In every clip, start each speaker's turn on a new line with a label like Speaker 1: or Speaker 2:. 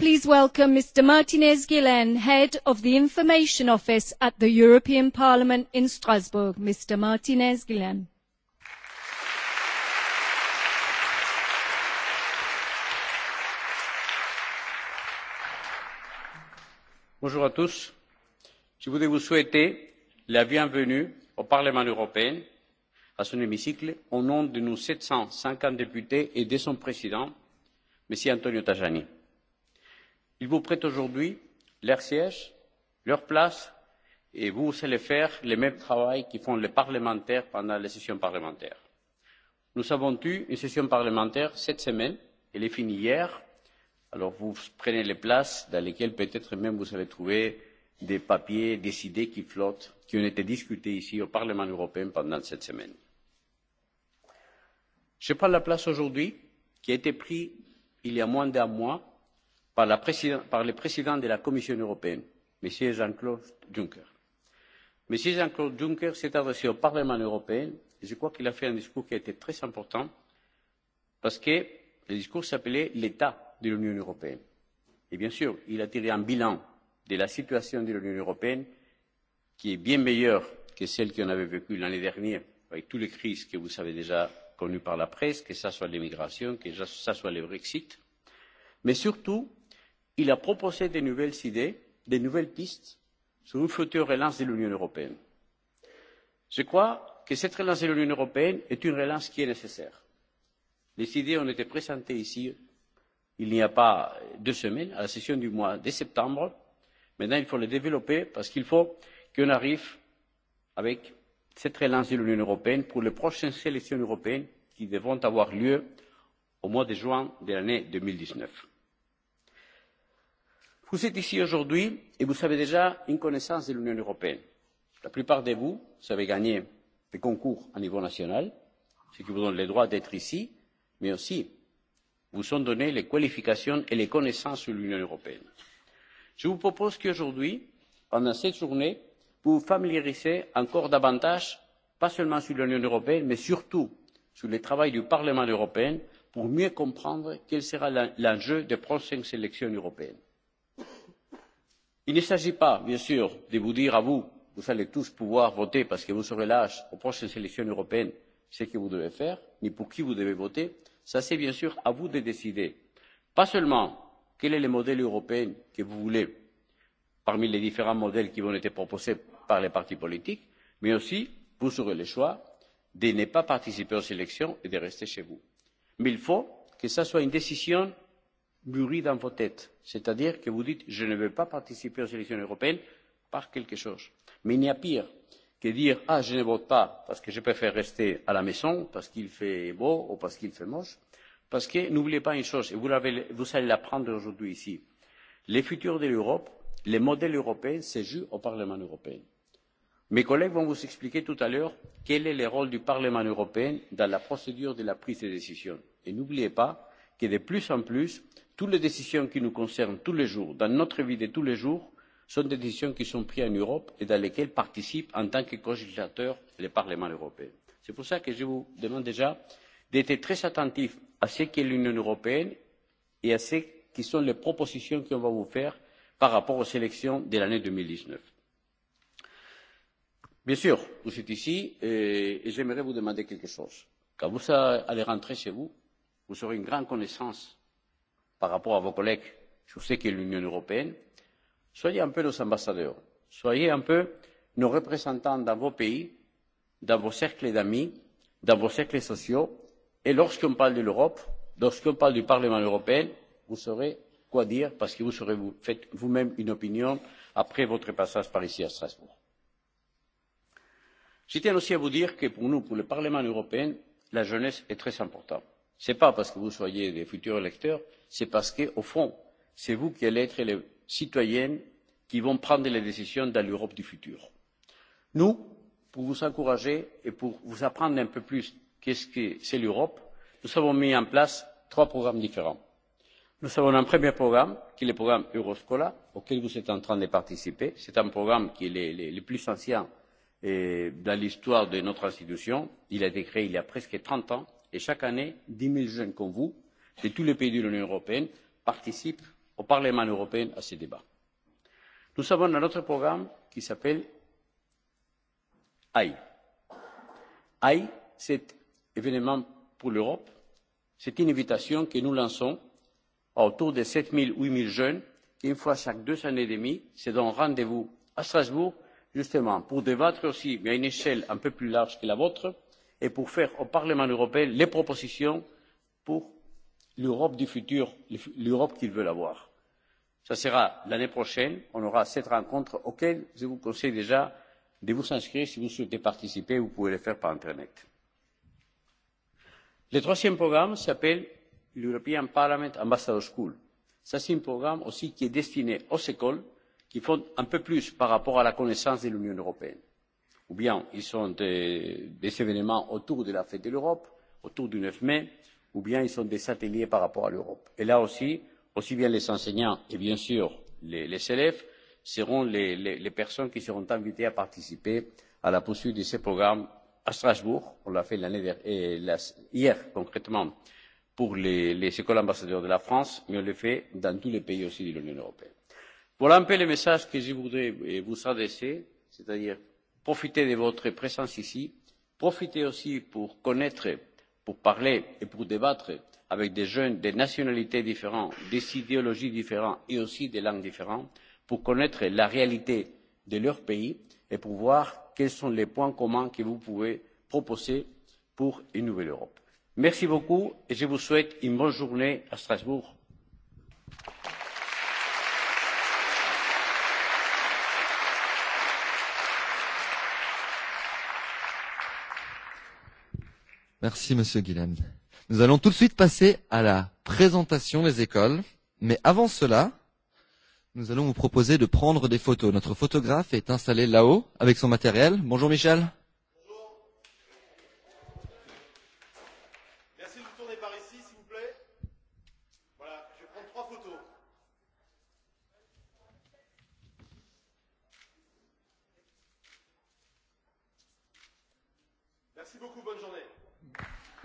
Speaker 1: please welcome Mr. Martinez Guillen, Head
Speaker 2: of the Information Office at the European Parliament in Strasbourg. Mr. Martinez Guillen.
Speaker 3: Bonjour à tous. Je voudrais vous souhaiter la bienvenue au Parlement européen, à son hémicycle, au nom de nos 750 députés et de son président, M. Antonio Tajani Ils vous prêtent aujourd'hui leur siège, leur place, et vous allez faire le même travail que font les parlementaires pendant les sessions parlementaires. Nous avons eu une session parlementaire cette semaine, elle est finie hier, alors vous prenez les places dans lesquelles peut-être même vous allez trouver des papiers, des idées qui flottent, qui ont été discutés ici au Parlement européen pendant cette semaine. Je prends la place aujourd'hui qui a été prise il y a moins d'un mois par le président de la commission européenne m. jean claude juncker. m. jean claude juncker s'est adressé au parlement européen et je crois qu'il a fait un discours qui a été très important parce que le discours s'appelait l'état de l'union européenne. et bien sûr il a tiré un bilan de la situation de l'union européenne qui est bien meilleure que celle qu'on avait vécue l'année dernière avec toutes les crises que vous avez déjà connues par la presse que ce soit l'immigration que ce soit le brexit mais surtout il a proposé de nouvelles idées, de nouvelles pistes sur une future relance de l'Union européenne. Je crois que cette relance de l'Union européenne est une relance qui est nécessaire. Les idées ont été présentées ici il n'y a pas deux semaines, à la session du mois de septembre. Maintenant, il faut les développer parce qu'il faut qu'on arrive avec cette relance de l'Union européenne pour les prochaines élections européennes qui devront avoir lieu au mois de juin de l'année deux mille dix neuf. Vous êtes ici aujourd'hui et vous avez déjà une connaissance de l'Union européenne. La plupart de vous, avez gagné des concours au niveau national, ce qui vous donne le droit d'être ici, mais aussi vous ont donné les qualifications et les connaissances sur l'Union européenne. Je vous propose qu'aujourd'hui, pendant cette journée, vous vous familiarisez encore davantage, pas seulement sur l'Union européenne, mais surtout sur le travail du Parlement européen pour mieux comprendre quel sera l'enjeu des prochaines élections européennes Il ne s'agit pas, bien sûr, de vous dire à vous, vous allez tous pouvoir voter parce que vous serez lâche aux prochaines élections européennes ce que vous devez faire, ni pour qui vous devez voter. Ça, c'est bien sûr à vous de décider. Pas seulement quel est le modèle européen que vous voulez parmi les différents modèles qui vont être proposés par les partis politiques, mais aussi vous aurez le choix de ne pas participer aux élections et de rester chez vous. Mais il faut que ce soit une décision mûri dans vos têtes. C'est-à-dire que vous dites, je ne veux pas participer aux élections européennes par quelque chose. Mais il n'y a pire que dire, ah, je ne vote pas parce que je préfère rester à la maison, parce qu'il fait beau ou parce qu'il fait moche. Parce que n'oubliez pas une chose, et vous, vous allez l'apprendre aujourd'hui ici. Les futurs de l'Europe, le modèle européen se joue au Parlement européen. Mes collègues vont vous expliquer tout à l'heure quel est le rôle du Parlement européen dans la procédure de la prise de décision. Et n'oubliez pas que de plus en plus, toutes les décisions qui nous concernent tous les jours, dans notre vie de tous les jours, sont des décisions qui sont prises en Europe et dans lesquelles participent en tant que co-législateurs le Parlement européen. C'est pour cela que je vous demande déjà d'être très attentif à ce qu'est l'Union européenne et à ce qui sont les propositions qu'on va vous faire par rapport aux élections de l'année deux mille dix neuf. Bien sûr, vous êtes ici et j'aimerais vous demander quelque chose. Quand vous allez rentrer chez vous, vous aurez une grande connaissance par rapport à vos collègues sur ce qu'est l'Union européenne. Soyez un peu nos ambassadeurs, soyez un peu nos représentants dans vos pays, dans vos cercles d'amis, dans vos cercles sociaux. Et lorsqu'on parle de l'Europe, lorsqu'on parle du Parlement européen, vous saurez quoi dire parce que vous aurez vous, vous-même une opinion après votre passage par ici à Strasbourg. Je tiens aussi à vous dire que pour nous, pour le Parlement européen, la jeunesse est très importante Ce n'est pas parce que vous soyez des futurs électeurs, c'est parce que, au fond, c'est vous qui allez être les citoyennes qui vont prendre les décisions dans l'Europe du futur. Nous, pour vous encourager et pour vous apprendre un peu plus qu'est-ce que c'est l'Europe, nous avons mis en place trois programmes différents. Nous avons un premier programme, qui est le programme Euroscola, auquel vous êtes en train de participer. C'est un programme qui est le plus ancien dans l'histoire de notre institution. Il a été créé il y a presque 30 ans et chaque année dix zéro jeunes comme vous de tous les pays de l'union européenne participent au parlement européen à ces débats. nous avons un autre programme qui s'appelle AI. AI, c'est événement pour l'Europe. C'est une invitation que nous lançons à autour de sept zéro 8 jeunes qui, une fois chaque deux années et demie, se donnent rendez-vous à Strasbourg, justement, pour débattre aussi, mais à une échelle un peu plus large que la vôtre, et pour faire au Parlement européen les propositions pour l'Europe du futur, l'Europe qu'ils veulent avoir. Ce sera l'année prochaine, on aura cette rencontre auquel je vous conseille déjà de vous inscrire si vous souhaitez participer, vous pouvez le faire par Internet. Le troisième programme s'appelle l'European Parliament Ambassador School. C'est un programme aussi qui est destiné aux écoles qui font un peu plus par rapport à la connaissance de l'Union européenne ou bien ils sont des, des événements autour de la fête de l'Europe, autour du 9 mai, ou bien ils sont des ateliers par rapport à l'Europe. Et là aussi, aussi bien les enseignants et bien sûr les, les élèves seront les, les, personnes qui seront invitées à participer à la poursuite de ces programmes à Strasbourg. On l'a fait l'année dernière, hier concrètement, pour les, les écoles ambassadeurs de la France, mais on le fait dans tous les pays aussi de l'Union européenne. Voilà un peu le message que je voudrais vous adresser, c'est-à-dire profiter de votre présence ici, profitez aussi pour connaître, pour parler et pour débattre avec des jeunes de nationalités différentes, des idéologies différentes et aussi des langues différentes, pour connaître la réalité de leur pays et pour voir quels sont les points communs que vous pouvez proposer pour une nouvelle Europe. Merci beaucoup et je vous souhaite une bonne journée à Strasbourg.
Speaker 4: Merci, Monsieur Guilhem. Nous allons tout de suite passer à la présentation des écoles. Mais avant cela, nous allons vous proposer de prendre des photos. Notre photographe est installé là-haut avec son matériel. Bonjour Michel.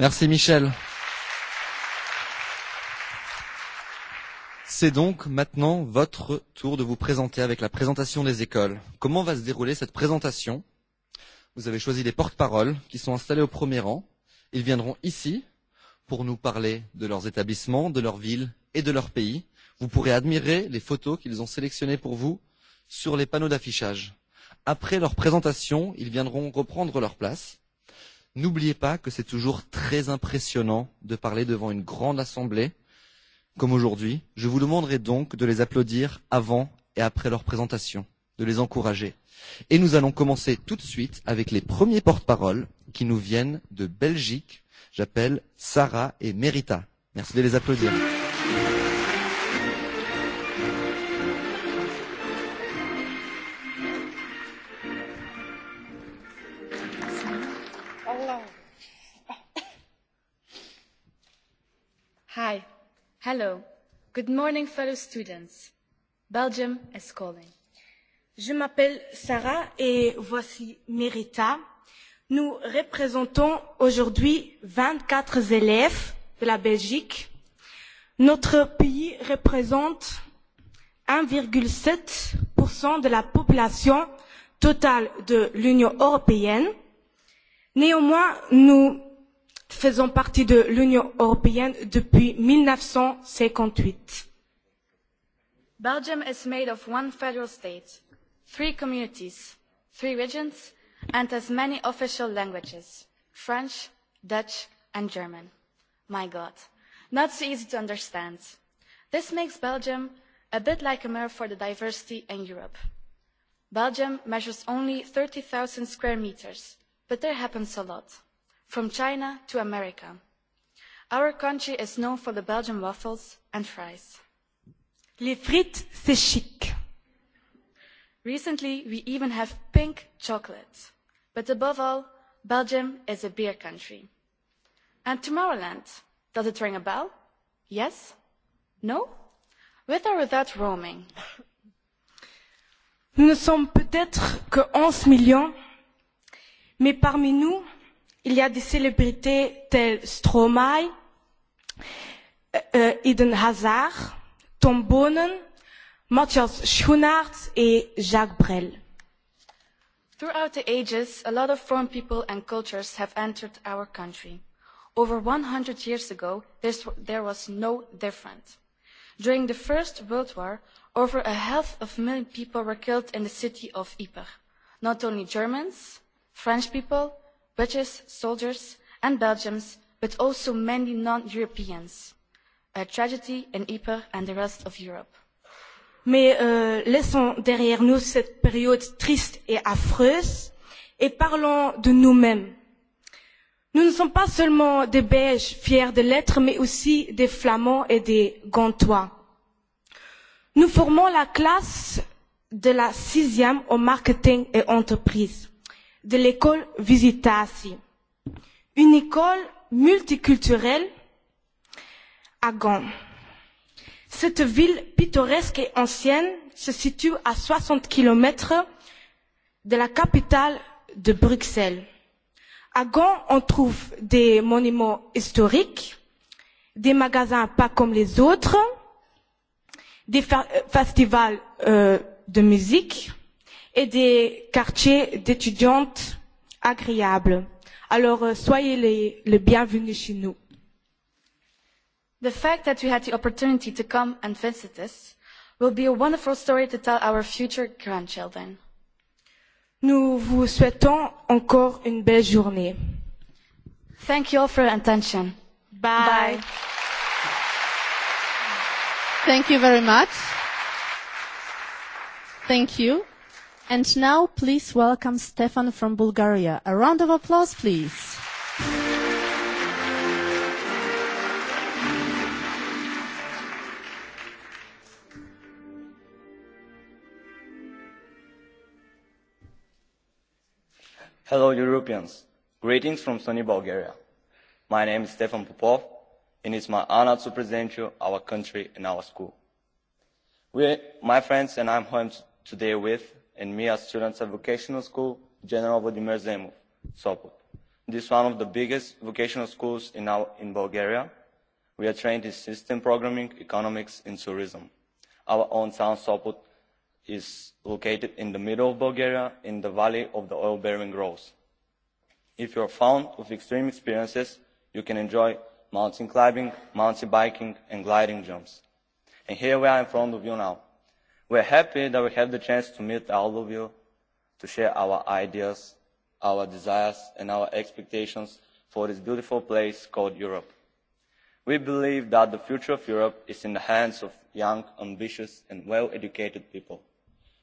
Speaker 4: Merci Michel. C'est donc maintenant votre tour de vous présenter avec la présentation des écoles. Comment va se dérouler cette présentation Vous avez choisi des porte-paroles qui sont installés au premier rang. Ils viendront ici pour nous parler de leurs établissements, de leur ville et de leur pays. Vous pourrez admirer les photos qu'ils ont sélectionnées pour vous sur les panneaux d'affichage. Après leur présentation, ils viendront reprendre leur place N'oubliez pas que c'est toujours très impressionnant de parler devant une grande assemblée, comme aujourd'hui. Je vous demanderai donc de les applaudir avant et après leur présentation, de les encourager. Et nous allons commencer tout de suite avec les premiers porte-paroles qui nous viennent de Belgique. J'appelle Sarah et Merita. Merci de les applaudir.
Speaker 5: Hello. Good morning, fellow students. Belgium is calling.
Speaker 6: Je m'appelle Sarah et voici Merita. Nous représentons aujourd'hui 24 élèves de la Belgique. Notre pays représente 1,7% de la population totale de l'Union européenne. Néanmoins, nous faisant partie de l'Union européenne depuis 1958.
Speaker 5: Belgium is made of one federal state, three communities, three regions, and as many official languages, French, Dutch, and German. My God, not so easy to understand. This makes Belgium a bit like a mirror for the diversity in Europe. Belgium measures only 30,000 square meters, but there happens a lot from China to America. Our country is known for the Belgian waffles and fries.
Speaker 6: Les frites, c'est chic.
Speaker 5: Recently, we even have pink chocolate. But above all, Belgium is a beer country. And Tomorrowland, does it ring a bell? Yes? No? With or
Speaker 6: without roaming? Nous ne sommes peut-être que 11 millions, mais parmi nous, il y a des célébrités telles Stromae, Eden Hazard, Tom Bonen, Matthias Schoenaerts et Jacques Brel.
Speaker 5: Throughout the ages, a lot of foreign people and cultures have entered our country. Over 100 years ago, there was no difference. During the First World War, over a half of a million people were killed in the city of Ypres. Not only Germans, French people, British soldiers and Belgians, but also many non-Europeans. A tragedy in Ypres and the rest of Europe.
Speaker 6: Mais laissons derrière nous cette période triste et affreuse et parlons de nous-mêmes. Nous ne sommes pas seulement des Belges fiers de l'être, mais aussi des Flamands et des Gantois. Nous formons la classe de la sixième au marketing et entreprise de l'école Visitasi, une école multiculturelle à Gand. Cette ville pittoresque et ancienne se situe à 60 km de la capitale de Bruxelles. À Gand, on trouve des monuments historiques, des magasins pas comme les autres, des festivals de musique, et des quartiers d'étudiantes agréables. Alors, soyez les, les bienvenus chez nous. The fact that we had the
Speaker 5: opportunity to come and visit us will be a wonderful story to tell our future grandchildren.
Speaker 6: Nous vous souhaitons encore une belle journée. Thank you all for your attention. Bye. Bye.
Speaker 7: Thank you very much. Thank you. And now please welcome Stefan from Bulgaria. A round of applause, please.
Speaker 8: Hello, Europeans. Greetings from sunny Bulgaria. My name is Stefan Popov, and it's my honor to present you our country and our school. We, my friends, and I'm home today with and me as students at vocational school General Vladimir Zemov, Sopot. This is one of the biggest vocational schools in, our, in Bulgaria. We are trained in system programming, economics, and tourism. Our own town, Sopot, is located in the middle of Bulgaria, in the valley of the oil-bearing groves. If you are fond of extreme experiences, you can enjoy mountain climbing, mountain biking, and gliding jumps. And here we are in front of you now We are happy that we have the chance to meet all of you, to share our ideas, our desires and our expectations for this beautiful place called Europe. We believe that the future of Europe is in the hands of young, ambitious and well-educated people.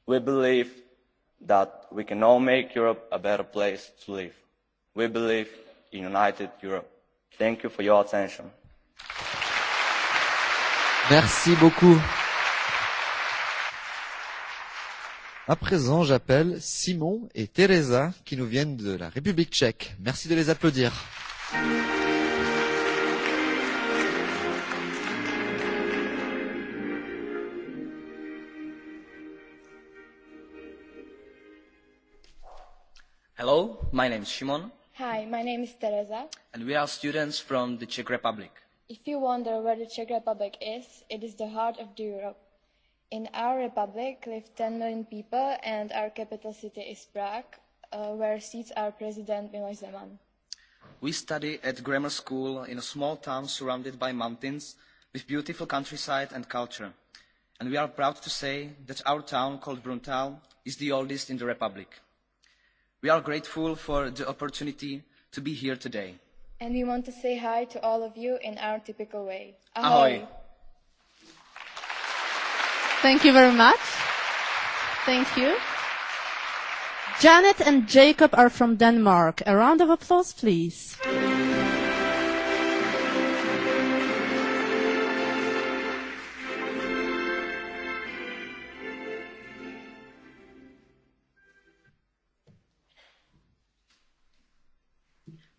Speaker 8: We believe that we can all make Europe a better place to live. We believe in United Europe. Thank you for your attention.
Speaker 4: Merci beaucoup. À présent, j'appelle Simon et Teresa qui nous viennent de la République tchèque. Merci de les applaudir.
Speaker 8: Hello, my name is Simon.
Speaker 9: Hi, my name is Teresa.
Speaker 8: And we are students from the Czech Republic.
Speaker 9: If you wonder where the Czech Republic is, it is the heart of the Europe In our republic live 10 million people and our capital city is Prague, where seats our president Miloš Zeman.
Speaker 8: We study at grammar school in a small town surrounded by mountains with beautiful countryside and culture. And we are proud to say that our town called Bruntal is
Speaker 4: the oldest in the republic. We are grateful for the opportunity to be here today.
Speaker 9: And we want to say hi to all of you in our typical way. Ahoy!
Speaker 7: Thank you very much. Thank you. Janet and Jacob are from Denmark. A round of applause, please.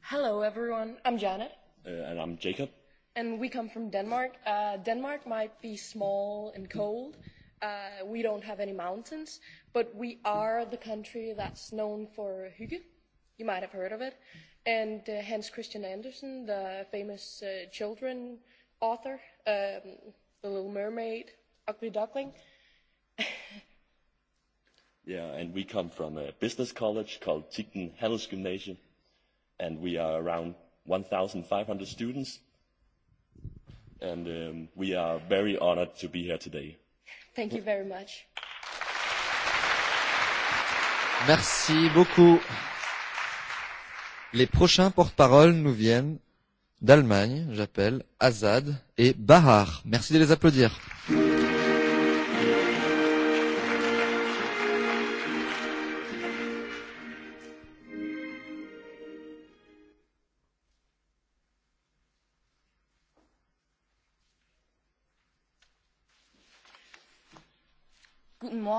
Speaker 10: Hello, everyone. I'm Janet.
Speaker 8: And I'm Jacob
Speaker 10: and we come from Denmark. Denmark might be small and cold. We don't have any mountains, but we are the country that's known for hygge. You might have heard of it. And Hans Christian Andersen, the famous children author, The Little Mermaid, Ugly Duckling.
Speaker 11: Yeah, and we come from a business college called Tikken Handelsgymnasium, and we are around 1,500 students and we are very honored to be here today. Thank you
Speaker 1: very much.
Speaker 4: Merci beaucoup. Les prochains porte-parole nous viennent d'Allemagne, j'appelle Azad et Bahar. Merci de les applaudir.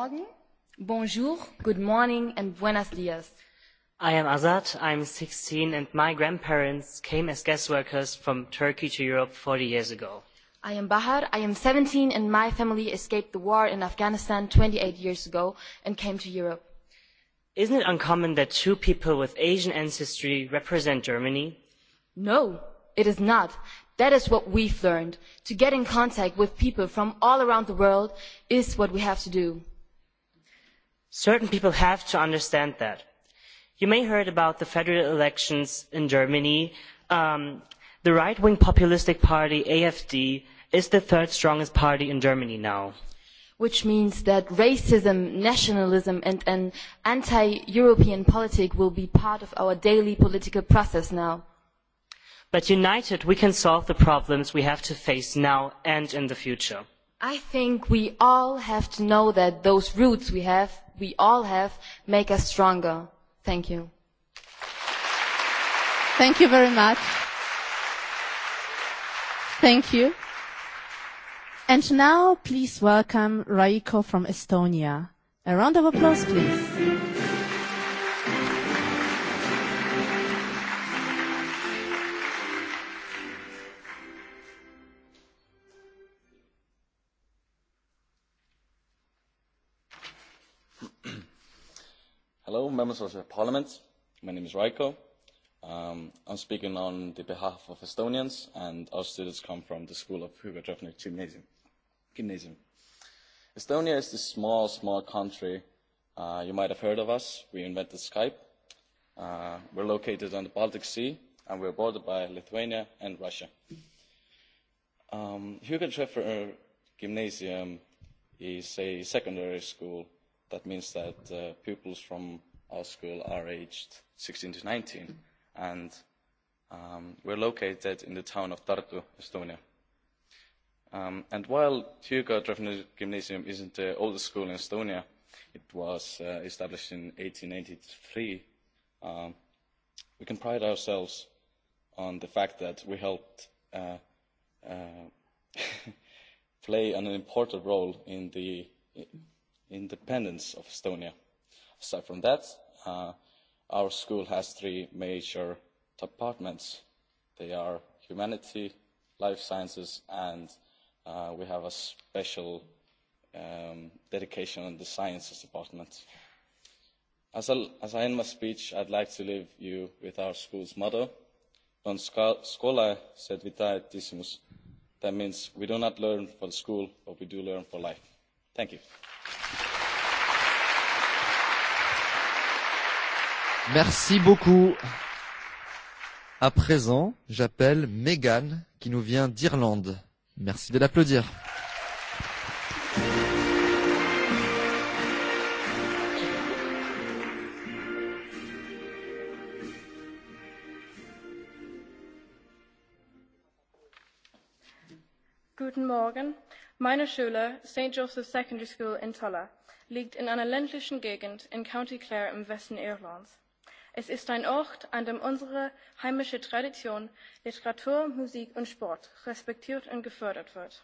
Speaker 12: Morgen. Bonjour, good morning and buenos dias.
Speaker 13: I am Azad, I'm 16 and my grandparents came as guest workers from Turkey to Europe 40 years ago.
Speaker 12: I am Bahar, I am 17 and my family escaped the war in Afghanistan 28 years ago and came to
Speaker 13: Europe. Isn't it uncommon that two people with Asian ancestry represent Germany?
Speaker 12: No, it is not. That is what we've learned. To get in contact with people from all around the world is what we have to do.
Speaker 13: Certain people have to understand that. You may heard about the federal elections in Germany. The right-wing populistic party AfD is the third strongest party in Germany now.
Speaker 12: Which means that racism, nationalism and anti-European politic will be part of our daily political process now.
Speaker 13: But united we can solve the problems we have to face now and in the future.
Speaker 12: I think we all have to know that those roots we have, we all have, make us stronger. Thank you. Thank you very much. Thank you.
Speaker 7: And now please welcome Raiko from Estonia. A round of applause,
Speaker 14: please.
Speaker 15: Hello, members of the Parliament. My name is Raiko. Um, I'm speaking on the behalf of Estonians, and our students come from the school of Hugo Gymnasium. Gymnasium. Estonia is this small, small country. you might have heard of us. We invented Skype. Uh, we're located on the Baltic Sea, and we're bordered by Lithuania and Russia. Um, Hugo Gymnasium is a secondary school That means that pupils from our school are aged 16 to 19, and we're located in the town of Tartu, Estonia. And while Tuga Drevne Gymnasium isn't the oldest school in Estonia, it was established in 1883, we can pride ourselves on the fact that we helped play an important role in the independence of Estonia. Aside from that, our school has three major departments. They are humanity, life sciences, and we have a special dedication on the sciences department. As I end my speech, I'd like to leave you with our school's motto, Non scola sed vitae decimus. That means we do not learn for the school, but we do learn for life. Thank you.
Speaker 4: Merci beaucoup. À présent, j'appelle Megan qui nous vient d'Irlande. Merci de l'applaudir.
Speaker 10: Guten Morgen. Meine Schule, St. Joseph's Secondary School in Tulla, liegt in einer ländlichen Gegend in County Clare im Westen Irlands. Es ist ein Ort, an dem unsere heimische Tradition, Literatur, Musik und Sport respektiert und gefördert wird.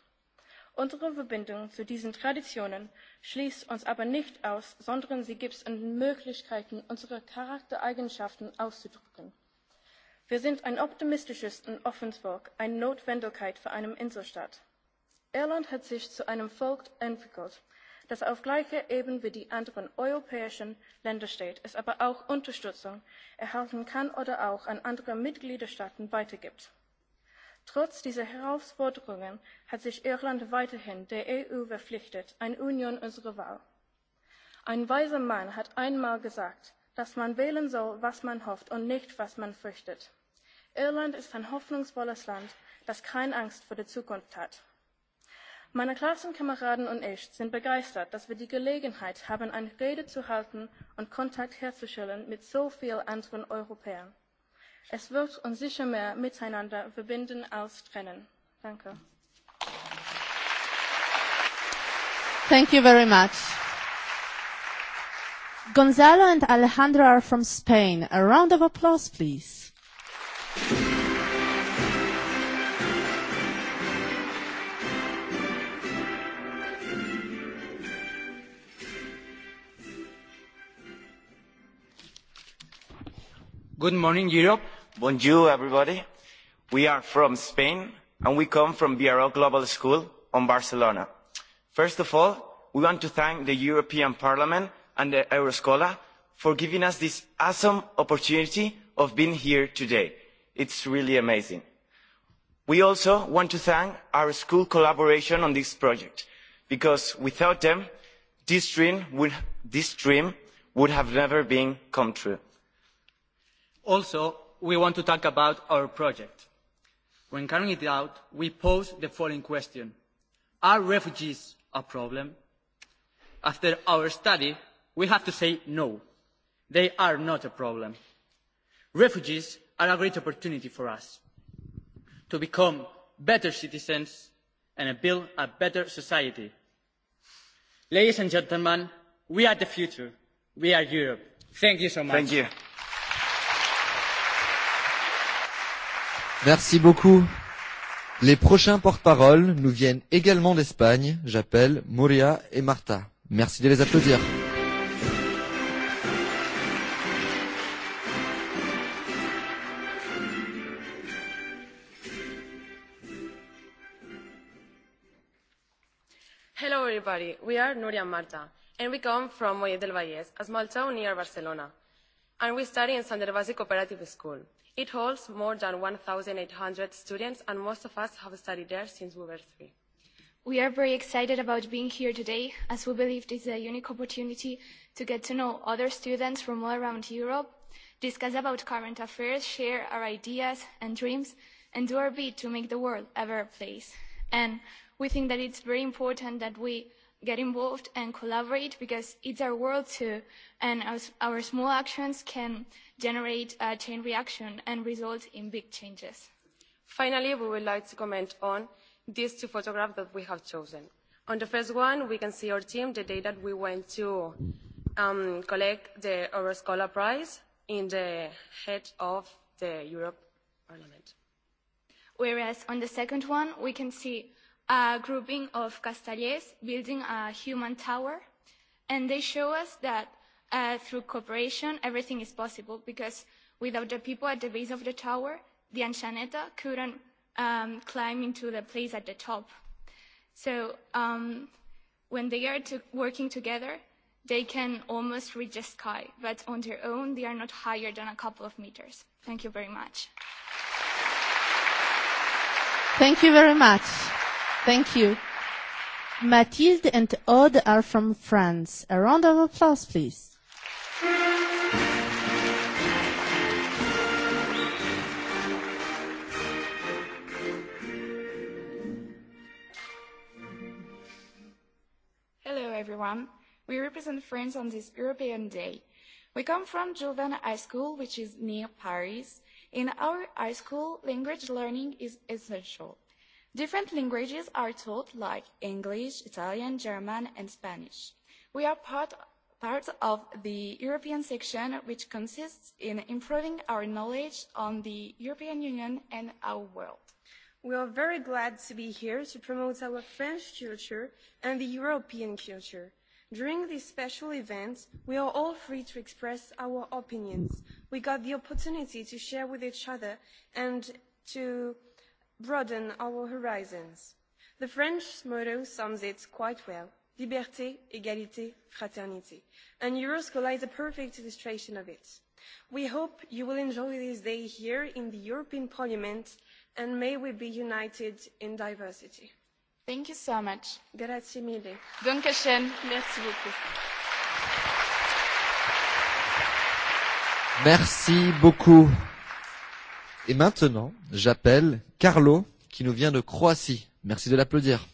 Speaker 10: Unsere Verbindung zu diesen Traditionen schließt uns aber nicht aus, sondern sie gibt uns Möglichkeiten, unsere Charaktereigenschaften auszudrücken. Wir sind ein optimistisches und offenes Volk, eine Notwendigkeit für eine Inselstaat. Irland hat sich zu einem Volk entwickelt, das auf gleicher Ebene wie die anderen europäischen Länder steht, es aber auch Unterstützung erhalten kann oder auch an andere Mitgliedstaaten weitergibt. Trotz dieser Herausforderungen hat sich Irland weiterhin der EU verpflichtet, eine Union unserer Wahl. Ein weiser Mann hat einmal gesagt, dass man wählen soll, was man hofft und nicht, was man fürchtet. Irland ist ein hoffnungsvolles Land, das keine Angst vor der Zukunft hat. Meine Klassenkameraden und ich sind begeistert, dass wir die Gelegenheit haben, eine Rede zu halten und Kontakt herzustellen mit so vielen anderen Europäern. Es wird uns sicher mehr miteinander verbinden als trennen. Danke.
Speaker 7: Thank you very much. Gonzalo and Alejandro are from Spain. A round of applause, please.
Speaker 3: Good morning, Europe. Bonjour,
Speaker 8: everybody. We are from Spain, and we come from BRO Global School on Barcelona. First of all, we want to thank the European Parliament and the Euroscola for giving us this awesome opportunity of being here today. It's really amazing. We also want to thank our school collaboration on this project, because without them, this dream would have never been come true.
Speaker 3: Also, we want to talk about our project. When carrying it out, we pose the following question. Are refugees a problem? After our study, we have to say no. They are not a problem. Refugees are a great opportunity for us to become better citizens and build a better society. Ladies and gentlemen, we are the future. We are Europe. Thank you so much. Thank you.
Speaker 4: Merci beaucoup. Les prochains porte-parole nous viennent également d'Espagne. J'appelle Moria et Marta. Merci de les applaudir.
Speaker 6: Hello everybody, we are Nuria and Marta, and we come from Moyen del Vallès, a small town near Barcelona and we study in Sandervasi Cooperative School. It holds more than 1,800 students, and most of us have studied there since we were three. We
Speaker 9: are very excited about being here today, as we believe this is a unique opportunity to get to know other students from all around Europe, discuss about current affairs, share our ideas and dreams, and do our bit to make the world a better place. And we think that it's very important that we get involved and collaborate because it's our world too, and our small actions can generate a chain reaction and result in big
Speaker 6: changes. Finally, we would like to comment on these two photographs that we have chosen. On the first one, we can see our team the day that we went to collect the Euroscola Prize in the head of the Europe
Speaker 2: Parliament.
Speaker 9: Whereas on the second one, we can see a grouping of castellers building a human tower, and they show us that through cooperation everything is possible because without the people at the base of the tower, the Anchaneta couldn't climb into the place at the top. So when they are working together, they can almost reach the sky, but on their own they are not higher than a couple of meters. Thank you very much.
Speaker 7: Thank you very much. Thank you. Mathilde and Aude are from France. A round of applause, please.
Speaker 5: Hello, everyone. We represent France on this European Day. We come from Jourdan High School, which is near Paris. In our high school, language learning is essential. Different languages are taught like English, Italian, German and Spanish. We are part of the European section which consists in improving our knowledge on the European
Speaker 6: Union and our world. We are very glad to be here to promote our French culture and the European culture. During this special event, we are all free to express our opinions. We got the opportunity to share with each other and to broaden our horizons. The French motto sums it quite well liberté, égalité, fraternité. And Euroscola is a perfect illustration of it. We hope you will enjoy this day here in the European Parliament and may we be united in diversity. Thank you so
Speaker 10: much. Grazie mille. Dankeschön. Merci beaucoup.
Speaker 4: Merci beaucoup. Et maintenant, j'appelle Carlo, qui nous vient de Croatie. Merci de l'applaudir.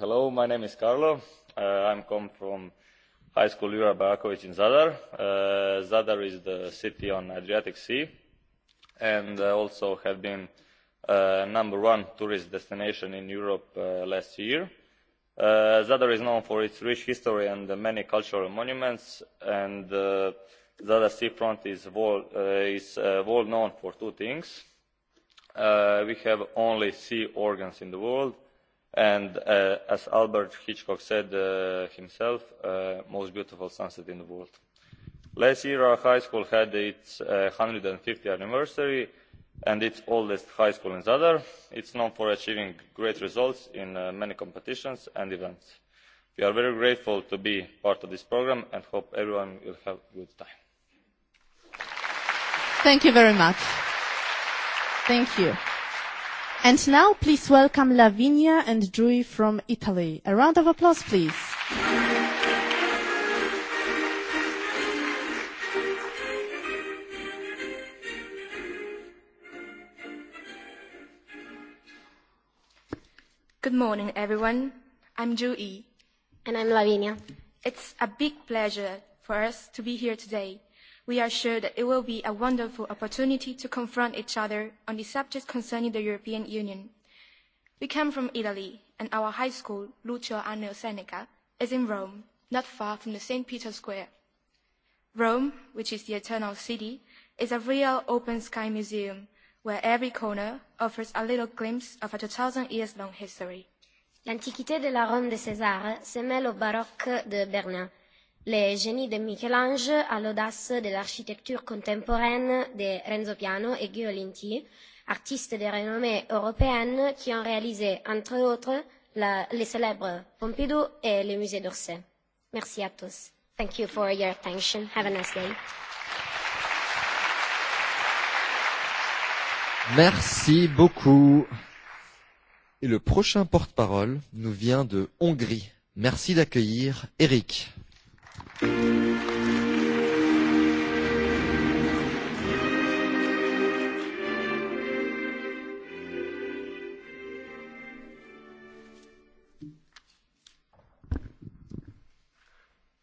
Speaker 8: Hello, my name is Carlo. I come from High School Jura Barakovic in Zadar. Zadar is the city on Adriatic Sea and also have been number one tourist destination in Europe last year. Zadar is known for its rich history and many cultural monuments, and Zadar seafront is well known for two things. We have only sea organs in the world, and as Albert Hitchcock said himself, most beautiful sunset in the world. Last year, our high school had its 150th anniversary, and its oldest high school in zadar. it's known for achieving great results in many competitions and events. we are very grateful to be part of this program and hope everyone will have a good time.
Speaker 7: thank you very much. thank you. and now please welcome lavinia and drew from italy. a round of applause please.
Speaker 6: Good morning, everyone. I'm Ju Yi. And I'm Lavinia. It's a big pleasure for us to be here today. We are sure that it will be a wonderful opportunity to confront each other on the subject concerning the European Union. We come from Italy, and our high school, Lucio Annio Seneca, is in Rome, not far from the St. Peter's Square. Rome, which is the eternal city, is a real open-sky museum where every corner offers a little glimpse of a 2,000 years long history. L'antiquité de la Rome de César se mêle au baroque de
Speaker 1: Bernin, le génie de Michel-Ange à l'audace de l'architecture contemporaine de Renzo Piano et Guillaume artistes de renommée européenne qui ont réalisé, entre autres, les célèbres Pompidou et le musée d'Orsay.
Speaker 13: Merci à tous. Thank you for your attention. Have a nice day.
Speaker 4: Merci beaucoup. Et le prochain porte-parole nous vient de Hongrie. Merci d'accueillir Eric.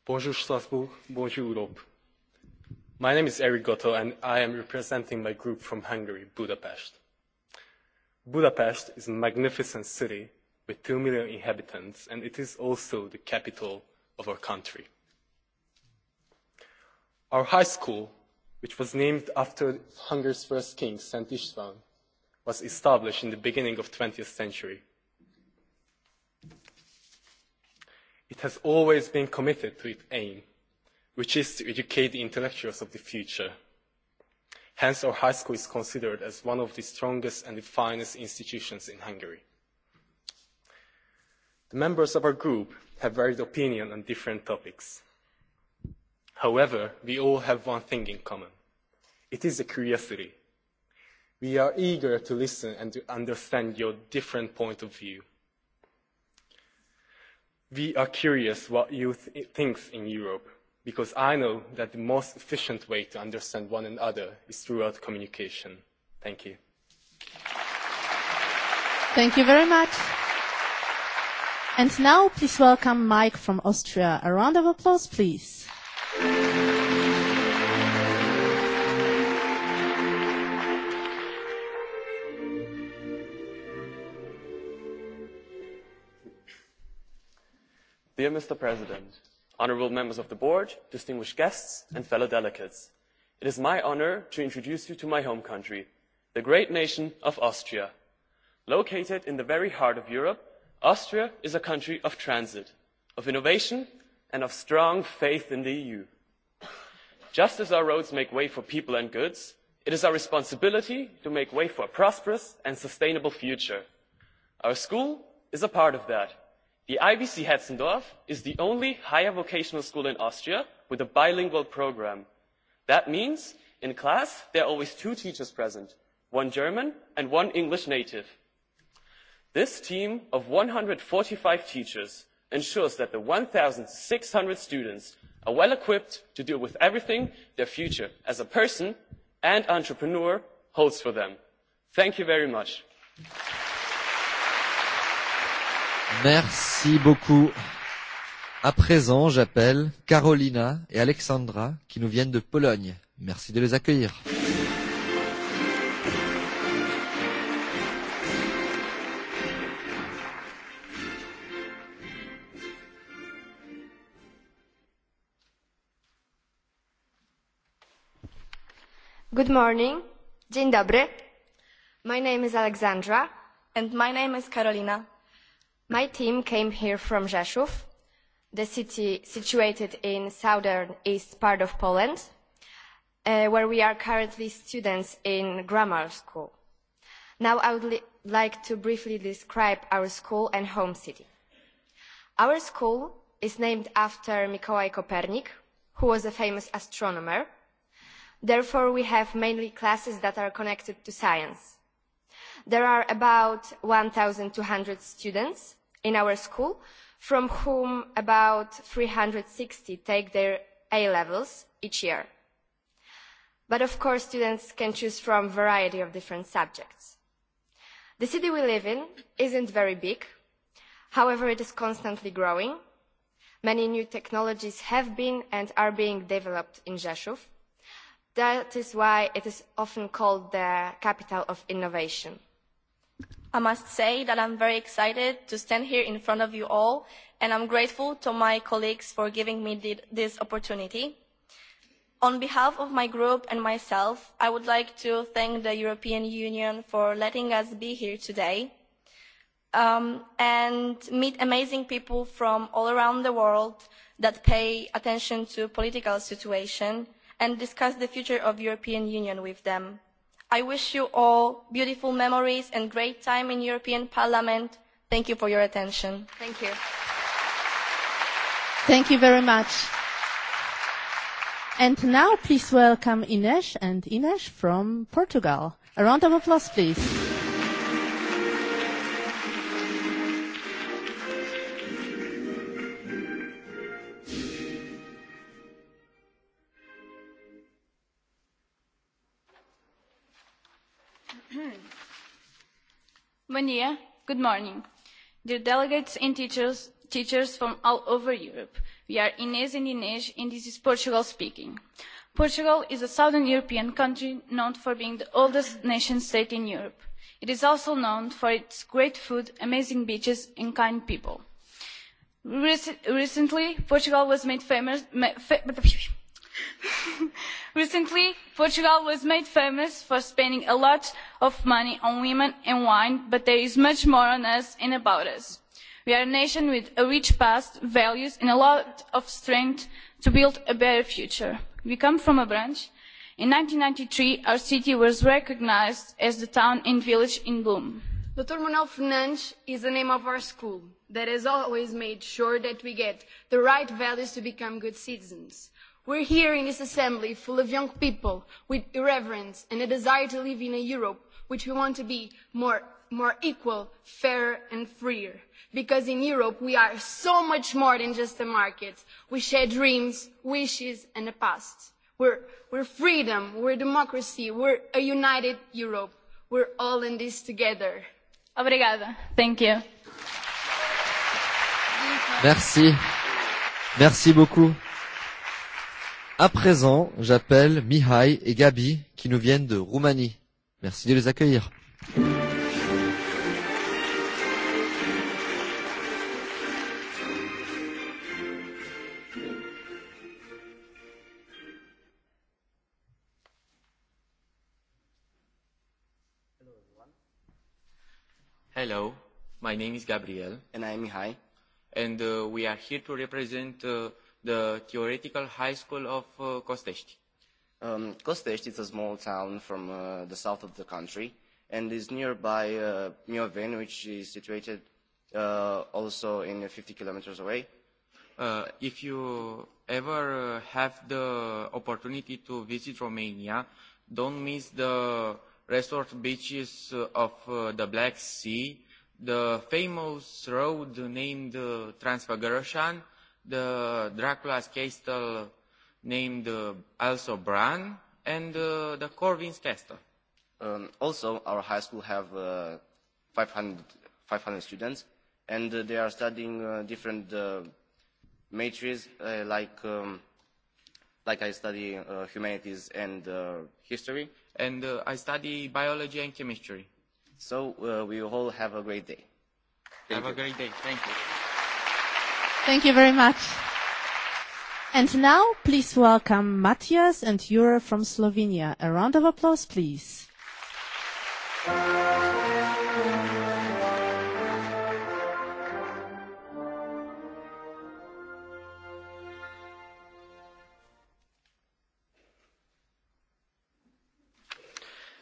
Speaker 13: Bonjour Strasbourg, bonjour Europe. My name is Eric Goto and I am representing my group from Hungary, Budapest. Budapest is a magnificent city with 2 million inhabitants and it is also the capital of our country. Our high school, which was named after Hungary's first king, Saint István, was established in the beginning of 20th century. It has always been committed to its aim which is to educate the intellectuals of the future. Hence, our high school is considered as one of the strongest and the finest institutions in Hungary. The members of our group have varied opinion on different topics. However, we all have one thing in common. It is a curiosity. We are eager to listen and to understand your different point of view. We are curious what youth thinks in Europe because I know that the most efficient way to understand one another is throughout communication. Thank you.
Speaker 7: Thank you very much. And now please welcome Mike from Austria. A round of applause, please.
Speaker 11: Dear Mr. President, honourable members of the board, distinguished guests, and fellow delegates. It is my honour to introduce you to my home country, the great nation of Austria. Located in the very heart of Europe, Austria is a country of transit, of innovation, and of strong faith in the EU. Just as our roads make way for people and goods, it is our responsibility to make way for a prosperous and sustainable future. Our school is a part of that the ibc hetzendorf is the only higher vocational school in austria with a bilingual program. that means in class there are always two teachers present one german and one english native. this team of 145 teachers ensures that the 1,600 students are well equipped to deal with everything their future as a person and entrepreneur holds for them. thank you very much.
Speaker 4: Merci beaucoup. À présent, j'appelle Carolina et Alexandra qui nous viennent de Pologne. Merci de les accueillir.
Speaker 16: Good morning. Dzień dobry. My name is Alexandra and my name is Carolina. My team came here from Rzeszów, the city situated in southern east part of Poland, where we are currently students in grammar school. Now I would like to briefly describe our school and home city. Our school is named after Mikołaj Kopernik, who was a famous astronomer. Therefore, we have mainly classes that are connected to science. There are about 1,200 students in our school, from whom about 360 take their A levels each year. But of course, students can choose from a variety of different subjects. The city we live in isn't very big. However, it is constantly growing. Many new technologies have been and are being developed in Rzeszów. That is why it is often called the capital of innovation. I must say that I'm very excited to stand here in front of you all, and I'm grateful to my colleagues for giving me this opportunity. On behalf of my group and myself, I would like to thank the European Union for letting us be here today and meet amazing people from all around the world that pay attention to political situation and discuss the future of European Union with them. I wish you all beautiful memories and great time in European Parliament. Thank you for your attention. Thank you.
Speaker 7: Thank you very much. And now please welcome Ines and Ines from Portugal. A round of applause, please.
Speaker 9: good morning. Dear delegates and teachers, teachers from all over Europe, we are Inês and Inês, and this is Portugal speaking. Portugal is a southern European country known for being the oldest nation state in Europe. It is also known for its great food, amazing beaches, and kind people. Recently, Portugal was made famous Recently, Portugal was made famous for spending a lot of money on women and wine, but there is much more on us and about us. We are a nation with a rich past, values and a lot of strength to build a better future. We come from a branch. In 1993, our city was recognised as the town and village in bloom.
Speaker 5: Dr. Manuel Fernandes is the name of our school that has always made sure that we get the right values to become good citizens. We're are here in this assembly full of young people with irreverence and a desire to live in a Europe which we want to be more more equal, fairer and freer. Because in Europe we are so much more than just a market. We share dreams, wishes and a past. We're, freedom, we're democracy, we're a united Europe. We're all in this together. Obrigada.
Speaker 4: À présent, j'appelle Mihai et Gabi qui nous viennent de Roumanie. Merci de les accueillir.
Speaker 11: Hello, my name is Gabriel. And I am Mihai. And we are here to represent the theoretical high school of Kostesti.
Speaker 8: Kostesti is a small town from the south of the country and is nearby uh, which is situated also in 50 kilometers away.
Speaker 11: if you ever have the opportunity to visit Romania, don't miss the resort beaches of the Black Sea, the famous road named uh, Transfăgărășan, the Dracula's castle named also Bran and the Corvin's castle.
Speaker 8: Also, our high school have 500 students and they are studying different majors like like I study humanities and history. And I study biology and chemistry. So we all have a great day. Have a great day. Thank you.
Speaker 7: Thank you very much. And now, please welcome Matthias and Jure from Slovenia. A round of applause, please.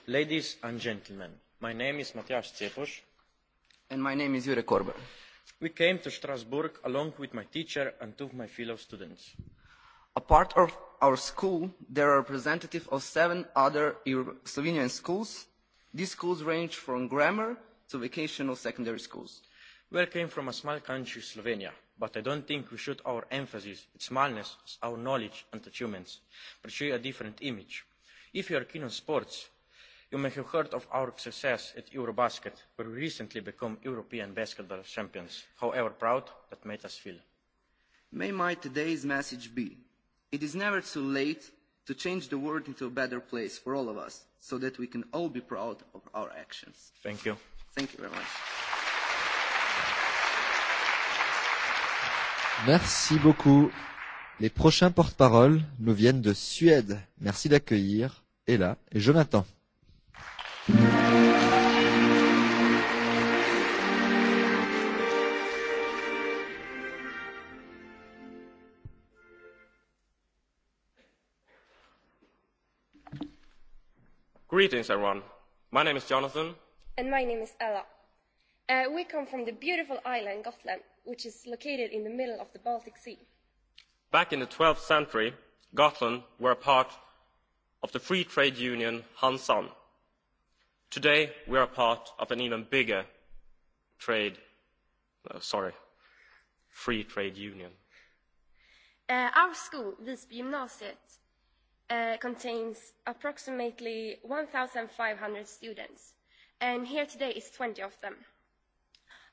Speaker 3: Ladies and gentlemen, my name is Matthias Cepos. And my name
Speaker 13: is Jure Korber
Speaker 3: We came to Strasbourg along with my teacher and two of my fellow students.
Speaker 4: Apart of our school, there are representatives of seven other Slovenian schools. These schools range from grammar to vocational secondary schools.
Speaker 3: We came from a small country, Slovenia, but I don't think we should our emphasis, its smallness, our knowledge and achievements, portray a different image. If you are keen on sports, You may have heard of our success at Eurobasket, where we recently become European basketball champions, however proud that made us feel.
Speaker 4: May my today's message be, it is never too late to change the world into a better place for all of us, so that we can all be proud of our actions. Thank you. Thank you very much. Merci beaucoup. Les prochains porte-parole nous viennent de Suède. Merci d'accueillir Ella et Jonathan.
Speaker 11: Greetings, everyone. My name is Jonathan.
Speaker 1: And my name is Ella. We come from the beautiful island Gotland, which is located in the middle of the Baltic Sea.
Speaker 11: Back in the 12th century, Gotland were a part of the free trade union Hansan. Today, we are a part of an even bigger trade, sorry, free trade union.
Speaker 7: Our
Speaker 1: school, Visby Gymnasiet, contains approximately 1,500 students, and here today is 20 of them.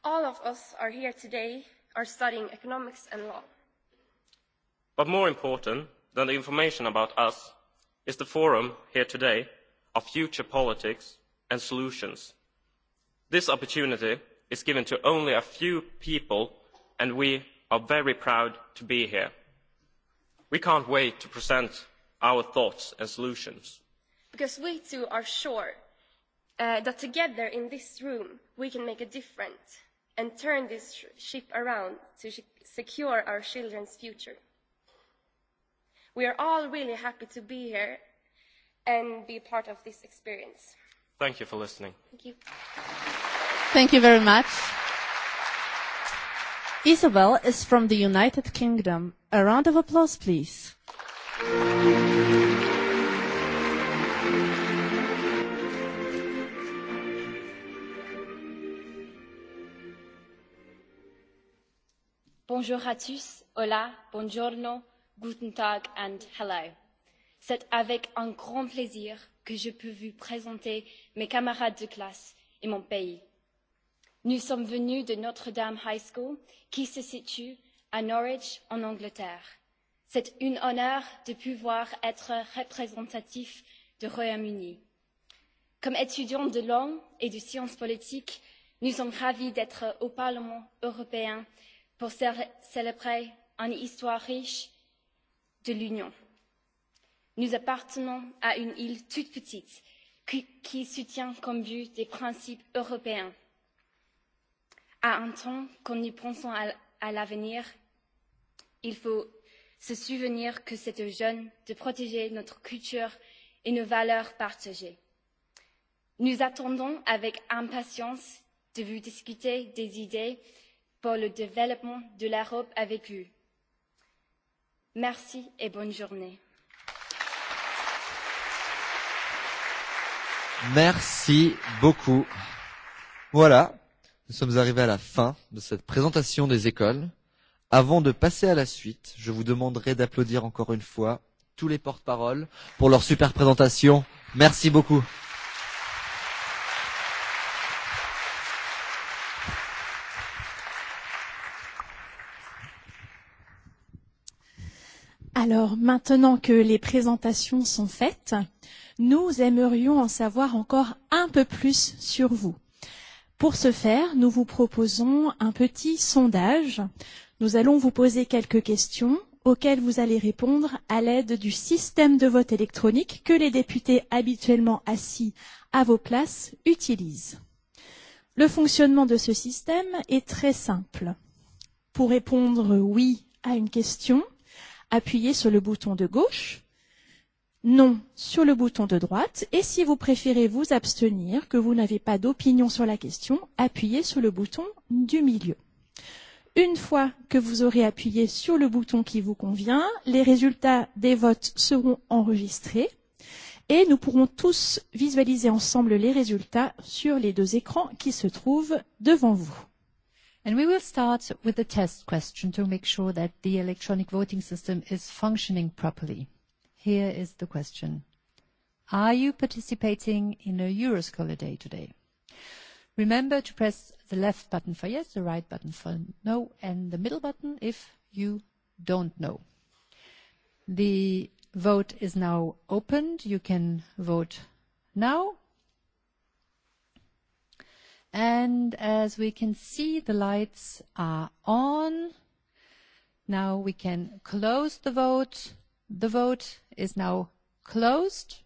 Speaker 1: All of us are here today are studying economics and law.
Speaker 11: But more important than the information about us is the forum here today of future politics and solutions. This opportunity is given to only a few people, and we are very proud to be here. We can't wait to present our thoughts and solutions.
Speaker 5: Because we too
Speaker 1: are sure that together in this room we can make a difference and turn this ship around to secure our children's future. We are all really happy to be here and be part of this experience.
Speaker 11: Thank you for listening. Thank you.
Speaker 7: Thank you very much. Isabel is from the United Kingdom. A round of applause, please.
Speaker 1: Bonjour à tous, hola, buongiorno, guten tag and hello. C'est avec un grand plaisir que je peux vous présenter mes camarades de classe et mon pays. Nous sommes venus de Notre-Dame High School qui se situe à Norwich en Angleterre. C'est un honneur de pouvoir être représentatif du Royaume-Uni. Comme étudiants de langue et de sciences politiques, nous sommes ravis d'être au Parlement européen pour célébrer une histoire riche de l'Union. Nous appartenons à une île toute petite qui soutient comme vue des principes européens. À un temps quand nous pensons à l'avenir, il faut se souvenir que c'est aux jeunes de protéger notre culture et nos valeurs partagées. Nous attendons avec impatience de vous discuter des idées pour le développement de l'Europe avec eux. Merci et bonne journée.
Speaker 4: Merci beaucoup. Voilà, nous sommes arrivés à la fin de cette présentation des écoles. Avant de passer à la suite, je vous demanderai d'applaudir encore une fois tous les porte-paroles pour leur super présentation. Merci beaucoup.
Speaker 17: Alors, maintenant que les présentations sont faites, nous aimerions en savoir encore un peu plus sur vous. Pour ce faire, nous vous proposons un petit sondage. Nous allons vous poser quelques questions auxquelles vous allez répondre à l'aide du système de vote électronique que les députés habituellement assis à vos places utilisent. Le fonctionnement de ce système est très simple. Pour répondre oui à une question, appuyez sur le bouton de gauche, non sur le bouton de droite, et si vous préférez vous abstenir, que vous n'avez pas d'opinion sur la question, appuyez sur le bouton du milieu. Une fois que vous aurez appuyé sur le bouton qui vous convient, les résultats des votes seront enregistrés et nous pourrons tous visualiser ensemble les résultats sur les deux écrans qui se trouvent devant vous.
Speaker 18: And we will start with a test question to make sure that the electronic voting system is functioning properly. Here is the question. Are you participating in a Euroscholar Day today? Remember to press the left button for yes, the right button for no, and the middle button if you don't know. The vote is now opened. You can vote now And as we can see, the lights are on. Now we can close the vote. The vote is now closed.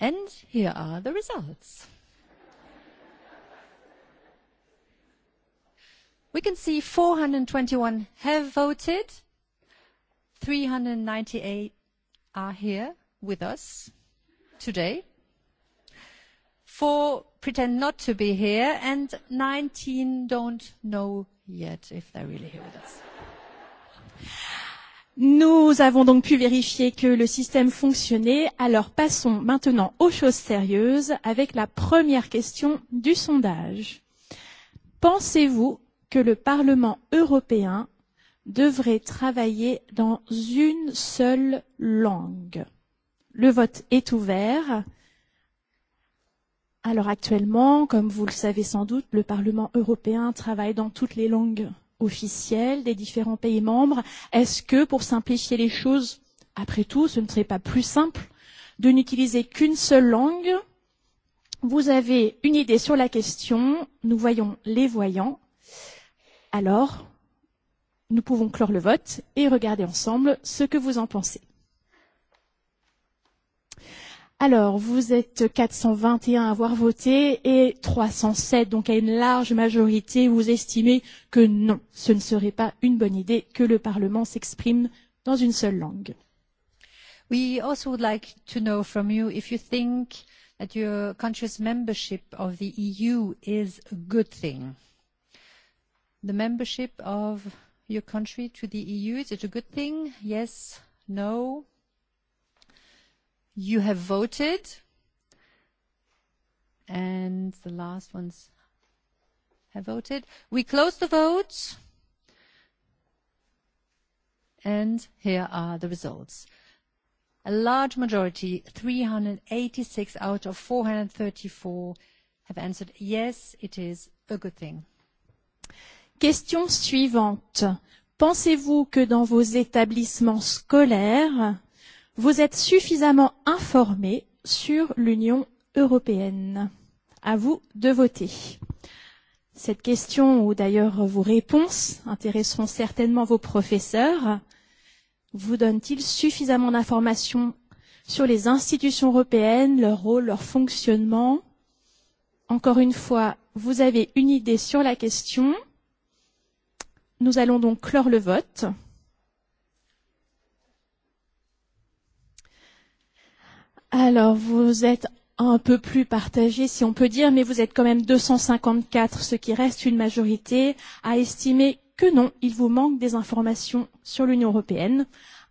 Speaker 18: And here are the results. We can see 421 have voted. 398 are here with us today. For pretend not to be here, and 19 don't know yet if they're really here with us.
Speaker 17: Nous avons donc pu vérifier que le système fonctionnait, alors passons maintenant aux choses sérieuses avec la première question du sondage. Pensez-vous que le Parlement européen devrait travailler dans une seule langue Le vote est ouvert. Alors actuellement, comme vous le savez sans doute, le Parlement européen travaille dans toutes les langues officielles des différents pays membres. Est-ce que, pour simplifier les choses, après tout, ce ne serait pas plus simple de n'utiliser qu'une seule langue Vous avez une idée sur la question. Nous voyons les voyants. Alors, nous pouvons clore le vote et regarder ensemble ce que vous en pensez. Alors, vous êtes 421 à avoir voté et 307, donc à une large majorité, vous estimez que non, ce ne serait pas une bonne idée que le Parlement s'exprime
Speaker 18: dans une seule langue. We also would like to know from you if you think that your country's membership of the EU is a good thing. The membership of your country to the EU, is it a good thing? Yes? No? You have voted. And the last ones have voted. We close the vote And here are the results. A large majority, 386 out of 434, have answered yes, it is a good thing.
Speaker 17: Question suivante. Pensez-vous que dans vos établissements scolaires, vous êtes suffisamment informés sur l'Union européenne. À vous de voter. Cette question, ou d'ailleurs vos réponses, intéresseront certainement vos professeurs. Vous donnent-ils suffisamment d'informations sur les institutions européennes, leur rôle, leur fonctionnement Encore une fois, vous avez une idée sur la question. Nous allons donc clore le vote. Alors, vous êtes un peu plus partagé, si on peut dire, mais vous êtes quand même 254, ce qui reste une majorité, à estimer que non, il vous manque des informations sur l'Union européenne.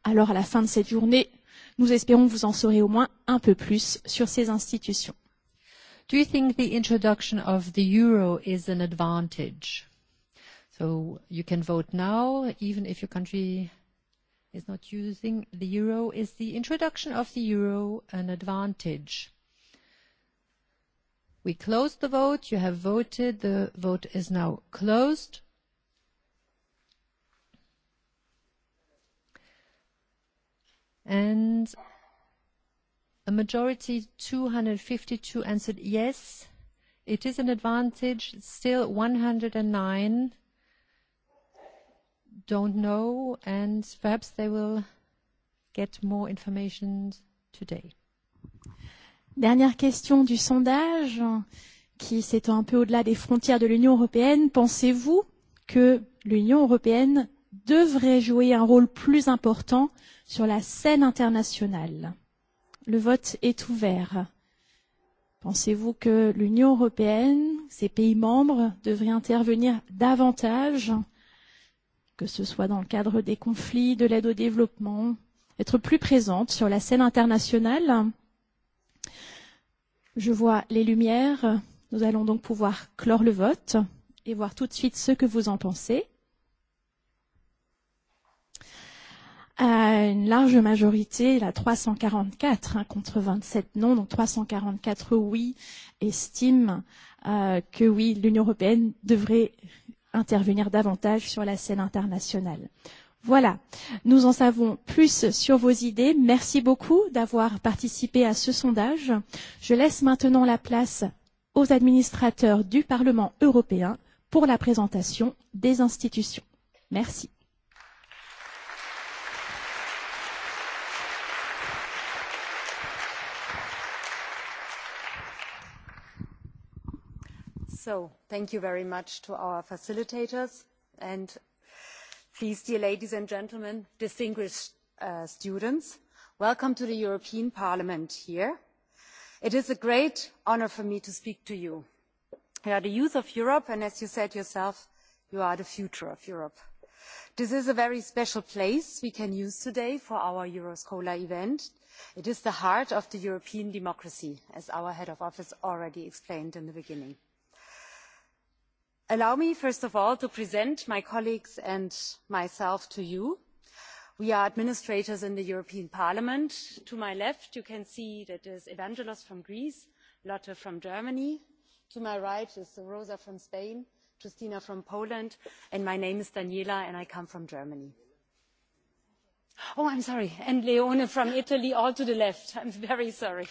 Speaker 17: Alors, à la fin de cette journée, nous espérons que vous en saurez au moins un peu plus sur
Speaker 18: ces institutions. Do you think the introduction of the euro is an advantage? So, you can vote now, even if your country is not using the euro is the introduction of the euro an advantage. We closed the vote. You have voted. The vote is now closed. And a majority, 252, answered yes. It is an advantage. Still 109 don't know, and perhaps they will get more information today.
Speaker 17: Dernière question du sondage qui s'étend un peu au-delà des frontières de l'Union européenne. Pensez-vous que l'Union européenne devrait jouer un rôle plus important sur la scène internationale Le vote est ouvert. Pensez-vous que l'Union européenne, ses pays membres, devraient intervenir davantage que ce soit dans le cadre des conflits, de l'aide au développement, être plus présente sur la scène internationale. Je vois les lumières. Nous allons donc pouvoir clore le vote et voir tout de suite ce que vous en pensez. une large majorité, la 344 contre 27 non, donc 344 oui, estiment que oui, l'Union européenne devrait intervenir davantage sur la scène internationale. Voilà, nous en savons plus sur vos idées. Merci beaucoup d'avoir participé à ce sondage. Je laisse maintenant la place aux administrateurs du Parlement européen pour la présentation des institutions. Merci.
Speaker 2: So thank you very much to our facilitators and please, dear ladies and gentlemen, distinguished students, welcome to the European Parliament here. It is a great honour for me to speak to you. You are the youth of Europe and as you said yourself, you are the future of Europe. This is a very special place we can use today for our Euroscola event. It is the heart of the European democracy, as our head of office already explained in the beginning allow me first of all to present my colleagues and myself to you. we are administrators in the european parliament. to my left you can see that is evangelos from greece lotte from germany to my right is rosa from spain justina from poland and my name is daniela and i come from germany. oh i'm sorry and leone from italy all to the left. i'm very sorry.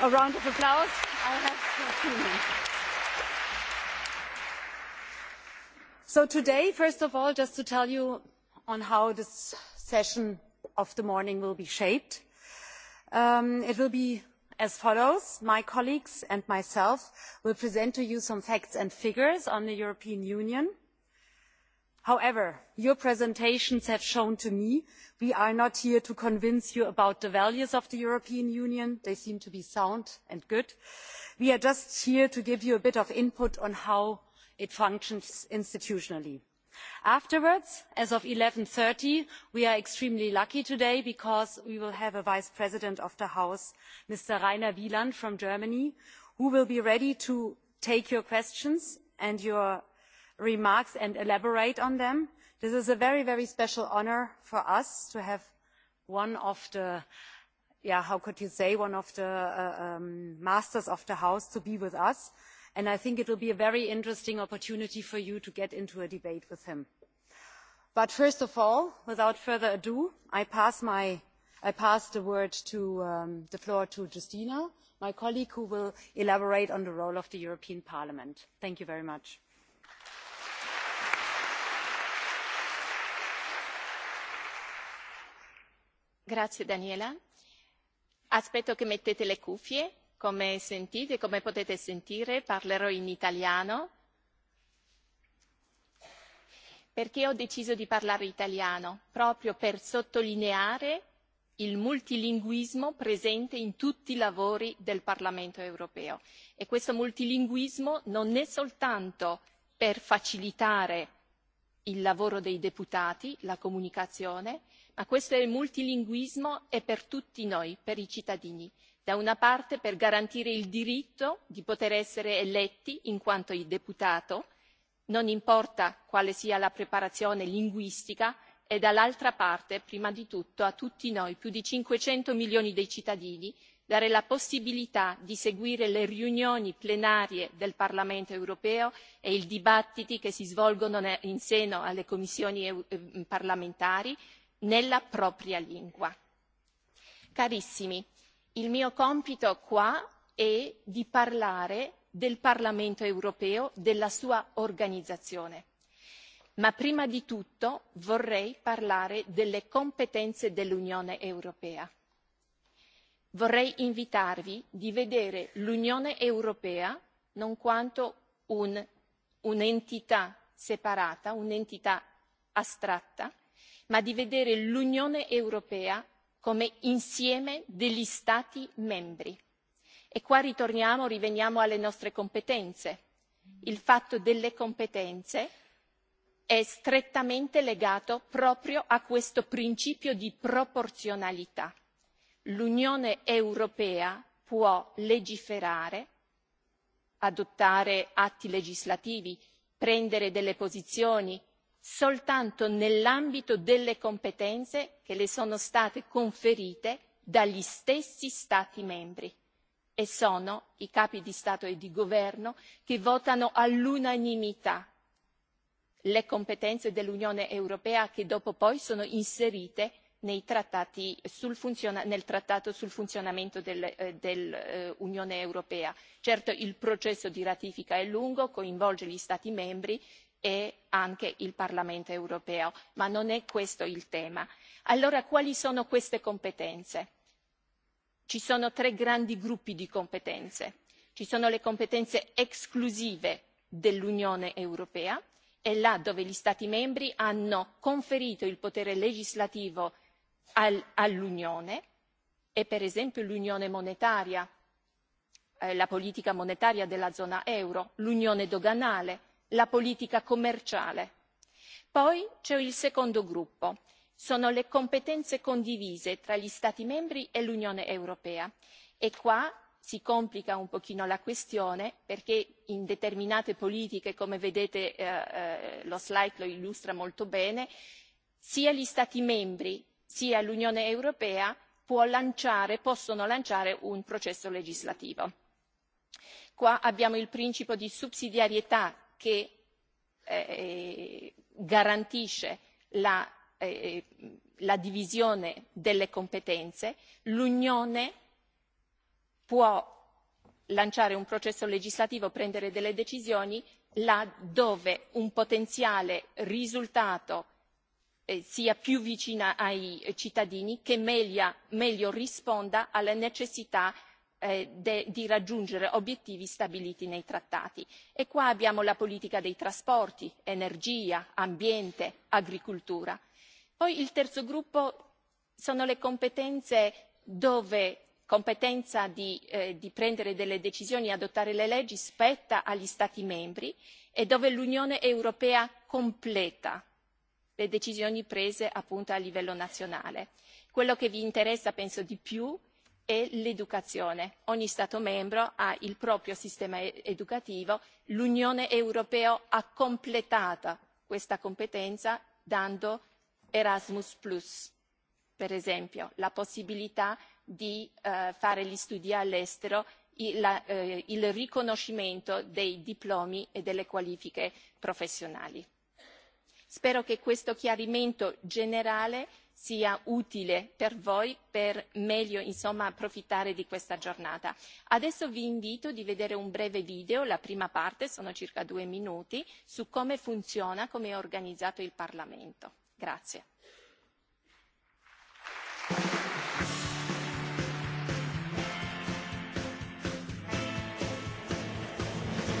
Speaker 2: a round of applause. i have So today, first of all, just to tell you on how this session of the morning will be shaped. It will be as follows. My colleagues and myself will present to you some facts and figures on the European Union. However, your presentations have shown to me we are not here to convince you about the values of the European Union. They seem to be sound and good. We are just here to give you a bit of input on how it functions institutionally. Afterwards, as of 11.30, we are extremely lucky today because we will have a Vice President of the House, Mr. Rainer Wieland from Germany, who will be ready to take your questions and your remarks and elaborate on them. This is a very, very special honour for us to have one of the, how could you say, one of the masters of the House to be with us and I think it will be a very interesting opportunity for you to get into a debate with him. But first of all, without further ado, I pass the word to the floor to Justina, my colleague who will elaborate on the role of the European Parliament. Thank you very much.
Speaker 19: Grazie Daniela. Aspetto che mettete le cuffie Come sentite, come potete sentire, parlerò in italiano perché ho deciso di parlare italiano, proprio per sottolineare il multilinguismo presente in tutti i lavori del Parlamento europeo. E questo multilinguismo non è soltanto per facilitare il lavoro dei deputati, la comunicazione, ma questo è il multilinguismo è per tutti noi, per i cittadini da una parte per garantire il diritto di poter essere eletti in quanto deputato non importa quale sia la preparazione linguistica e dall'altra parte prima di tutto a tutti noi più di 500 milioni dei cittadini dare la possibilità di seguire le riunioni plenarie del Parlamento europeo e i dibattiti che si svolgono in seno alle commissioni parlamentari nella propria lingua. Carissimi, il mio compito qua è di parlare del Parlamento europeo, della sua organizzazione. Ma prima di tutto vorrei parlare delle competenze dell'Unione europea. Vorrei invitarvi di vedere l'Unione europea non quanto un'entità separata, un'entità astratta, ma di vedere l'Unione europea come insieme degli Stati membri. E qua ritorniamo, riveniamo alle nostre competenze. Il fatto delle competenze è strettamente legato proprio a questo principio di proporzionalità. L'Unione europea può legiferare, adottare atti legislativi, prendere delle posizioni, soltanto nell'ambito delle competenze che le sono state conferite dagli stessi Stati membri e sono i capi di Stato e di Governo che votano all'unanimità le competenze dell'Unione europea che dopo poi sono inserite nel trattato sul funzionamento dell'Unione europea. Certo il processo di ratifica è lungo, coinvolge gli Stati membri e anche il Parlamento europeo, ma non è questo il tema. Allora quali sono queste competenze? Ci sono tre grandi gruppi di competenze. Ci sono le competenze esclusive dell'Unione europea e là dove gli Stati membri hanno conferito il potere legislativo all'Unione e per esempio l'Unione monetaria, la politica monetaria della zona euro, l'Unione doganale la politica commerciale. poi c'è il secondo gruppo sono le competenze condivise tra gli stati membri e l'unione europea e qua si complica un pochino la questione perché in determinate politiche come vedete lo slide lo illustra molto bene sia gli stati membri sia l'unione europea possono lanciare un processo legislativo. qua abbiamo il principio di sussidiarietà che garantisce la divisione delle competenze l'unione può lanciare un processo legislativo prendere delle decisioni là dove un potenziale risultato sia più vicino ai cittadini che meglio risponda alle necessità di raggiungere obiettivi stabiliti nei trattati e qua abbiamo la politica dei trasporti energia ambiente agricoltura. poi il terzo gruppo sono le competenze dove competenza di prendere delle decisioni e adottare le leggi spetta agli stati membri e dove l'unione europea completa le decisioni prese appunto a livello nazionale. quello che vi interessa penso di più e l'educazione. Ogni Stato membro ha il proprio sistema educativo, l'Unione Europea ha completato questa competenza dando Erasmus, per esempio, la possibilità di fare gli studi all'estero, il riconoscimento dei diplomi e delle qualifiche professionali. Spero che questo chiarimento generale sia utile per voi per meglio insomma approfittare di questa giornata. Adesso vi invito di vedere un breve video, la prima parte, sono circa due minuti, su come funziona, come è organizzato il Parlamento. Grazie.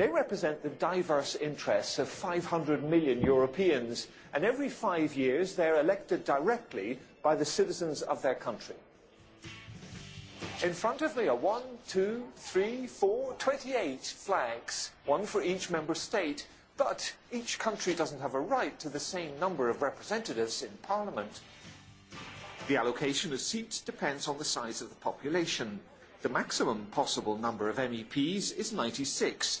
Speaker 20: They represent the diverse interests of 500 million Europeans, and every five years they are elected directly by the citizens of their country. In front of me are one, two, three, four, 28 flags, one for each member state, but each country doesn't have a right to the same number of representatives in Parliament. The allocation of seats depends on the size of the population. The maximum possible number of MEPs is 96,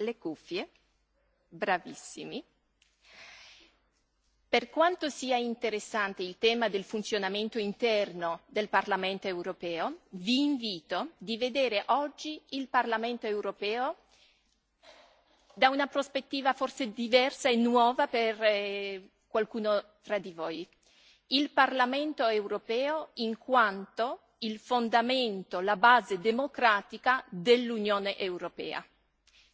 Speaker 19: le cuffie bravissimi per quanto sia interessante il tema del funzionamento interno del Parlamento europeo vi invito di vedere oggi il Parlamento europeo da una prospettiva forse diversa e nuova per qualcuno tra di voi il Parlamento europeo in quanto il fondamento la base democratica dell'Unione europea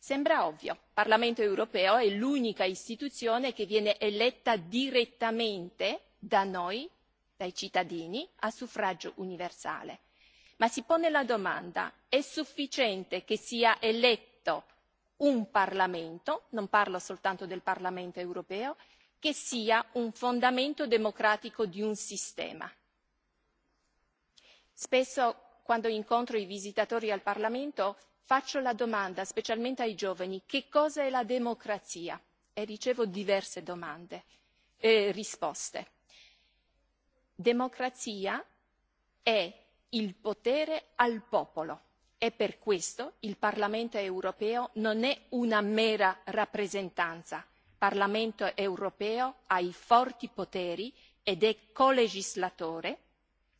Speaker 19: Sembra ovvio, il Parlamento europeo è l'unica istituzione che viene eletta direttamente da noi, dai cittadini, a suffragio universale. Ma si pone la domanda, è sufficiente che sia eletto un Parlamento, non parlo soltanto del Parlamento europeo, che sia un fondamento democratico di un sistema. Spesso quando incontro i visitatori al Parlamento faccio la domanda specialmente ai giovani che cosa è la democrazia e ricevo diverse domande e risposte. Democrazia è il potere al popolo e per questo il Parlamento europeo non è una mera rappresentanza. Il Parlamento europeo ha i forti poteri ed è colegislatore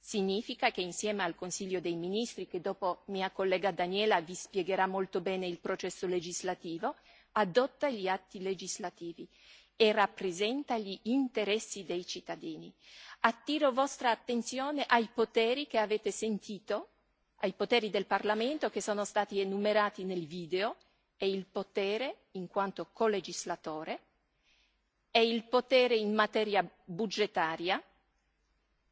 Speaker 19: significa che insieme al Consiglio dei Ministri, che dopo mia collega Daniela vi spiegherà molto bene il processo legislativo, adotta gli atti legislativi e rappresenta gli interessi dei cittadini. Attiro vostra attenzione ai poteri che avete sentito, ai poteri del Parlamento che sono stati enumerati nel video e il potere in quanto colegislatore e il potere in materia budgetaria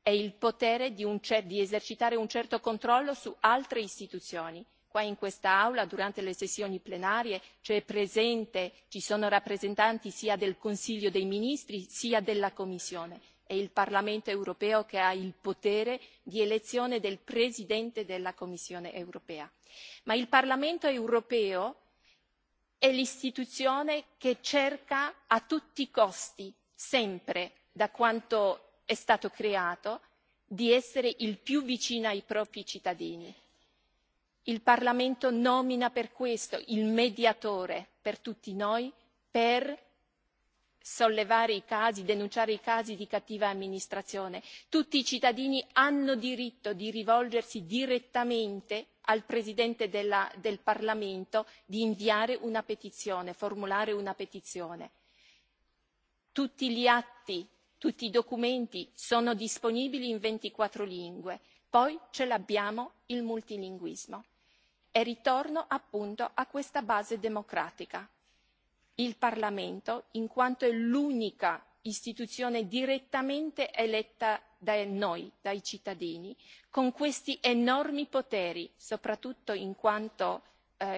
Speaker 19: è il potere di esercitare un certo controllo su altre istituzioni. Qua in quest'Aula, durante le sessioni plenarie, c'è presente, ci sono rappresentanti sia del Consiglio dei Ministri sia della Commissione. È il Parlamento europeo che ha il potere di elezione del Presidente della Commissione europea. Ma il Parlamento europeo è l'istituzione che cerca a tutti i costi, sempre, da quanto è stato creato di essere il più vicino ai propri cittadini. Il Parlamento nomina per questo il mediatore per tutti noi per sollevare i casi, denunciare i casi di cattiva amministrazione. Tutti i cittadini hanno diritto di rivolgersi direttamente al Presidente del Parlamento, di inviare una petizione, formulare una petizione. Tutti gli atti tutti i documenti sono disponibili in ventiquattro lingue poi ce l'abbiamo il multilinguismo e ritorno appunto a questa base democratica il parlamento in quanto è l'unica istituzione direttamente eletta da noi dai cittadini con questi enormi poteri soprattutto in quanto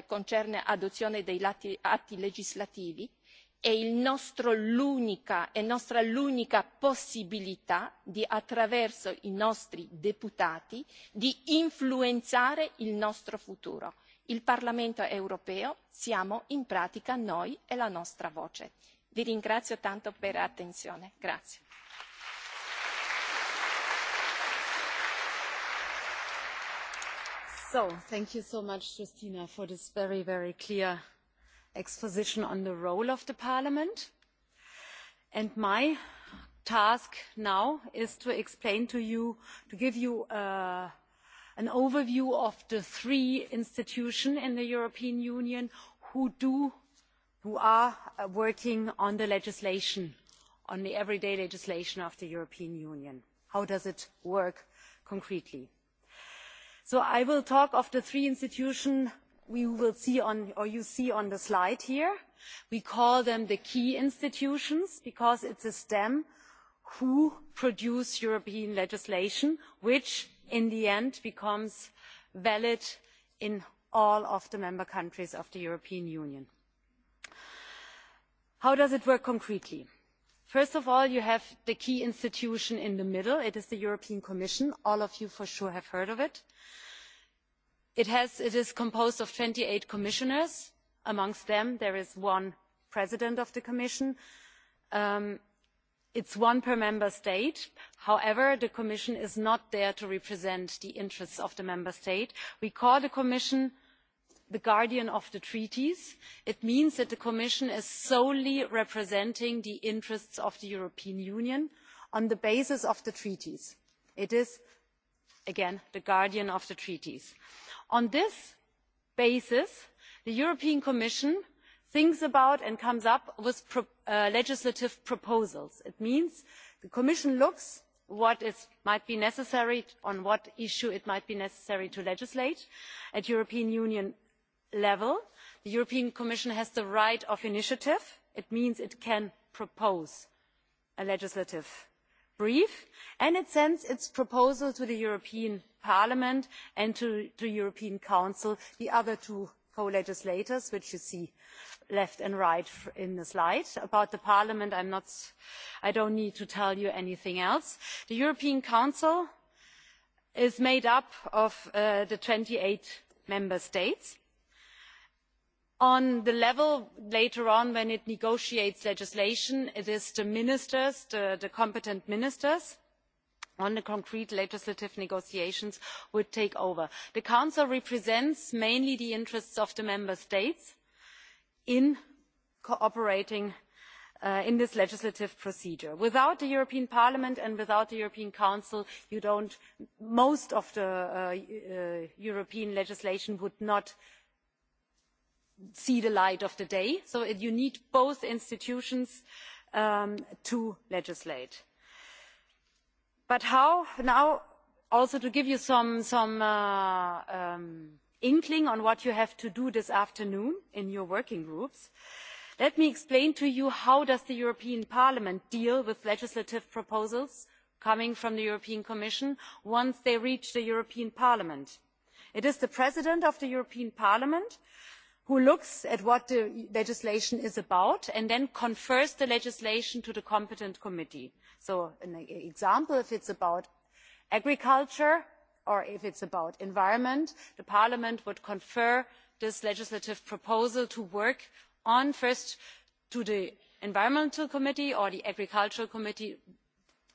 Speaker 19: concerne l'adozione dei atti legislativi è nostra l'unica possibilità attraverso i nostri deputati di influenzare il nostro futuro. il parlamento europeo siamo in pratica noi e la nostra voce. vi ringrazio tanto per
Speaker 2: l'attenzione exposition on the role of the Parliament. And my task now is to explain to you, to give you an overview of the three institutions in the European Union who do, who are working on the legislation, on the everyday legislation of the European Union. How does it work concretely? So I will talk of the three institutions we will see on or you see on the slide here. We call them the key institutions because it's a stem who produce European legislation, which in the end becomes valid in all of the member countries of the European Union. How does it work concretely? First of all, you have the key institution in the middle. It is the European Commission. All of you for sure have heard of it It is composed of twenty eight commissioners. Amongst them, there is one president of the Commission. It is one per member state. However, the Commission is not there to represent the interests of the member state. We call the Commission the guardian of the treaties. It means that the Commission is solely representing the interests of the European Union on the basis of the treaties. It is, again, the guardian of the treaties on this basis the european commission thinks about and comes up with legislative proposals. it means the commission looks what might be necessary on what issue it might be necessary to legislate at european union level. the european commission has the right of initiative. it means it can propose a legislative brief and it sends its proposal to the European Parliament and to the European Council, the other two co-legislators, which you see left and right in the slide. About the Parliament, I don't need to tell you anything else. The European Council is made up of the twenty eight member states on the level later on when it negotiates legislation it is the ministers the competent ministers on the concrete legislative negotiations would take over. the council represents mainly the interests of the member states in cooperating in this legislative procedure. without the european parliament and without the european council most of the european legislation would not see the light of the day. So you need both institutions to legislate. But how now also to give you some inkling on what you have to do this afternoon in your working groups, let me explain to you how does the European Parliament deal with legislative proposals coming from the European Commission once they reach the European Parliament. It is the President of the European Parliament who looks at what the legislation is about and then confers the legislation to the competent committee. So an example, if it's about agriculture or if it's about environment, the Parliament would confer this legislative proposal to work on first to the Environmental Committee or the Agricultural Committee,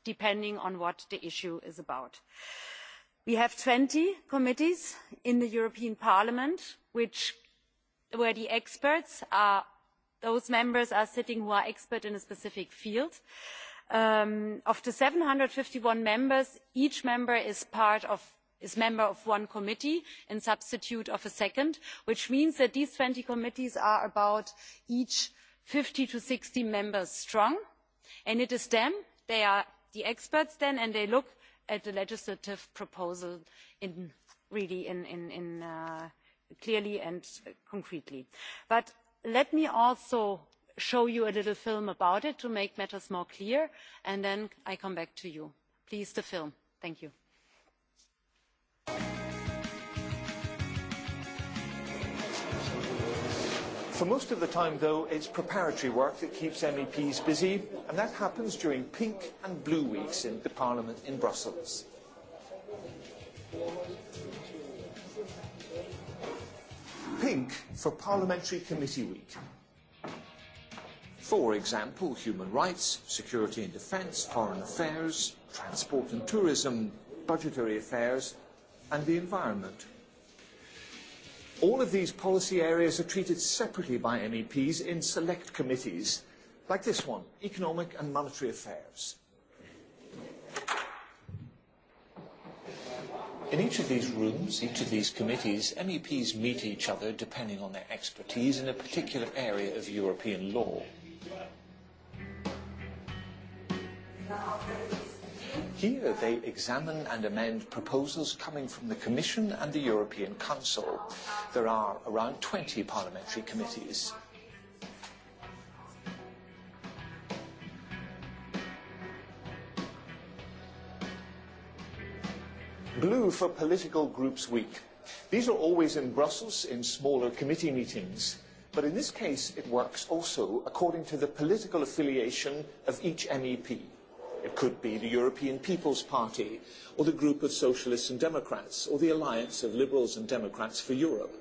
Speaker 2: depending on what the issue is about. We have 20 committees in the European Parliament which where the experts are those members are sitting who are expert in a specific field. Of the 751 members, each member is part of is member of one committee in substitute of a second, which means that these 20 committees are about each 50 to 60 members strong, and it is them, they are the experts then, and they look at the legislative proposal in really in clearly and concretely. But let me also show you a little film about it to make matters more clear, and then I come back to you. Please, the film. Thank you.
Speaker 20: For most of the time, though, it's preparatory work that keeps MEPs busy, and that happens during pink and blue weeks in the Parliament in Brussels. for Parliamentary Committee Week. For example, human rights, security and defence, foreign affairs, transport and tourism, budgetary affairs and the environment. All of these policy areas are treated separately by MEPs in select committees, like this one, Economic and Monetary Affairs. In each of these rooms, each of these committees, MEPs meet each other depending on their expertise in a particular area of European law. Here they examine and amend proposals coming from the Commission and the European Council. There are around 20 parliamentary committees. Blue for Political Groups Week. These are always in Brussels in smaller committee meetings, but in this case it works also according to the political affiliation of each MEP. It could be the European People's Party, or the Group of Socialists and Democrats, or the Alliance of Liberals and Democrats for Europe.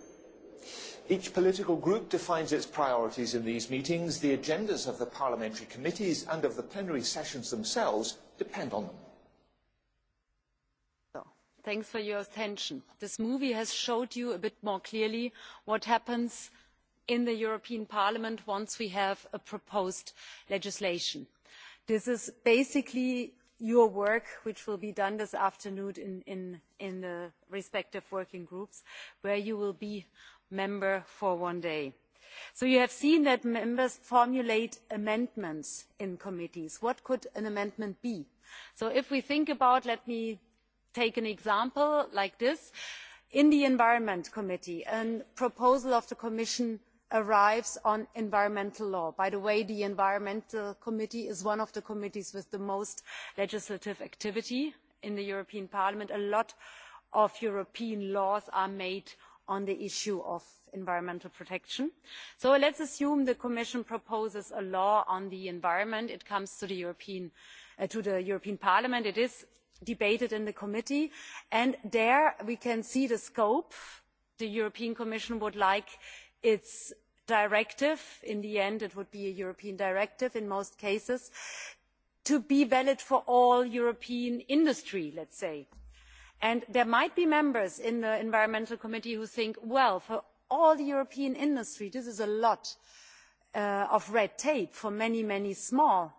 Speaker 20: Each political group defines its priorities in these meetings. The agendas of the parliamentary committees and of the plenary sessions themselves depend on them.
Speaker 2: Thanks for your attention. This movie has showed you a bit more clearly what happens in the European Parliament once we have a proposed legislation. This is basically your work, which will be done this afternoon in the respective working groups, where you will be member for one day. So you have seen that members formulate amendments in committees. What could an amendment be? So if we think about, let me take an example like this in the environment committee a proposal of the commission arrives on environmental law. by the way the environmental committee is one of the committees with the most legislative activity in the european parliament. a lot of european laws are made on the issue of environmental protection. so let's assume the commission proposes a law on the environment it comes to the european parliament it is debated in the committee and there we can see the scope the european commission would like its directive in the end it would be a european directive in most cases to be valid for all european industry let's say and there might be members in the environmental committee who think well for all the european industry this is a lot of red tape for many many small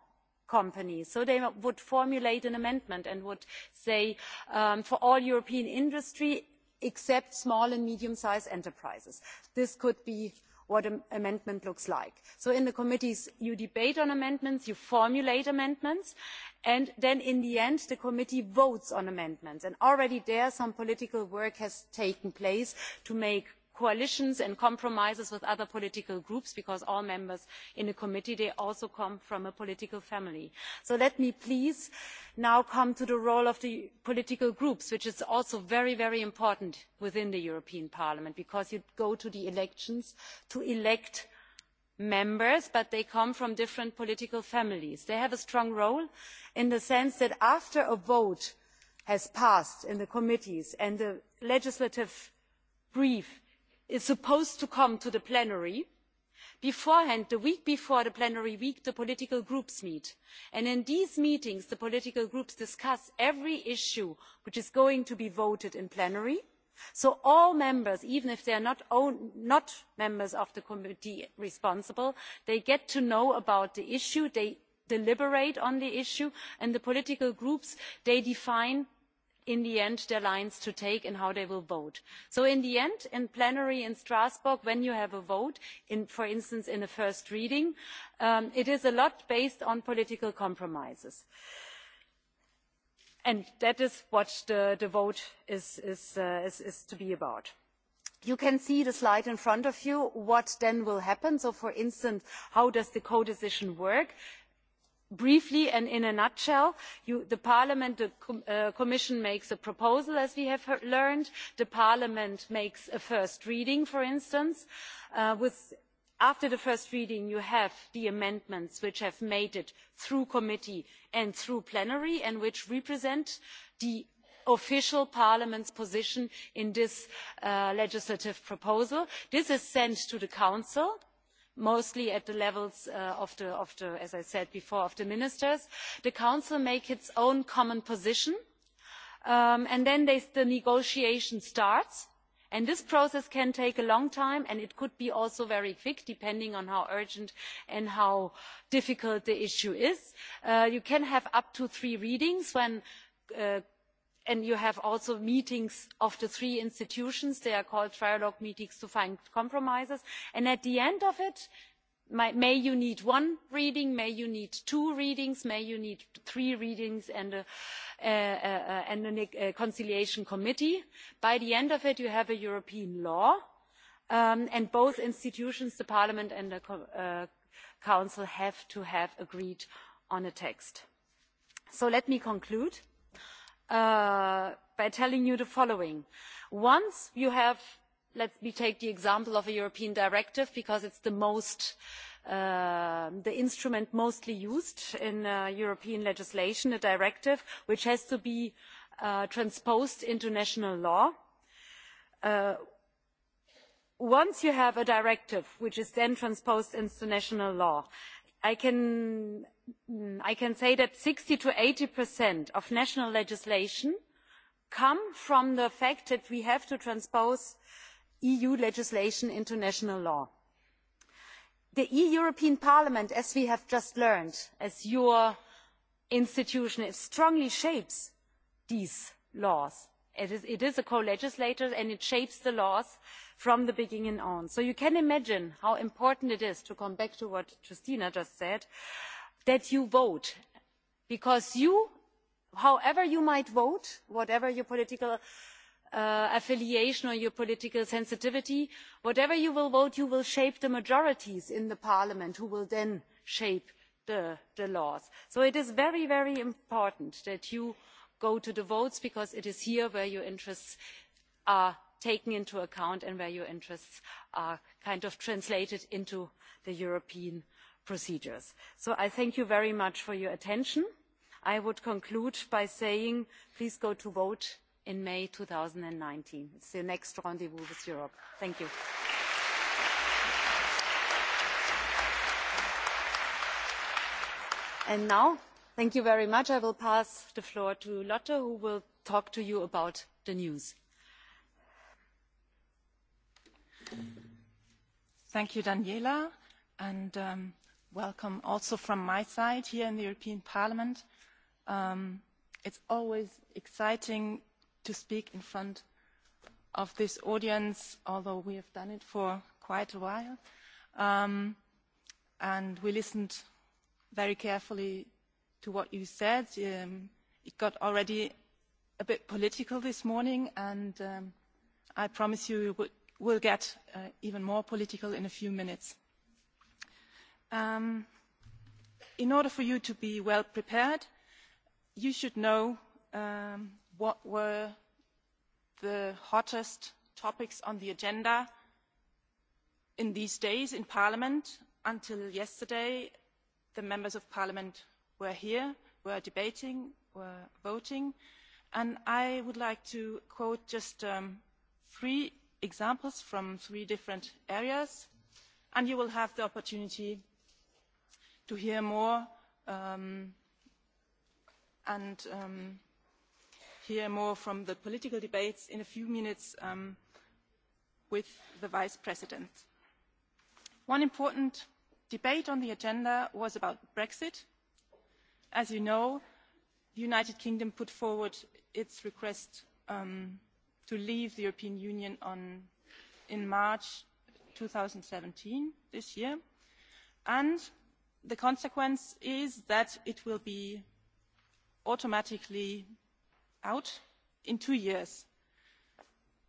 Speaker 2: companies. So they would formulate an amendment and would say for all European industry except small and medium-sized enterprises. This could be what an amendment looks like. So in the committees, you debate on amendments, you formulate amendments, and then in the end, the committee votes on amendments. And already there, some political work has taken place to make coalitions and compromises with other political groups because all members in a committee they also come from a political family. so let me please now come to the role of the political groups which is also very very important within the european parliament because you go to the elections to elect members but they come from different political families. they have a strong role in the sense that after a vote has passed in the committees and the legislative brief is supposed to come to the plenary beforehand the week before the plenary week the political groups meet and in these meetings the political groups discuss every issue which is going to be voted in plenary so all members even if they are not members of the committee responsible they get to know about the issue they deliberate on the issue and the political groups they define in the end their lines to take and how they will vote. So in the end, in plenary in Strasbourg, when you have a vote, for instance in a first reading, it is a lot based on political compromises. And that is what the vote is to be about. You can see the slide in front of you, what then will happen. So, for instance, how does the codecision work? briefly and in a nutshell the parliament the commission makes a proposal as we have learned the parliament makes a first reading for instance after the first reading you have the amendments which have made it through committee and through plenary and which represent the official parliament's position in this legislative proposal. this is sent to the council mostly at the levels of the as i said before of the ministers the council makes its own common position and then the negotiation starts and this process can take a long time and it could be also very quick depending on how urgent and how difficult the issue is. you can have up to three readings when and you have also meetings of the three institutions they are called trialogue meetings to find compromises and at the end of it may you need one reading may you need two readings may you need three readings and a conciliation committee by the end of it you have a european law and both institutions the parliament and the council have to have agreed on a text. so let me conclude by telling you the following. Once you have, let me take the example of a European directive because it's the most, the instrument mostly used in European legislation, a directive which has to be transposed into national law. Once you have a directive which is then transposed into national law, I can I can say that 60 to 80% of national legislation come from the fact that we have to transpose EU legislation into national law. The European Parliament, as we have just learned, as your institution, strongly shapes these laws. It is a co-legislator and it shapes the laws from the beginning on. So you can imagine how important it is to come back to what Justina just said that you vote because you however you might vote whatever your political affiliation or your political sensitivity whatever you will vote you will shape the majorities in the parliament who will then shape the laws. so it is very very important that you go to the votes because it is here where your interests are taken into account and where your interests are kind of translated into the european procedures. So I thank you very much for your attention. I would conclude by saying please go to vote in May 2019. It's the next rendezvous with Europe. Thank you. And now, thank you very much. I will pass the floor to Lotte, who will talk to you about the news. Thank you,
Speaker 21: Daniela. And Welcome also from my side here in the European Parliament. It's always exciting to speak in front of this audience, although we have done it for quite a while. And we listened very carefully to what you said. It got already a bit political this morning, and I promise you will get even more political in a few minutes in order for you to be well prepared you should know what were the hottest topics on the agenda in these days in parliament until yesterday the members of parliament were here were debating were voting and i would like to quote just three examples from three different areas and you will have the opportunity to hear more and hear more from the political debates in a few minutes with the Vice President. One important debate on the agenda was about Brexit. As you know, the United Kingdom put forward its request to leave the European Union in March 2017, this year, and the consequence is that it will be automatically out in two years,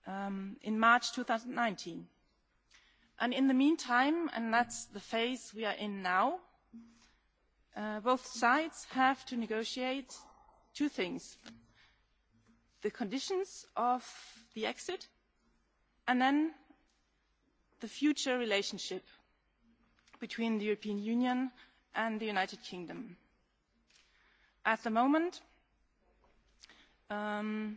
Speaker 21: in March 2019. And in the meantime, and that's the phase we are in now, both sides have to negotiate two things. The conditions of the exit and then the future relationship between the European Union and the United Kingdom. At the moment, the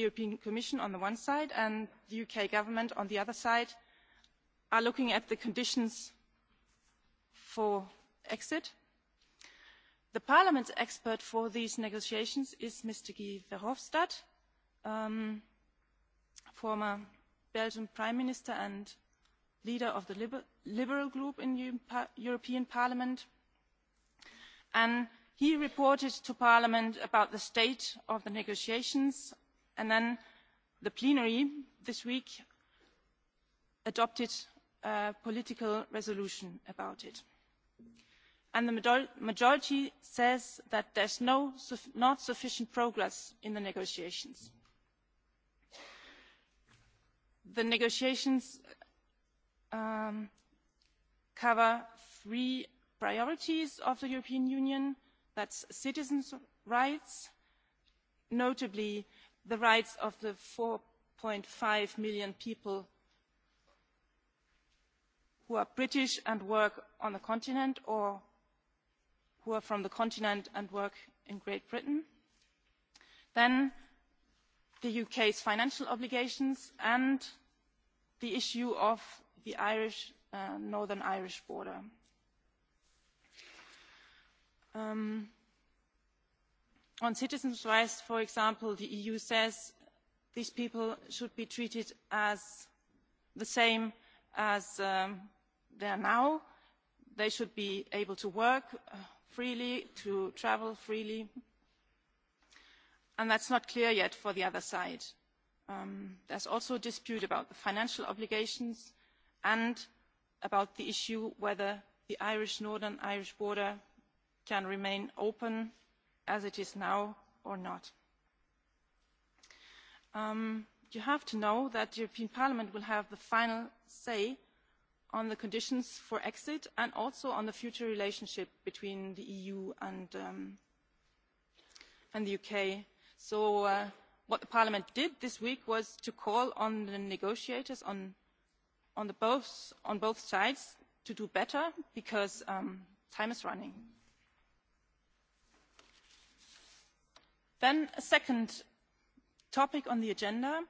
Speaker 21: European Commission on the one side and the UK government on the other side are looking at the conditions for exit. The Parliament's expert for these negotiations is Mr. Guy Verhofstadt, former Belgian Prime Minister and leader of the Liberal group in the European Parliament, and he reported to Parliament about the state of the negotiations, and then the plenary this week adopted a political resolution about it. And the majority says that there is not sufficient progress in the negotiations. The negotiations cover three priorities of the European Union. That's citizens' rights, notably the rights of the 4.5 million people who are British and work on the continent or who are from the continent and work in Great Britain. Then the UK's financial obligations and the issue of the Irish northern Irish border. On citizens' rights, for example, the EU says these people should be treated as the same as they are now. They should be able to work freely, to travel freely, and that's not clear yet for the other side. There's also a dispute about the financial obligations and about the issue whether the Irish Northern Irish border can remain open as it is now or not. You have to know that the European Parliament will have the final say on the conditions for exit and also on the future relationship between the EU and the UK. So what the Parliament did this week was to call on the negotiators, on on both sides to do better because time is running. Then a second topic on the agenda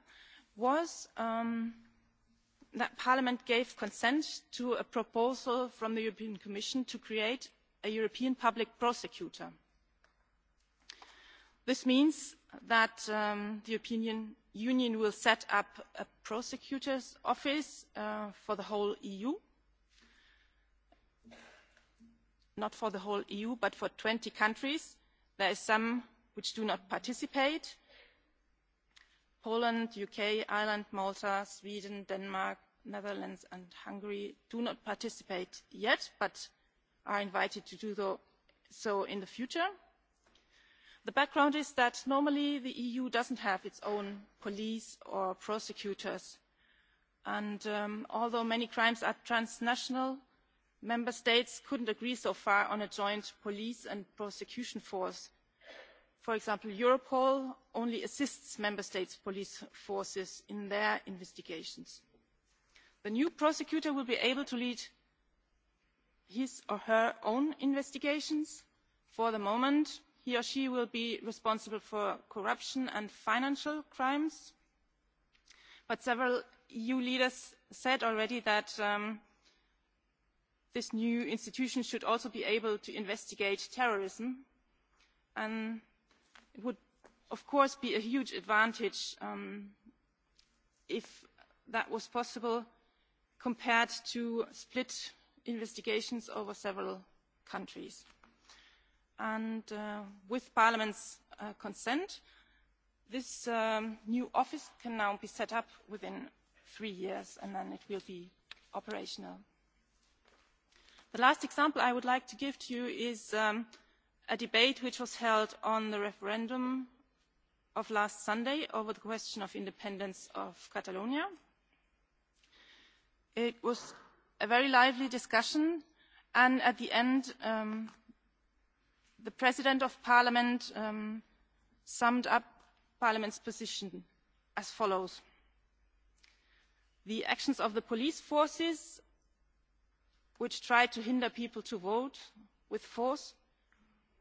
Speaker 21: was that Parliament gave consent to a proposal from the European Commission to create a European public prosecutor This means that the European Union will set up a prosecutor's office for the whole EU. Not for the whole EU, but for 20 countries. There are some which do not participate. Poland, UK, Ireland, Malta, Sweden, Denmark, the Netherlands and Hungary do not participate yet, but are invited to do so in the future the background is that normally the eu doesn't have its own police or prosecutors and although many crimes are transnational member states couldn't agree so far on a joint police and prosecution force. for example europol only assists member states' police forces in their investigations. the new prosecutor will be able to lead his or her own investigations. for the moment he or she will be responsible for corruption and financial crimes but several eu leaders said already that this new institution should also be able to investigate terrorism and it would of course be a huge advantage if that was possible compared to split investigations over several countries and with Parliament's consent, this new office can now be set up within three years and then it will be operational. The last example I would like to give to you is a debate which was held on the referendum of last Sunday over the question of independence of Catalonia. It was a very lively discussion and at the end the president of parliament summed up parliament's position as follows the actions of the police forces which tried to hinder people to vote with force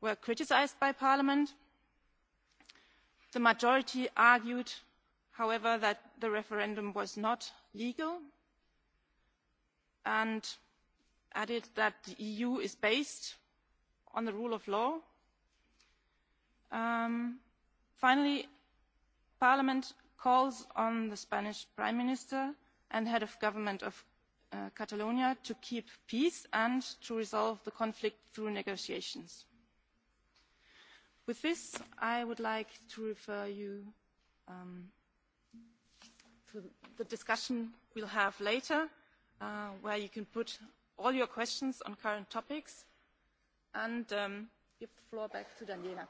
Speaker 21: were criticised by parliament. the majority argued however that the referendum was not legal and added that the eu is based on the rule of law. Finally, Parliament calls on the Spanish Prime Minister and Head of Government of Catalonia to keep peace and to resolve the conflict through negotiations. With this, I would like to refer you to the discussion we'll have later, where you can put
Speaker 2: all your questions on current topics and give floor back to Daniela.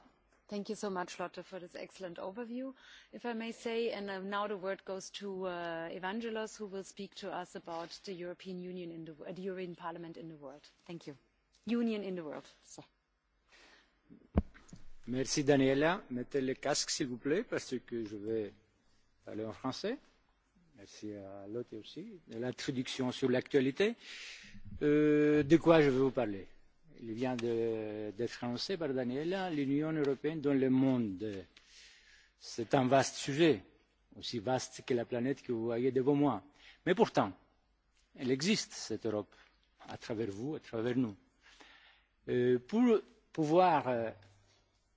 Speaker 2: Thank you so much, Lotte, for this excellent overview, if I may say. And now the word goes to Evangelos, who will speak to us about the European Union in the European Parliament in the world. Thank you. Union in the world.
Speaker 22: Merci, Daniela. Mettez le casque, s'il vous plaît, parce que je vais parler en français. Merci à Lotte aussi de l'introduction sur l'actualité. De quoi je vais vous parler il vient d'être annoncé par Daniela, l'Union européenne dans le monde. C'est un vaste sujet, aussi vaste que la planète que vous voyez devant moi. Mais pourtant, elle existe, cette Europe, à travers vous, à travers nous. Pour pouvoir,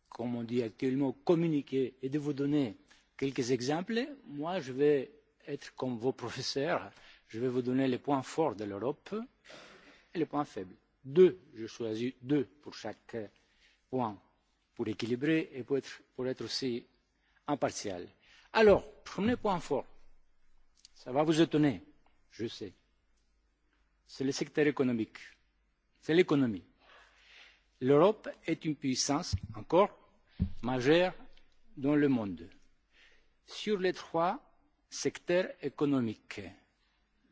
Speaker 22: comme on dit actuellement, communiquer et de vous donner quelques exemples, moi je vais être comme vos professeurs, je vais vous donner les points forts de l'Europe et les points faibles deux j'ai choisi deux pour chaque point pour équilibrer et pour être, pour être aussi impartial. Alors, premier point fort, ça va vous étonner, je sais, c'est le secteur économique, c'est l'économie. L'Europe est une puissance encore majeure dans le monde. Sur les trois secteurs économiques,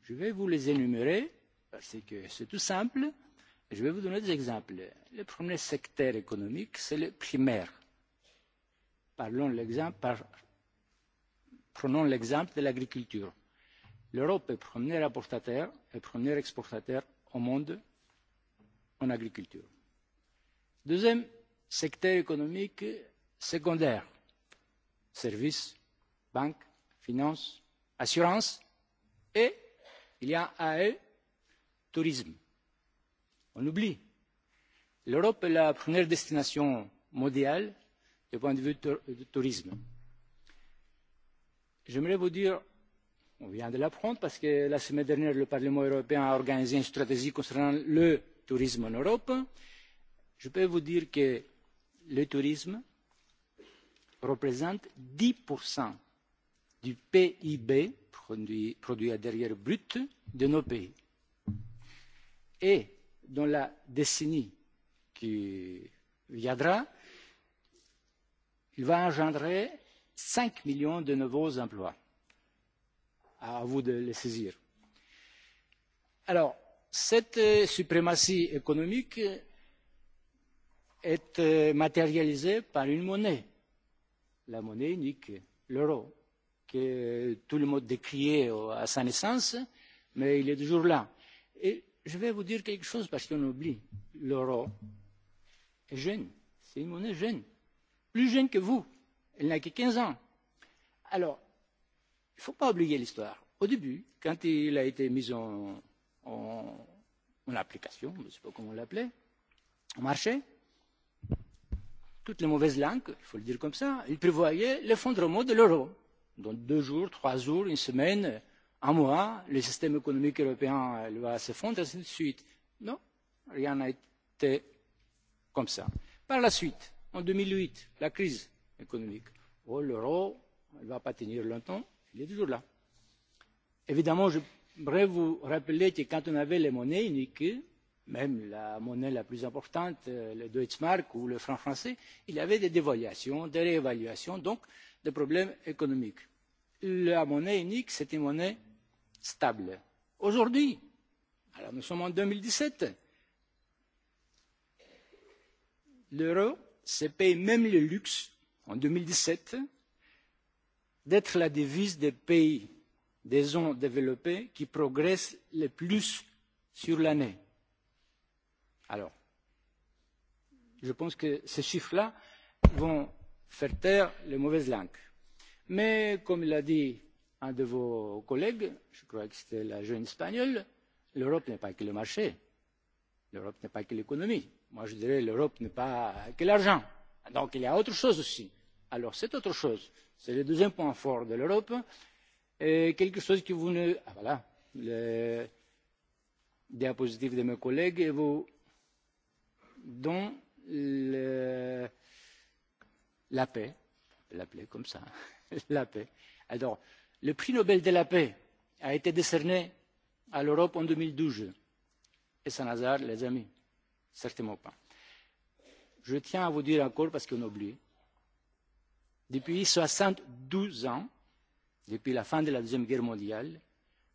Speaker 22: je vais vous les énumérer parce que c'est tout simple Je vais vous donner des exemples. Le premier secteur économique, c'est le primaire. Parlons prenons l'exemple de l'agriculture. L'Europe est premier apportateur et premier exportateur au monde en agriculture. Deuxième secteur économique secondaire services, banques, finances, assurances et il y a à tourisme on oublie. L'Europe est la première destination mondiale du point de vue du tourisme. J'aimerais vous dire, on vient de l'apprendre parce que la semaine dernière, le Parlement européen a organisé une stratégie concernant le tourisme en Europe. Je peux vous dire que le tourisme représente 10% du PIB, produit intérieur brut, de nos pays. Et dans la décennie qui viendra, il va engendrer 5 millions de nouveaux emplois. À vous de les saisir. Alors, cette suprématie économique est matérialisée par une monnaie, la monnaie unique, l'euro, que tout le monde décriait à sa naissance, mais il est toujours là. Et je vais vous dire quelque chose parce qu'on oublie. L'euro est jeune. C'est une monnaie jeune. Plus jeune que vous. Elle n'a que 15 ans. Alors, il ne faut pas oublier l'histoire. Au début, quand il a été mis en, en, en application, je ne sais pas comment on l'appelait, au marché, toutes les mauvaises langues, il faut le dire comme ça, il prévoyait l'effondrement de l'euro. Dans deux jours, trois jours, une semaine, un mois, le système économique européen va s'effondrer, ainsi de suite. Non, rien n'a été comme ça. Par la suite, en 2008, la crise économique. Oh, l'euro, ne va pas tenir longtemps, il est toujours là. Évidemment, je voudrais vous rappeler que quand on avait les monnaies uniques, même la monnaie la plus importante, le Deutschmark ou le franc français, il y avait des dévaluations, des réévaluations, donc des problèmes économiques. La monnaie unique, c'est une monnaie stable. Aujourd'hui, alors nous sommes en 2017, l'euro se paye même le luxe, en 2017, d'être la devise des pays des zones développées qui progressent le plus sur l'année. Alors, je pense que ces chiffres-là vont faire taire les mauvaises langues. Mais, comme l'a dit un de vos collègues, je crois que c'était la jeune espagnole, l'Europe n'est pas que le marché, l'Europe n'est pas que l'économie. Moi, je dirais l'Europe n'est pas que l'argent. Donc, il y a autre chose aussi. Alors, c'est autre chose. C'est le deuxième point fort de l'Europe. Et quelque chose que vous ne... voilà. Le diapositive de mes collègues et vous... dont le... la paix, l'appeler comme ça, la paix. Alors, le prix nobel de la paix a été décerné à l'europe en deux mille douze et sans hasard les amis certainement pas. je tiens à vous dire encore parce qu'on oublie depuis soixante douze ans depuis la fin de la deuxième guerre mondiale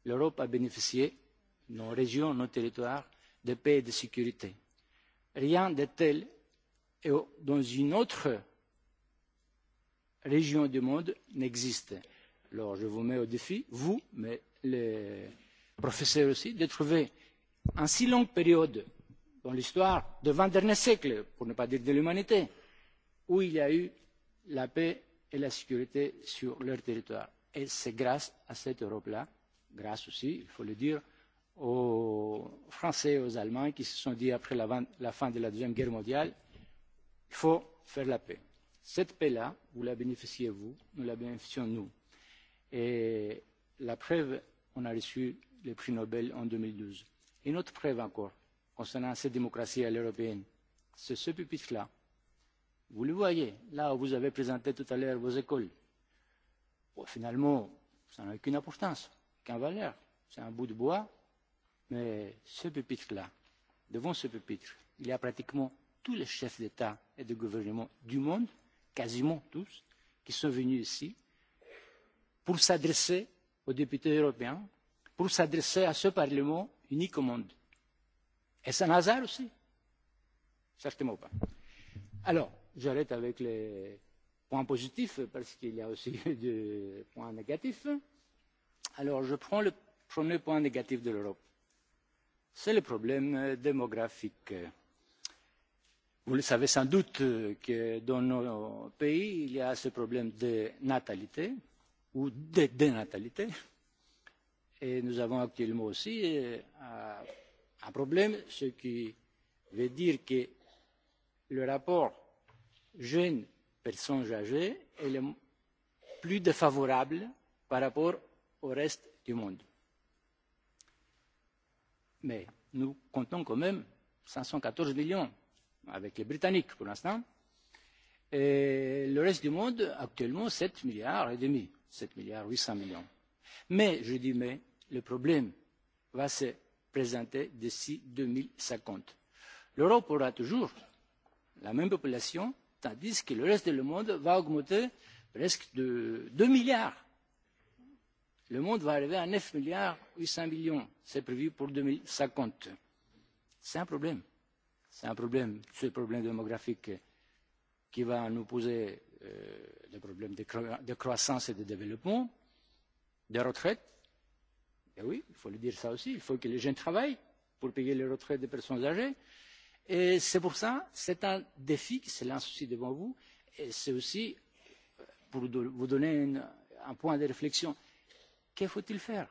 Speaker 22: l'europe a bénéficié nos régions nos territoires de paix et de sécurité. rien de tel dans une autre région du monde n'existe. Alors, je vous mets au défi, vous, mais les professeurs aussi, de trouver en si longue période dans l'histoire de 20 derniers siècles, pour ne pas dire de l'humanité, où il y a eu la paix et la sécurité sur leur territoire. Et c'est grâce à cette Europe-là, grâce aussi, il faut le dire, aux Français et aux Allemands qui se sont dit après la fin de la Deuxième Guerre mondiale, il faut faire la paix. Cette paix-là, vous la bénéficiez vous, nous la bénéficions nous Et la preuve, on a reçu le prix Nobel en 2012. Une autre preuve encore, concernant cette démocratie à l'européenne, c'est ce pupitre-là. Vous le voyez, là où vous avez présenté tout à l'heure vos écoles. Finalement, ça n'a aucune importance, aucune valeur. C'est un bout de bois, mais ce pupitre-là, devant ce pupitre, il y a pratiquement tous les chefs d'État et de gouvernement du monde, quasiment tous, qui sont venus ici pour s'adresser aux députés européens, pour s'adresser à ce Parlement unique au monde. Est-ce un hasard aussi Certainement pas. Alors, j'arrête avec les points positifs parce qu'il y a aussi des points négatifs. Alors, je prends le premier point négatif de l'Europe. C'est le problème démographique. Vous le savez sans doute que dans nos pays, il y a ce problème de natalité ou de dénatalité. Et nous avons actuellement aussi un problème, ce qui veut dire que le rapport jeunes personnes âgées est plus défavorable par rapport au reste du monde. Mais nous comptons quand même 514 millions avec les Britanniques pour l'instant. Et le reste du monde, actuellement, 7 milliards et demi 7 milliards 800 millions. mais je dis mais le problème va se présenter d'ici 2050. l'europe aura toujours la même population tandis que le reste du monde va augmenter presque de 2 milliards. le monde va arriver à 9 milliards 800 millions c'est prévu pour 2050. c'est un problème c'est un problème ce problème démographique qui va nous poser des problèmes de croissance et de développement, des retraites. Et oui, il faut le dire ça aussi, il faut que les jeunes travaillent pour payer les retraites des personnes âgées. Et c'est pour ça, c'est un défi qui se lance aussi devant vous. Et c'est aussi pour vous donner un point de réflexion. Que faut-il faire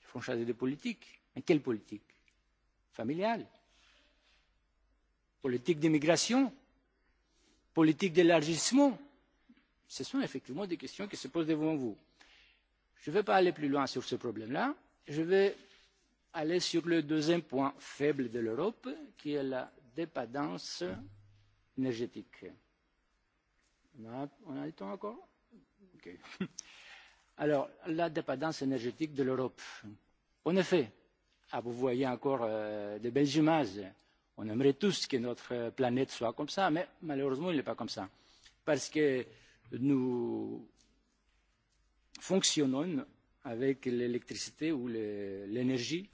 Speaker 22: Il faut changer de politique. Mais quelle politique Familiale Politique d'immigration politique d'élargissement ce sont effectivement des questions qui se posent devant vous. je ne vais pas aller plus loin sur ce problème là je vais aller sur le deuxième point faible de l'europe qui est la dépendance énergétique. on a le temps encore? alors la dépendance énergétique de l'europe en effet vous voyez encore de belles images On aimerait tous que notre planète soit comme ça, mais malheureusement, elle n'est pas comme ça. Parce que nous fonctionnons avec l'électricité ou l'énergie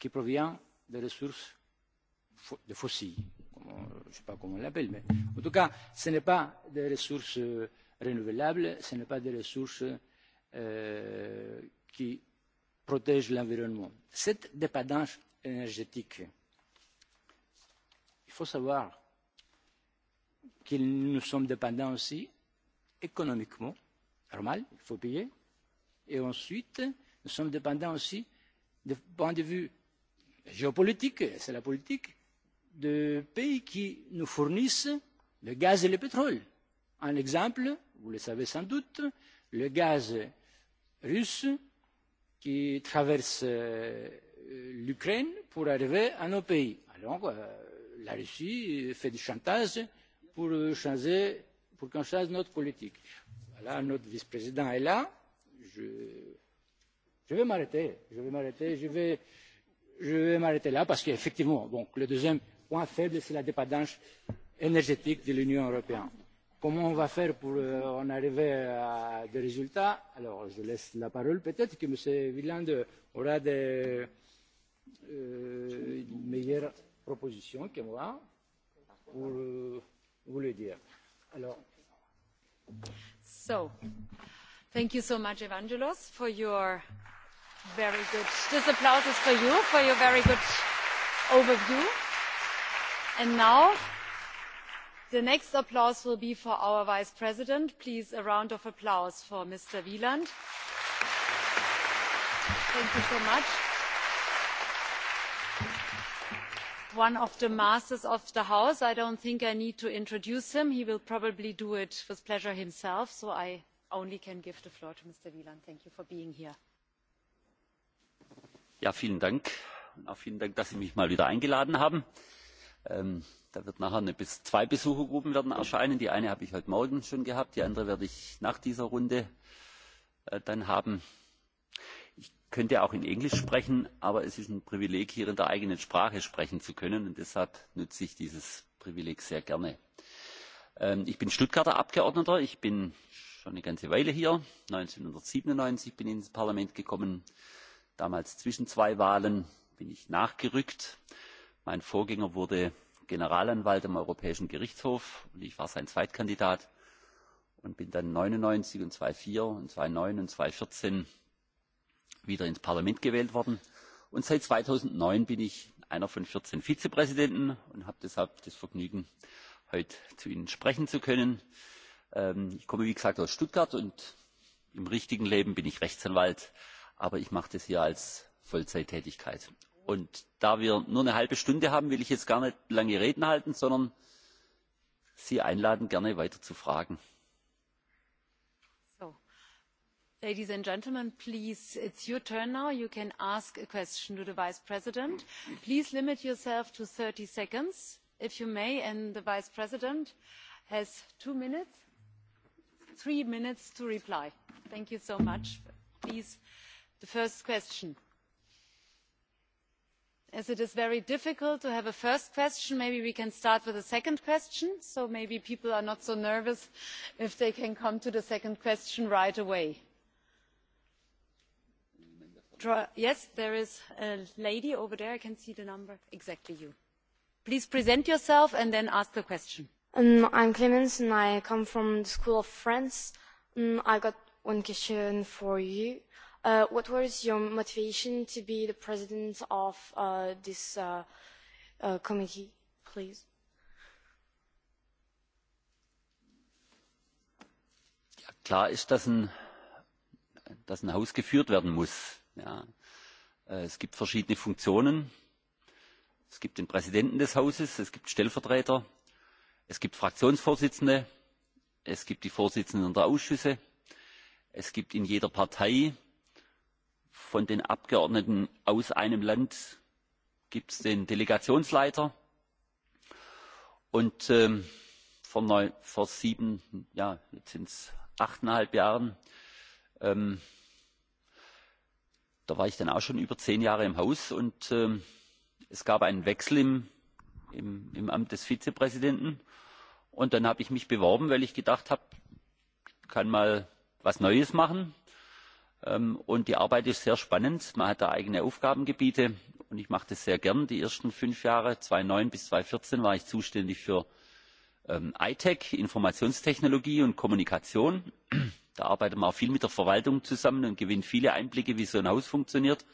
Speaker 22: qui provient des ressources de fossiles. Je ne sais pas comment on l'appelle, mais en tout cas, ce n'est pas des ressources renouvelables, ce n'est pas des ressources qui protègent l'environnement. Cette dépendance énergétique faut savoir que nous sommes dépendants aussi économiquement, normal, il faut payer, et ensuite nous sommes dépendants aussi du point de vue géopolitique, c'est la politique, de pays qui nous fournissent le gaz et le pétrole. Un exemple, vous le savez sans doute, le gaz russe qui traverse l'Ukraine pour arriver à nos pays. Alors, la Russie fait du chantage pour changer, pour qu'on change notre politique. Voilà, notre vice-président est là. Je, vais m'arrêter. Je vais m'arrêter. Je vais, m'arrêter là parce qu'effectivement, le deuxième point faible, c'est la dépendance énergétique de l'Union européenne. Comment on va faire pour en arriver à des résultats Alors, je laisse la parole. Peut-être que M. Villande aura des euh, meilleurs proposition que moi pour vous le dire. Alors.
Speaker 2: So, thank you so much, Evangelos, for your very good. This applause is for you for your very good overview. And now, the next applause will be for our Vice President. Please, a round of applause for Mr. Wieland. Thank you so much. one of the masters of the house. I don't think I need to introduce him. He will probably do it with pleasure himself, so I only can give the floor to Mr. Wieland. Thank you for being here.
Speaker 23: Ja, vielen Dank. Und auch vielen Dank, dass Sie mich mal wieder eingeladen haben. Da wird nachher bis zwei Besuchergruppen erscheinen. Die eine habe ich heute Morgen schon gehabt, die andere werde ich nach dieser Runde dann haben. Ich könnte auch in Englisch sprechen, aber es ist ein Privileg, hier in der eigenen Sprache sprechen zu können, und deshalb nutze ich dieses Privileg sehr gerne. Ich bin Stuttgarter Abgeordneter, ich bin schon eine ganze Weile hier. 1997 bin ich ins Parlament gekommen, damals zwischen zwei Wahlen bin ich nachgerückt. Mein Vorgänger wurde Generalanwalt am Europäischen Gerichtshof und ich war sein Zweitkandidat und bin dann 99 und 2004 und 2009 und 2014 wieder ins Parlament gewählt worden. Und seit 2009 bin ich einer von 14 Vizepräsidenten und habe deshalb das Vergnügen, heute zu Ihnen sprechen zu können. Ich komme, wie gesagt, aus Stuttgart und im richtigen Leben bin ich Rechtsanwalt, aber ich mache das hier als Vollzeittätigkeit. Und da wir nur eine halbe Stunde haben, will ich jetzt gar nicht lange Reden halten, sondern Sie einladen, gerne weiter zu fragen.
Speaker 2: Ladies and gentlemen, please, it's your turn now. You can ask a question to the Vice President. Please limit yourself to 30 seconds, if you may, and the Vice President has two minutes, three minutes to reply. Thank you so much. Please, the first question. As it is very difficult to have a first question, maybe we can start with a second question, so maybe people are not so nervous if they can come to the second question right away. Yes, there is a lady over there. I can see the number. Exactly you. Please present yourself and then ask the question.
Speaker 16: I'm Clemens and I come from the School of France. I got one question for you. What was your motivation to be the president of this committee, please?
Speaker 23: Klar ist, dass ein Haus geführt werden muss Es gibt verschiedene Funktionen. Es gibt den Präsidenten des Hauses, es gibt Stellvertreter, es gibt Fraktionsvorsitzende, es gibt die Vorsitzenden der Ausschüsse, es gibt in jeder Partei von den Abgeordneten aus einem Land gibt es den Delegationsleiter. Und vor sieben, jetzt sind es achteinhalb Jahren, da war ich dann auch schon über zehn Jahre im Haus und es gab einen Wechsel im Amt des Vizepräsidenten. Und dann habe ich mich beworben, weil ich gedacht habe, ich kann mal was Neues machen. Und die Arbeit ist sehr spannend. Man hat da eigene Aufgabengebiete. Und ich mache das sehr gern. Die ersten fünf Jahre, 2009 bis 2014, war ich zuständig für ITEC, Informationstechnologie und Kommunikation. Da arbeitet man auch viel mit der Verwaltung zusammen und gewinnt viele Einblicke, wie so ein Haus funktioniert.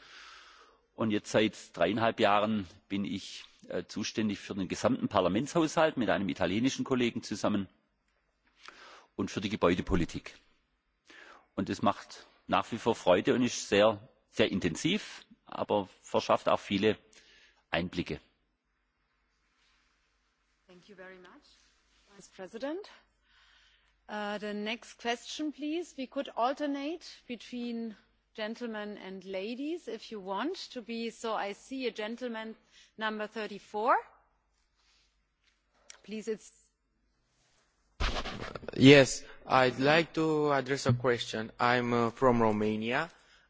Speaker 23: Und jetzt seit dreieinhalb Jahren bin ich zuständig für den gesamten Parlamentshaushalt mit einem italienischen Kollegen zusammen und für die Gebäudepolitik. Und das macht nach wie vor Freude und ist sehr, intensiv, aber verschafft auch viele Einblicke.
Speaker 2: Thank you The next question, please. We could alternate between gentlemen and ladies if you want to be. So I see a gentleman number 34. Please, it's.
Speaker 11: Yes, I'd like to address a question. I'm from Romania,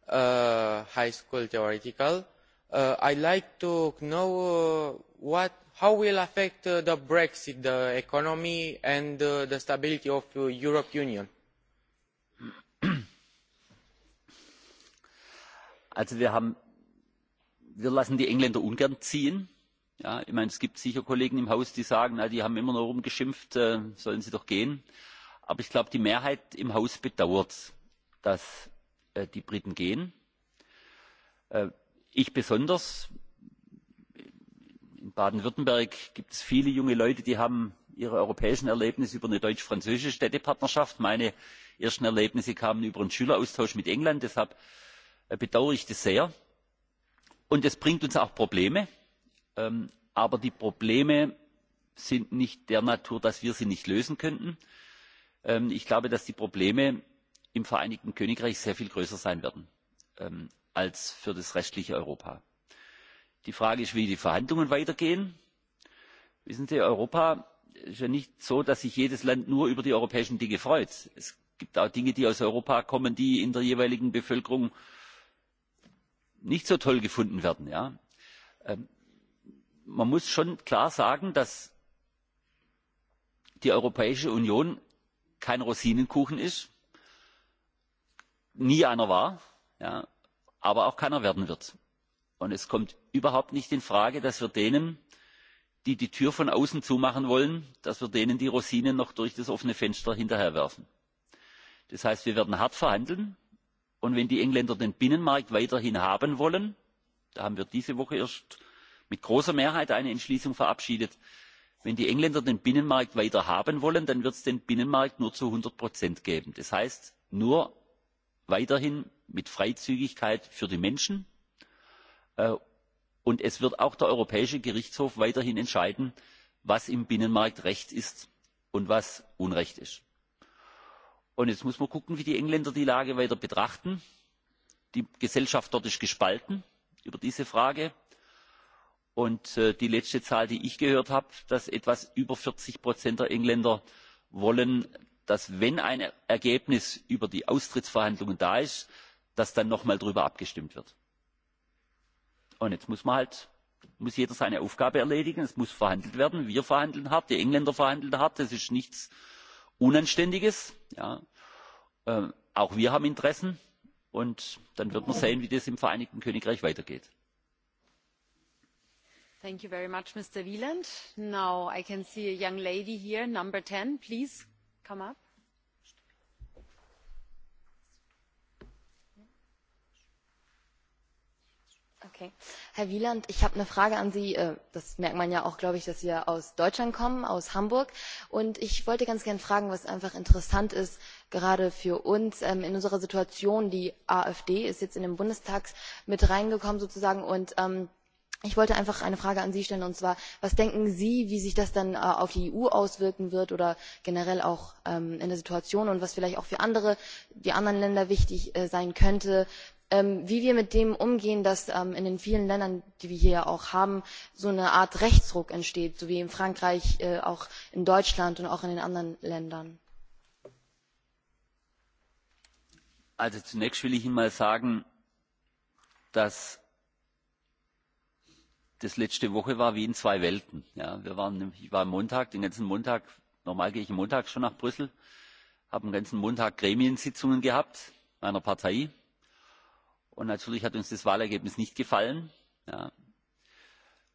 Speaker 11: high school theoretical. I'd like to know what how will affect the brexit the economy and the stability of the european union?
Speaker 23: also wir lassen die engländer ungern ziehen. ich meine es gibt sicher kollegen im haus die sagen die haben immer nur rumgeschimpft sollen sie doch gehen. aber ich glaube die mehrheit im haus bedauert dass die briten gehen. ich besonders baden württemberg gibt es viele junge leute die haben ihre europäischen erlebnisse über eine deutsch französische städtepartnerschaft meine ersten erlebnisse kamen über einen schüleraustausch mit england deshalb bedauere ich das sehr. und es bringt uns auch probleme aber die probleme sind nicht der natur dass wir sie nicht lösen könnten. ich glaube dass die probleme im vereinigten königreich sehr viel größer sein werden als für das restliche europa die frage ist wie die verhandlungen weitergehen. wissen sie europa ist ja nicht so dass sich jedes land nur über die europäischen dinge freut. es gibt auch dinge die aus europa kommen die in der jeweiligen bevölkerung nicht so toll gefunden werden. man muss schon klar sagen dass die europäische union kein rosinenkuchen ist nie einer war aber auch keiner werden wird und es kommt überhaupt nicht in frage dass wir denen die die tür von außen zumachen wollen die rosinen noch durch das offene fenster hinterherwerfen. das heißt wir werden hart verhandeln und wenn die engländer den binnenmarkt weiterhin haben wollen da haben wir diese woche erst mit großer mehrheit eine entschließung verabschiedet wenn die engländer den binnenmarkt weiter haben wollen dann wird es den binnenmarkt nur zu 100 geben. das heißt nur weiterhin mit freizügigkeit für die menschen und es wird auch der europäische gerichtshof weiterhin entscheiden was im binnenmarkt recht ist und was unrecht ist. und jetzt muss man gucken wie die engländer die lage weiter betrachten. die gesellschaft dort ist gespalten über diese frage und die letzte zahl die ich gehört habe dass etwas über 40 der engländer wollen dass wenn ein ergebnis über die austrittsverhandlungen da ist dann noch einmal darüber abgestimmt wird. Und jetzt muss man halt, muss jeder seine Aufgabe erledigen. Es muss verhandelt werden. Wir verhandeln hart, die Engländer verhandeln hart. Das ist nichts Unanständiges. Auch wir haben Interessen. Und dann wird man sehen, wie das im Vereinigten Königreich weitergeht.
Speaker 2: Thank you very much, Mr. Wieland. Now I can see a young lady here, number 10. Please come up.
Speaker 12: Okay. Herr Wieland, ich habe eine Frage an Sie. Das merkt man ja auch, glaube ich, dass Sie aus Deutschland kommen, aus Hamburg. Und ich wollte ganz gern fragen, was einfach interessant ist, gerade für uns in unserer Situation. Die AfD ist jetzt in den Bundestag mit reingekommen sozusagen. Und ich wollte einfach eine Frage an Sie stellen. Und zwar, was denken Sie, wie sich das dann auf die EU auswirken wird oder generell auch in der Situation und was vielleicht auch für andere, die anderen Länder wichtig sein könnte, wie wir mit dem umgehen dass in den vielen ländern die wir hier auch haben so eine art rechtsruck entsteht so wie in frankreich auch in deutschland und auch in den anderen ländern.
Speaker 23: also zunächst will ich ihnen mal sagen dass das letzte woche war wie in zwei welten. wir waren ich war montag den ganzen montag normal gehe ich montags schon nach brüssel habe den ganzen montag gremiensitzungen gehabt meiner partei Und natürlich hat uns das Wahlergebnis nicht gefallen.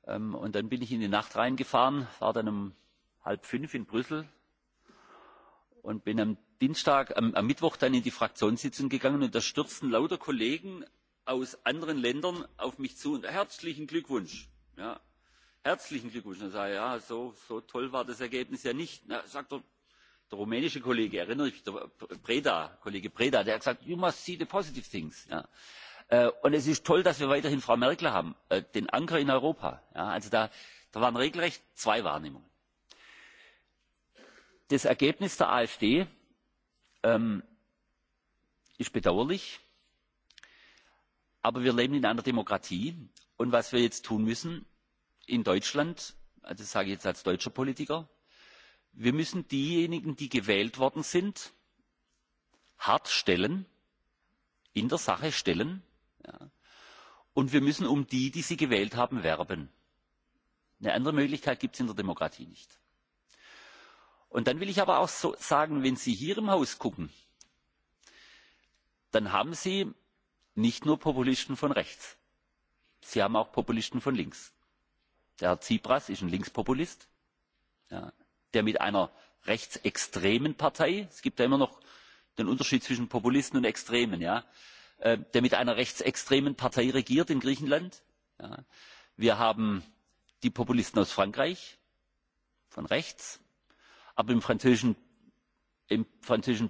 Speaker 23: Und dann bin ich in die Nacht reingefahren, war dann um halb fünf in Brüssel und bin am Dienstag, am Mittwoch dann in die Fraktionssitzung gegangen und da stürzten lauter Kollegen aus anderen Ländern auf mich zu und herzlichen Glückwunsch. Herzlichen Glückwunsch. Dann sage ja, so toll war das Ergebnis ja nicht. Sagt der rumänische Kollege, erinnere ich mich, der Preda, Kollege Preda, der hat gesagt, you must see the positive things. Und es ist toll, dass wir weiterhin Frau Merkel haben, den Anker in Europa. Also da waren regelrecht zwei Wahrnehmungen. Das Ergebnis der AfD ist bedauerlich, aber wir leben in einer Demokratie. Und was wir jetzt tun müssen in Deutschland, das sage ich jetzt als deutscher Politiker, wir müssen diejenigen, die gewählt worden sind, hart stellen, in der Sache stellen Und wir müssen um die, die sie gewählt haben, werben. Eine andere Möglichkeit gibt es in der Demokratie nicht. Und dann will ich aber auch sagen, wenn Sie hier im Haus gucken, dann haben Sie nicht nur Populisten von rechts. Sie haben auch Populisten von links. Der Herr Tsipras ist ein Linkspopulist, der mit einer rechtsextremen Partei, es gibt ja immer noch den Unterschied zwischen Populisten und Extremen, ja, der mit einer rechtsextremen Partei regiert in Griechenland. Wir haben die Populisten aus Frankreich, von rechts, aber im französischen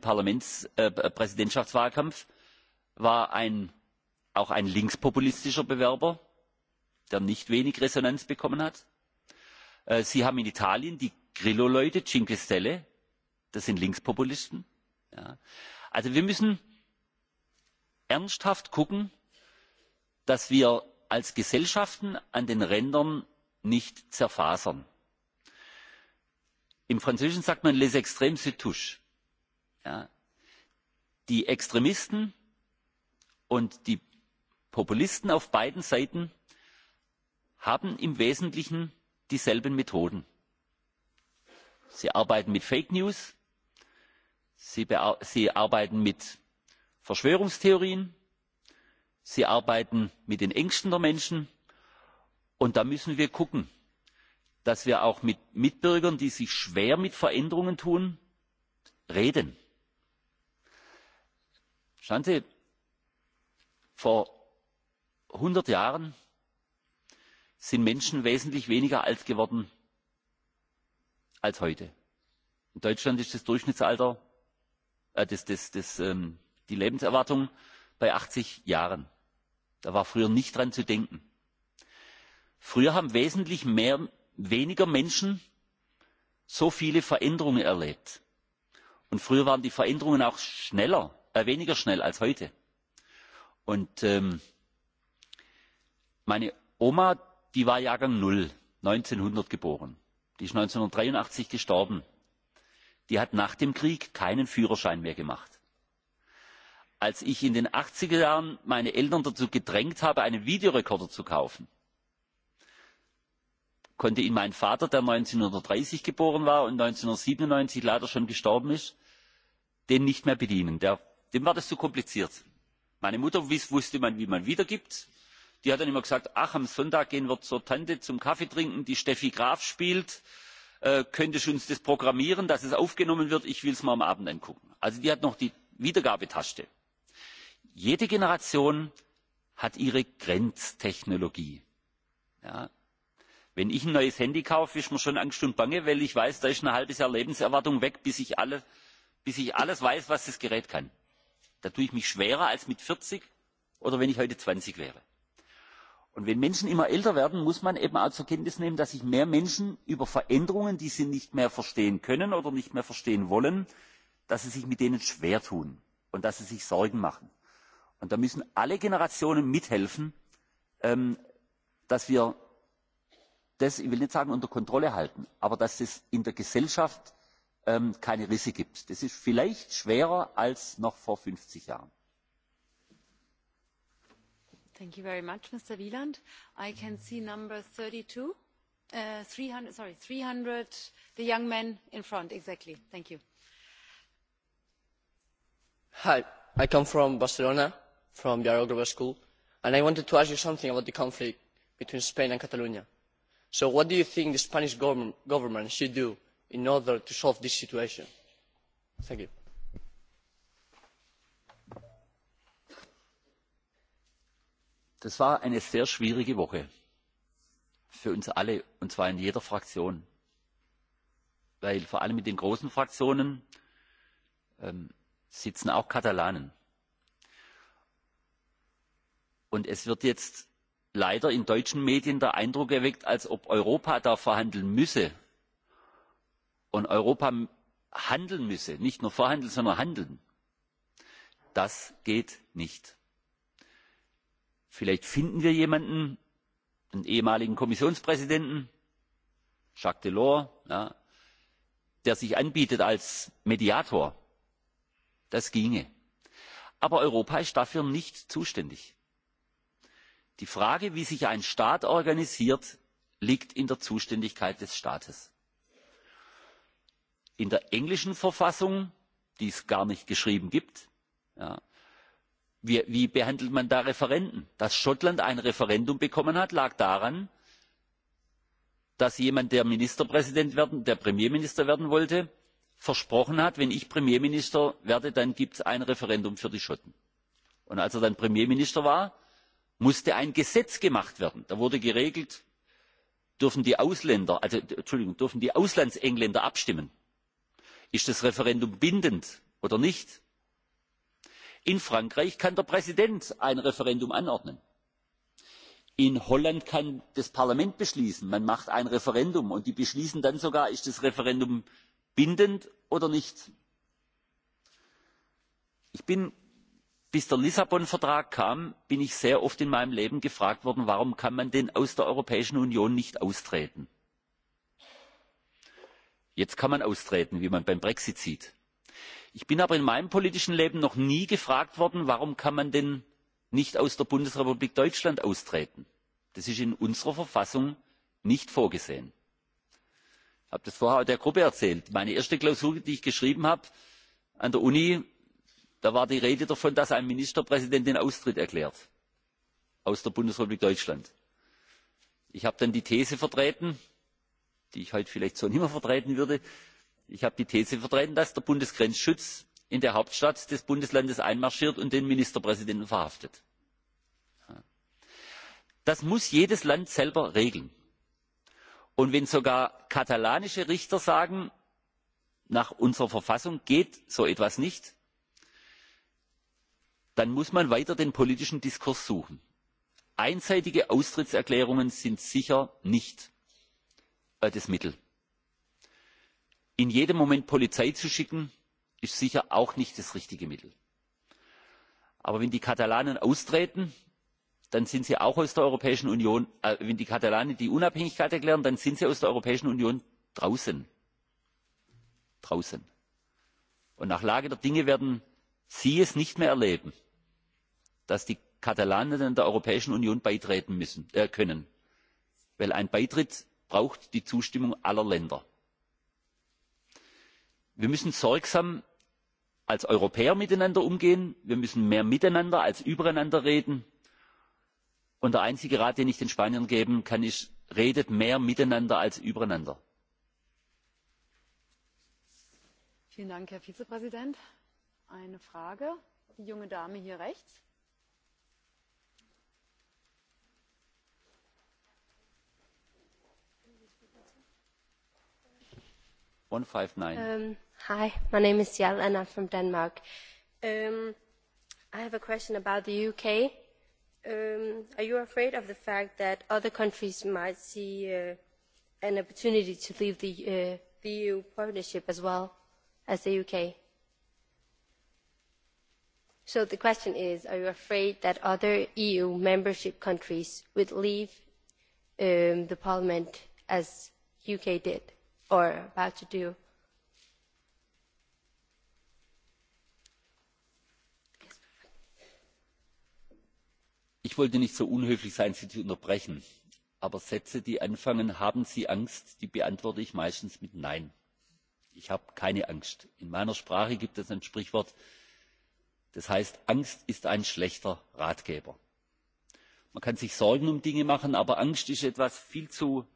Speaker 23: Parlamentspräsidentschaftswahlkampf war auch ein linkspopulistischer Bewerber, der nicht wenig Resonanz bekommen hat. Sie haben in Italien die Grillo-Leute, Cinque Stelle, das sind Linkspopulisten. Also wir müssen ernsthaft gucken, dass wir als Gesellschaften an den Rändern nicht zerfasern. Im Französischen sagt man les extrêmes se touchent. Die Extremisten und die Populisten auf beiden Seiten haben im Wesentlichen dieselben Methoden. Sie arbeiten mit Fake News, sie arbeiten mit verschwörungstheorien sie arbeiten mit den ängsten der menschen und da müssen wir gucken dass wir auch mit mitbürgern die sich schwer mit veränderungen tun reden. schauen sie vor 100 jahren sind menschen wesentlich weniger alt geworden als heute. in deutschland ist das durchschnittsalter des die Lebenserwartung bei 80 Jahren. Da war früher nicht dran zu denken. Früher haben wesentlich weniger Menschen so viele Veränderungen erlebt. Und früher waren die Veränderungen auch schneller, weniger schnell als heute. Und meine Oma, die war Jahrgang null 1900 geboren. Die ist 1983 gestorben. Die hat nach dem Krieg keinen Führerschein mehr gemacht als ich in den 80er Jahren meine Eltern dazu gedrängt habe, einen Videorekorder zu kaufen, konnte ihn mein Vater, der 1930 geboren war und 1997 leider schon gestorben ist, den nicht mehr bedienen. Dem war das zu kompliziert. Meine Mutter wusste man, wie man wiedergibt. Die hat dann immer gesagt, ach, am Sonntag gehen wir zur Tante zum Kaffee trinken, die Steffi Graf spielt, könntest du uns das programmieren, dass es aufgenommen wird, ich will es mal am Abend angucken. Also die hat noch die Wiedergabetaste jede generation hat ihre grenztechnologie. wenn ich ein neues handy kaufe ist mir schon angst und bange weil ich weiß da ist ein halbes jahr lebenserwartung weg bis ich alles weiß was das gerät kann. da tue ich mich schwerer als mit 40 oder wenn ich heute 20 wäre. Und wenn Menschen immer älter werden, muss man eben auch zur Kenntnis nehmen, dass sich mehr Menschen über Veränderungen, die sie nicht mehr verstehen können oder nicht mehr verstehen wollen, dass sie sich mit denen schwer tun und dass sie sich Sorgen machen. Und da müssen alle Generationen mithelfen, dass wir das, ich will nicht sagen, unter Kontrolle halten, aber dass es in der Gesellschaft keine Risse gibt. Das ist vielleicht schwerer als noch vor 50 Jahren.
Speaker 3: Barcelona
Speaker 11: from the Aragova school, and I wanted to ask you something about the conflict between Spain and Catalonia.
Speaker 3: So what do you think the Spanish government should do in order to solve this situation? Thank you.
Speaker 23: Das war eine sehr schwierige Woche für uns alle, und zwar in jeder Fraktion. Weil vor allem mit den großen Fraktionen sitzen auch Katalanen und es wird jetzt leider in deutschen medien der eindruck erweckt als ob europa da verhandeln müsse und europa handeln müsse nicht nur verhandeln sondern handeln. das geht nicht. vielleicht finden wir jemanden einen ehemaligen kommissionspräsidenten jacques delors der sich anbietet als mediator. das ginge. aber europa ist dafür nicht zuständig die frage wie sich ein staat organisiert liegt in der zuständigkeit des staates. in der englischen verfassung die es gar nicht geschrieben gibt wie behandelt man da referenden? dass schottland ein referendum bekommen hat lag daran dass jemand der ministerpräsident werden der premierminister werden wollte versprochen hat wenn ich premierminister werde dann gibt es ein referendum für die schotten. und als er dann premierminister war musste ein Gesetz gemacht werden. Da wurde geregelt, dürfen die dürfen die Auslandsengländer abstimmen? Ist das Referendum bindend oder nicht? In Frankreich kann der Präsident ein Referendum anordnen. In Holland kann das Parlament beschließen, man macht ein Referendum und die beschließen dann sogar, ist das Referendum bindend oder nicht bis der lissabon vertrag kam bin ich sehr oft in meinem leben gefragt worden warum kann man denn aus der europäischen union nicht austreten? jetzt kann man austreten wie man beim brexit sieht. ich bin aber in meinem politischen leben noch nie gefragt worden warum kann man denn nicht aus der bundesrepublik deutschland austreten? das ist in unserer verfassung nicht vorgesehen. ich habe das vorher der gruppe erzählt meine erste klausur die ich geschrieben habe an der uni da war die rede davon dass ein ministerpräsident den austritt aus der bundesrepublik deutschland. ich habe dann die these vertreten die ich heute vielleicht so nicht mehr vertreten würde ich habe die these vertreten dass der bundesgrenzschutz in der hauptstadt des bundeslandes einmarschiert und den ministerpräsidenten verhaftet. das muss jedes land selber regeln. und wenn sogar katalanische richter sagen nach unserer verfassung geht so etwas nicht dann muss man weiter den politischen Diskurs suchen. Einseitige Austrittserklärungen sind sicher nicht das Mittel. In jedem Moment Polizei zu schicken, ist sicher auch nicht das richtige Mittel. Aber wenn die Katalanen austreten, dann sind sie auch aus der Europäischen Union, wenn die Katalanen die Unabhängigkeit erklären, dann sind sie aus der Europäischen Union draußen. Draußen. Und nach Lage der Dinge werden sie es nicht mehr erleben dass die katalanen der europäischen union beitreten können denn ein beitritt braucht die zustimmung aller länder. wir müssen sorgsam als europäer miteinander umgehen wir müssen mehr miteinander als übereinander reden und der einzige rat den ich den spaniern geben kann ist redet mehr miteinander als übereinander.
Speaker 2: herr vizepräsident. eine frage die junge dame hier rechts.
Speaker 23: 159.
Speaker 18: Hi, my name is Jel and I'm from Denmark. I have a question about the UK. Are you afraid of the fact that other countries might see an opportunity to leave the EU partnership as well as the UK? So the question is, are you afraid that other EU membership countries would leave the Parliament as the UK did? or about to do.
Speaker 23: Ich wollte nicht so unhöflich sein, Sie zu unterbrechen, aber Sätze, die anfangen, haben Sie Angst, die beantworte ich meistens mit Nein. Ich habe keine Angst. In meiner Sprache gibt es ein Sprichwort, das heißt, Angst ist ein schlechter Ratgeber. Man kann sich Sorgen um Dinge machen, aber Angst ist etwas viel zu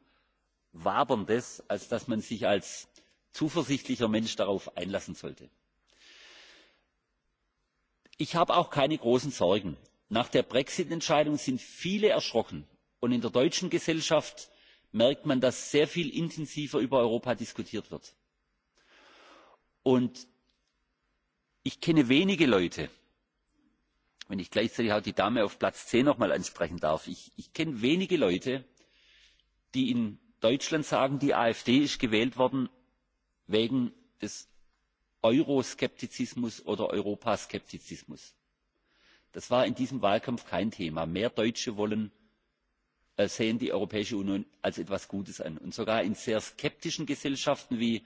Speaker 23: waberndes als dass man sich als zuversichtlicher mensch darauf einlassen sollte. ich habe auch keine großen sorgen. nach der brexit entscheidung sind viele erschrocken und in der deutschen gesellschaft merkt man dass sehr viel intensiver über europa diskutiert wird. und ich kenne wenige leute wenn ich gleichzeitig auch die dame auf platz zehn noch einmal ansprechen darf ich kenne wenige leute die deutschland sagen die afd ist gewählt worden wegen des euroskeptizismus oder europaskeptizismus. das war in diesem wahlkampf kein thema. mehr deutsche sehen die europäische union als etwas gutes an. und sogar in sehr skeptischen gesellschaften wie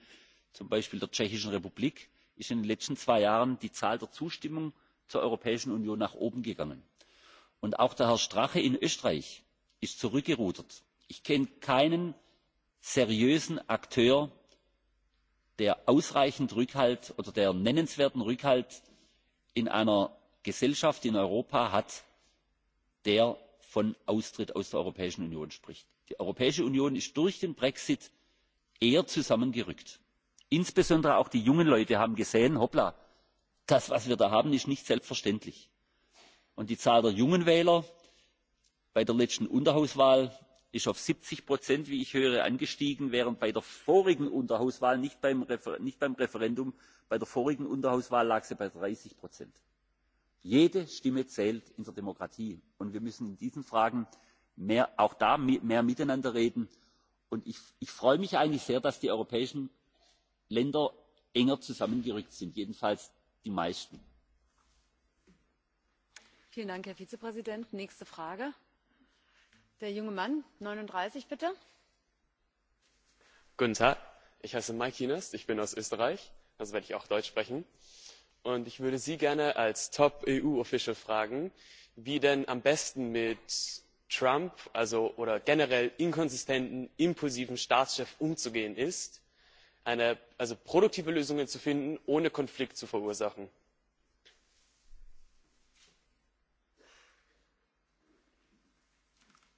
Speaker 23: zum beispiel der tschechischen republik ist in den letzten zwei jahren die zahl der zustimmung zur europäischen union nach oben gegangen. und auch der herr strache in österreich ist zurückgerudert. ich kenne keinen seriösen akteur der ausreichend rückhalt oder der nennenswerten rückhalt in einer gesellschaft in europa hat der von austritt aus der europäischen union spricht. die europäische union ist durch den brexit eher zusammengerückt. insbesondere auch die jungen leute haben gesehen hoppla das was wir da haben ist nicht selbstverständlich. und die zahl der jungen wähler bei der letzten unterhauswahl ist auf 70 Prozent, wie ich höre, angestiegen, während bei der vorigen Unterhauswahl, nicht beim Referendum, bei der vorigen Unterhauswahl lag sie bei 30 Prozent. Jede Stimme zählt in der Demokratie. Und wir müssen in diesen Fragen auch da mehr miteinander reden. ich freue mich eigentlich sehr, dass die europäischen Länder enger zusammengerückt sind, jedenfalls die meisten.
Speaker 2: Herr Vizepräsident. Nächste Frage. Der junge Mann, 39 bitte.
Speaker 11: Guten ich heiße Mike innes ich bin aus Österreich, also werde ich auch Deutsch sprechen. Und ich würde Sie gerne als Top-EU-Official fragen, wie denn am besten mit Trump, also oder generell inkonsistenten, impulsiven Staatschef umzugehen ist, also produktive Lösungen zu finden, ohne Konflikt zu verursachen.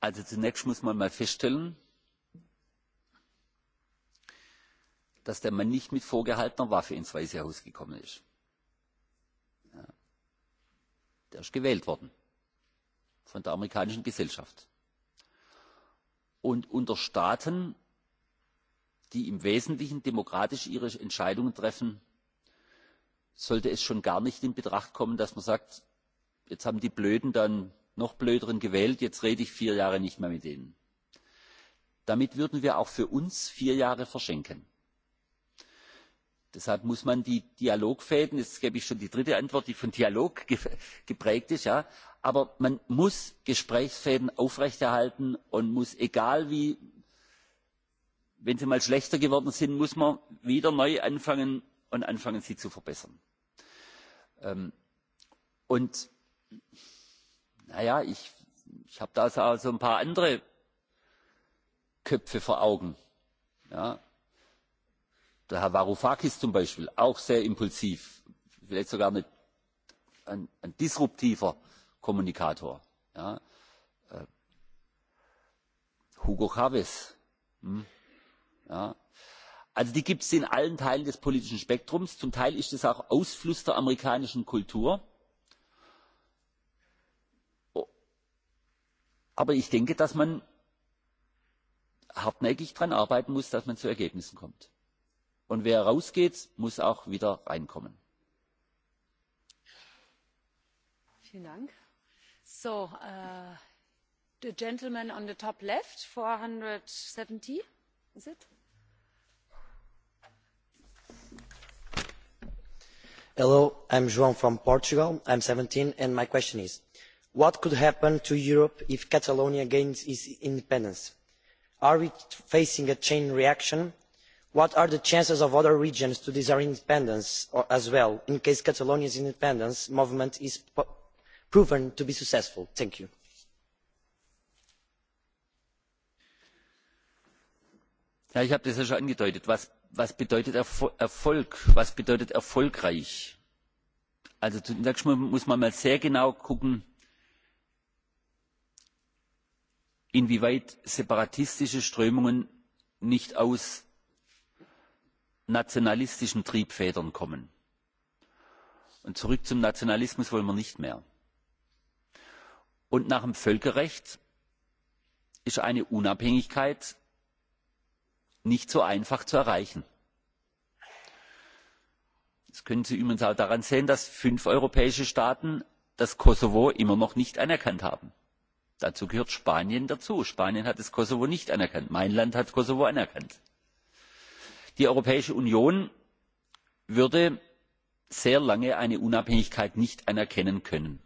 Speaker 23: Also zunächst muss man mal feststellen, dass der Mann nicht mit vorgehaltener Waffe ins Weiße Haus gekommen ist. Der ist gewählt worden von der amerikanischen Gesellschaft. Und unter Staaten, die im Wesentlichen demokratisch ihre Entscheidungen treffen, sollte es schon gar nicht in Betracht kommen, dass man sagt, jetzt haben die Blöden dann noch blöderen gewählt, jetzt rede ich vier Jahre nicht mehr mit denen. Damit würden wir auch für uns vier Jahre verschenken. Deshalb muss man die Dialogfäden, jetzt gebe ich schon die dritte Antwort, die von Dialog geprägt ist, aber man muss Gesprächsfäden aufrechterhalten und muss, egal wie, wenn sie mal schlechter geworden sind, muss man wieder neu anfangen und anfangen, sie zu verbessern. Und naja, ich, ich habe da so ein paar andere Köpfe vor Augen. Ja. Der Herr Varoufakis zum Beispiel, auch sehr impulsiv, vielleicht sogar ein, disruptiver Kommunikator. Hugo Chavez. Also die gibt es in allen Teilen des politischen Spektrums. Zum Teil ist es auch Ausfluss der amerikanischen Kultur aber ich denke dass man hartnäckig daran arbeiten muss dass man zu ergebnissen kommt und wer rausgeht muss auch wieder reinkommen.
Speaker 18: vielen dank.
Speaker 2: so the gentleman on the top left 470 is it?
Speaker 15: hello i'm joão from portugal i'm 17 and my question is what could happen to europe if catalonia gains its independence? are we facing a chain reaction? what are the chances of other regions to desire independence as well in case catalonia's independence movement is proven to be successful?
Speaker 23: thank you. ich habe das ja schon angedeutet was bedeutet erfolg was bedeutet erfolgreich? also zunächst mal muss man mal sehr genau gucken inwieweit separatistische Strömungen nicht aus nationalistischen Triebfedern kommen. Und zurück zum Nationalismus wollen wir nicht mehr. Und nach dem Völkerrecht ist eine Unabhängigkeit nicht so einfach zu erreichen. Das können Sie übrigens auch daran sehen, dass fünf europäische Staaten das Kosovo immer noch nicht anerkannt haben. Dazu gehört Spanien dazu. Spanien hat das Kosovo nicht anerkannt. Mein Land hat Kosovo anerkannt. Die Europäische Union würde sehr lange eine Unabhängigkeit nicht anerkennen können.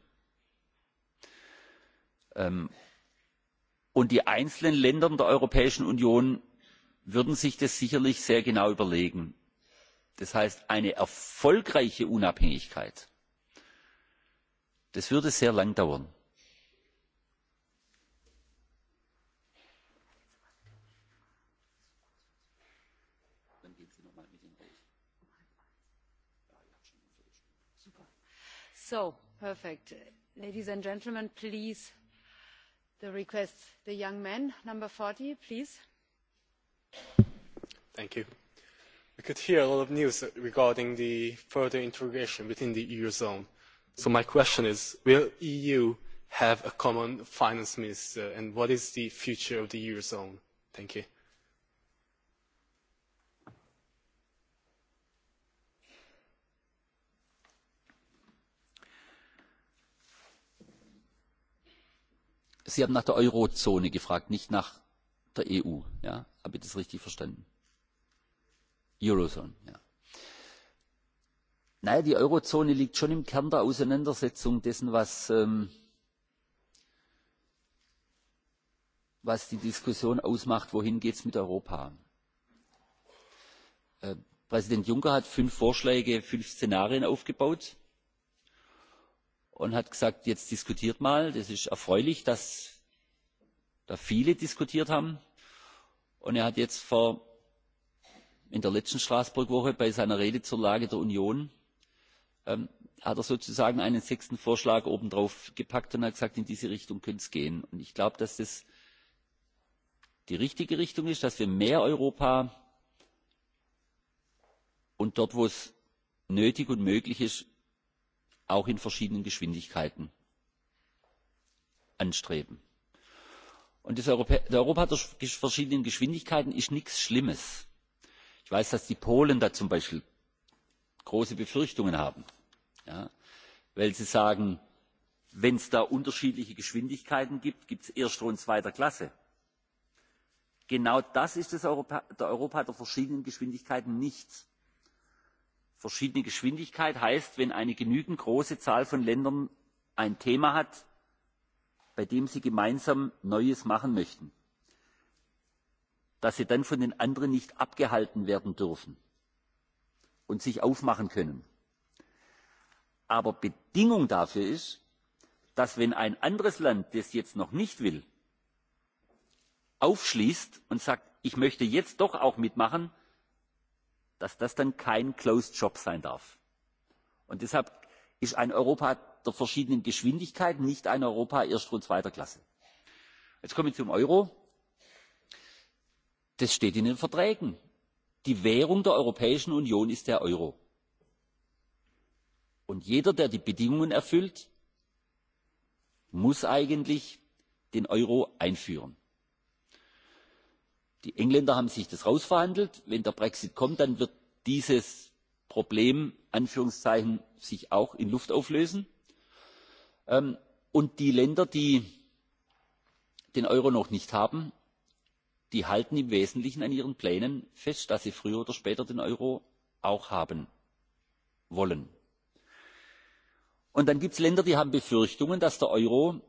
Speaker 23: Und die einzelnen Länder der Europäischen Union würden sich das sicherlich sehr genau überlegen. Das heißt, eine erfolgreiche Unabhängigkeit, das würde sehr lang dauern.
Speaker 2: So, perfect. Ladies and gentlemen, please, the request, the young man, number 40, please.
Speaker 13: Thank you. We could hear a lot of news regarding the further integration within the Eurozone. So my question is, will EU have a common finance minister and what is the future of the Eurozone? Thank you.
Speaker 23: Sie haben nach der Eurozone gefragt, nicht nach der EU. Ja? Habe ich das richtig verstanden? Eurozone, ja. Naja, die Eurozone liegt schon im Kern der Auseinandersetzung dessen, was, was die Diskussion ausmacht, wohin geht es mit Europa. Präsident Juncker hat fünf Vorschläge, fünf Szenarien aufgebaut und hat gesagt, jetzt diskutiert mal. Das ist erfreulich, dass da viele diskutiert haben. Und er hat jetzt in der letzten Straßburg-Woche bei seiner Rede zur Lage der Union, hat sozusagen einen sechsten Vorschlag obendrauf gepackt und hat gesagt, in diese Richtung könnte es gehen. Und ich glaube, dass das die richtige Richtung ist, dass wir mehr Europa und dort, wo es nötig und möglich ist, auch in verschiedenen Geschwindigkeiten anstreben. das Europa der verschiedenen Geschwindigkeiten ist nichts Schlimmes. Ich weiß, dass die Polen da zum Beispiel große Befürchtungen haben, weil sie sagen, wenn es da unterschiedliche Geschwindigkeiten gibt, gibt es erster und zweiter Klasse. Genau das ist das Europa der verschiedenen Geschwindigkeiten nicht verschiedene Geschwindigkeit heißt, wenn eine genügend große Zahl von Ländern ein Thema hat, bei dem sie gemeinsam Neues machen möchten, dass sie dann von den anderen nicht abgehalten werden dürfen und sich aufmachen können. Aber Bedingung dafür ist, dass wenn ein anderes Land das jetzt noch nicht will, aufschließt und sagt, ich möchte jetzt doch auch mitmachen, dass das dann kein Closed Shop sein darf. Und deshalb ist ein Europa der verschiedenen Geschwindigkeiten nicht ein Europa erster und zweiter Klasse. Jetzt komme ich zum Euro. Das steht in den Verträgen. Die Währung der Europäischen Union ist der Euro. Und jeder, der die Bedingungen erfüllt, muss eigentlich den Euro einführen die engländer haben sich das herausverhandelt. wenn der brexit kommt dann wird dieses problem sich auch in luft auflösen und die länder die den euro noch nicht haben die halten im wesentlichen an ihren plänen fest dass sie früher oder später den euro auch haben wollen. und dann gibt es länder die haben befürchtungen dass der euro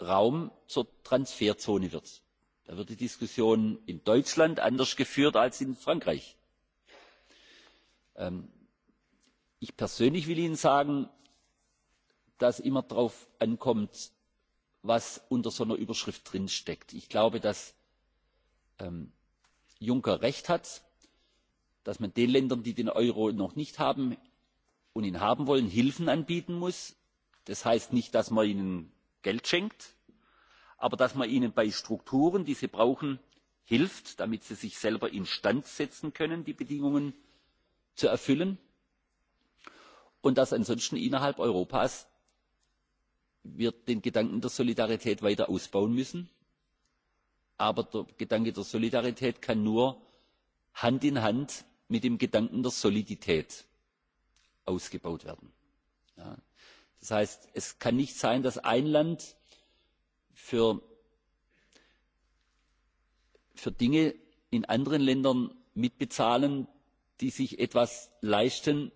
Speaker 23: raum zur transferzone wird da wird die diskussion in deutschland anders geführt als in frankreich. ich persönlich will ihnen sagen dass immer darauf ankommt was unter so einer überschrift steckt. ich glaube dass juncker recht hat dass man den ländern die den euro noch nicht haben und ihn haben wollen hilfen anbieten muss. das heißt nicht dass man ihnen geld schenkt aber dass man ihnen bei strukturen die sie brauchen hilft damit sie sich selber instand setzen können die bedingungen zu erfüllen und dass wir ansonsten innerhalb europas den gedanken der solidarität weiter ausbauen müssen aber der gedanke der solidarität kann nur hand in hand mit dem gedanken der solidität ausgebaut werden. das heißt es kann nicht sein dass ein land für Dinge in anderen Ländern mitbezahlen, die sich etwas leisten,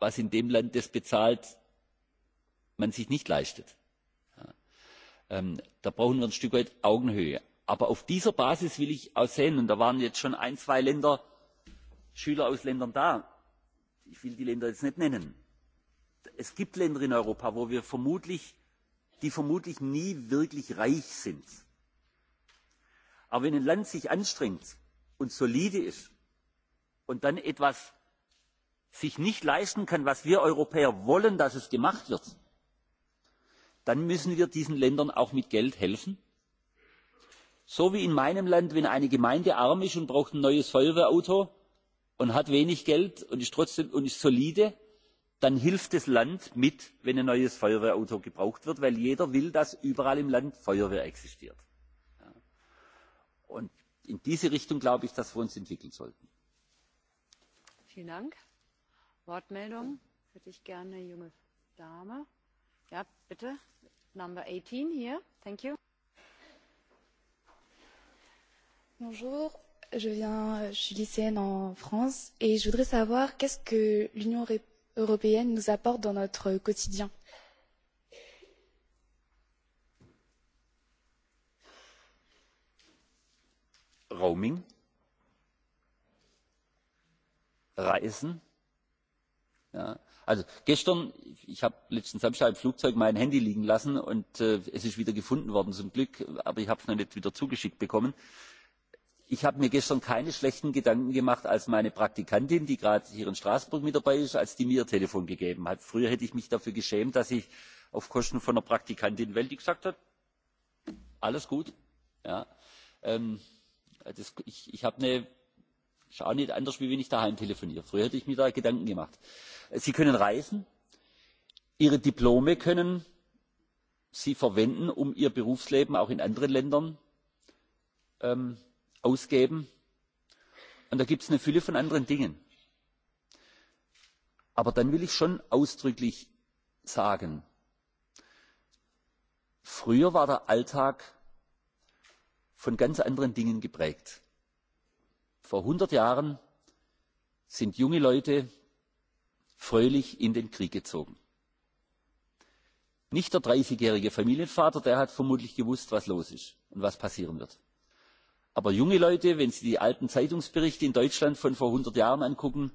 Speaker 23: was in dem Land, das bezahlt, man sich nicht leistet. Da brauchen wir ein Stück weit Augenhöhe. Aber auf dieser Basis will ich auch sehen, und da waren jetzt schon ein, zwei Länder, Schüler aus Ländern da. Ich will die Länder jetzt nicht nennen. Es gibt Länder in Europa, wo wir vermutlich die vermutlich nie wirklich reich sind. Aber wenn ein Land sich anstrengt und solide ist und dann etwas sich nicht leisten kann, was wir Europäer wollen, dass es gemacht wird, dann müssen wir diesen Ländern auch mit Geld helfen. So wie in meinem Land, wenn eine Gemeinde arm ist und braucht ein neues Feuerwehrauto und hat wenig Geld und ist trotzdem und ist solide, dann hilft das land mit wenn ein neues feuerwehrauto gebraucht wird weil jeder will dass überall im land feuerwehr existiert. und in diese richtung glaube ich dass wir uns entwickeln sollten.
Speaker 18: vielen dank.
Speaker 2: wortmeldung hätte ich gerne junge dame. ja bitte number 18 hier. thank you.
Speaker 5: qu'est ce que l'union européenne nous apporte dans notre quotidien.
Speaker 23: Roaming, Reisen. Also gestern, ich habe letzten Samstag im Flugzeug mein Handy liegen lassen und es ist wieder gefunden worden zum Glück, aber ich habe es noch nicht wieder zugeschickt bekommen ich habe mir gestern keine schlechten gedanken gemacht als meine praktikantin die gerade hier in straßburg mit dabei ist als die mir telefon gegeben hat. früher hätte ich mich dafür geschämt dass ich auf kosten von einer praktikantin weil die gesagt hat alles gut. ich habe eine schaue nicht anders wie wenn ich daheim telefoniere. früher hätte ich mir da gedanken gemacht. sie können reisen ihre diplome können sie verwenden um ihr berufsleben auch in anderen ländern ausgeben. Und da gibt es eine Fülle von anderen Dingen. Aber dann will ich schon ausdrücklich sagen, früher war der Alltag von ganz anderen Dingen geprägt. Vor hundert Jahren sind junge Leute fröhlich in den Krieg gezogen. Nicht der 30-jährige Familienvater, der hat vermutlich gewusst, was los ist und was passieren wird aber junge leute wenn sie die alten zeitungsberichte in deutschland von vor hundert jahren angucken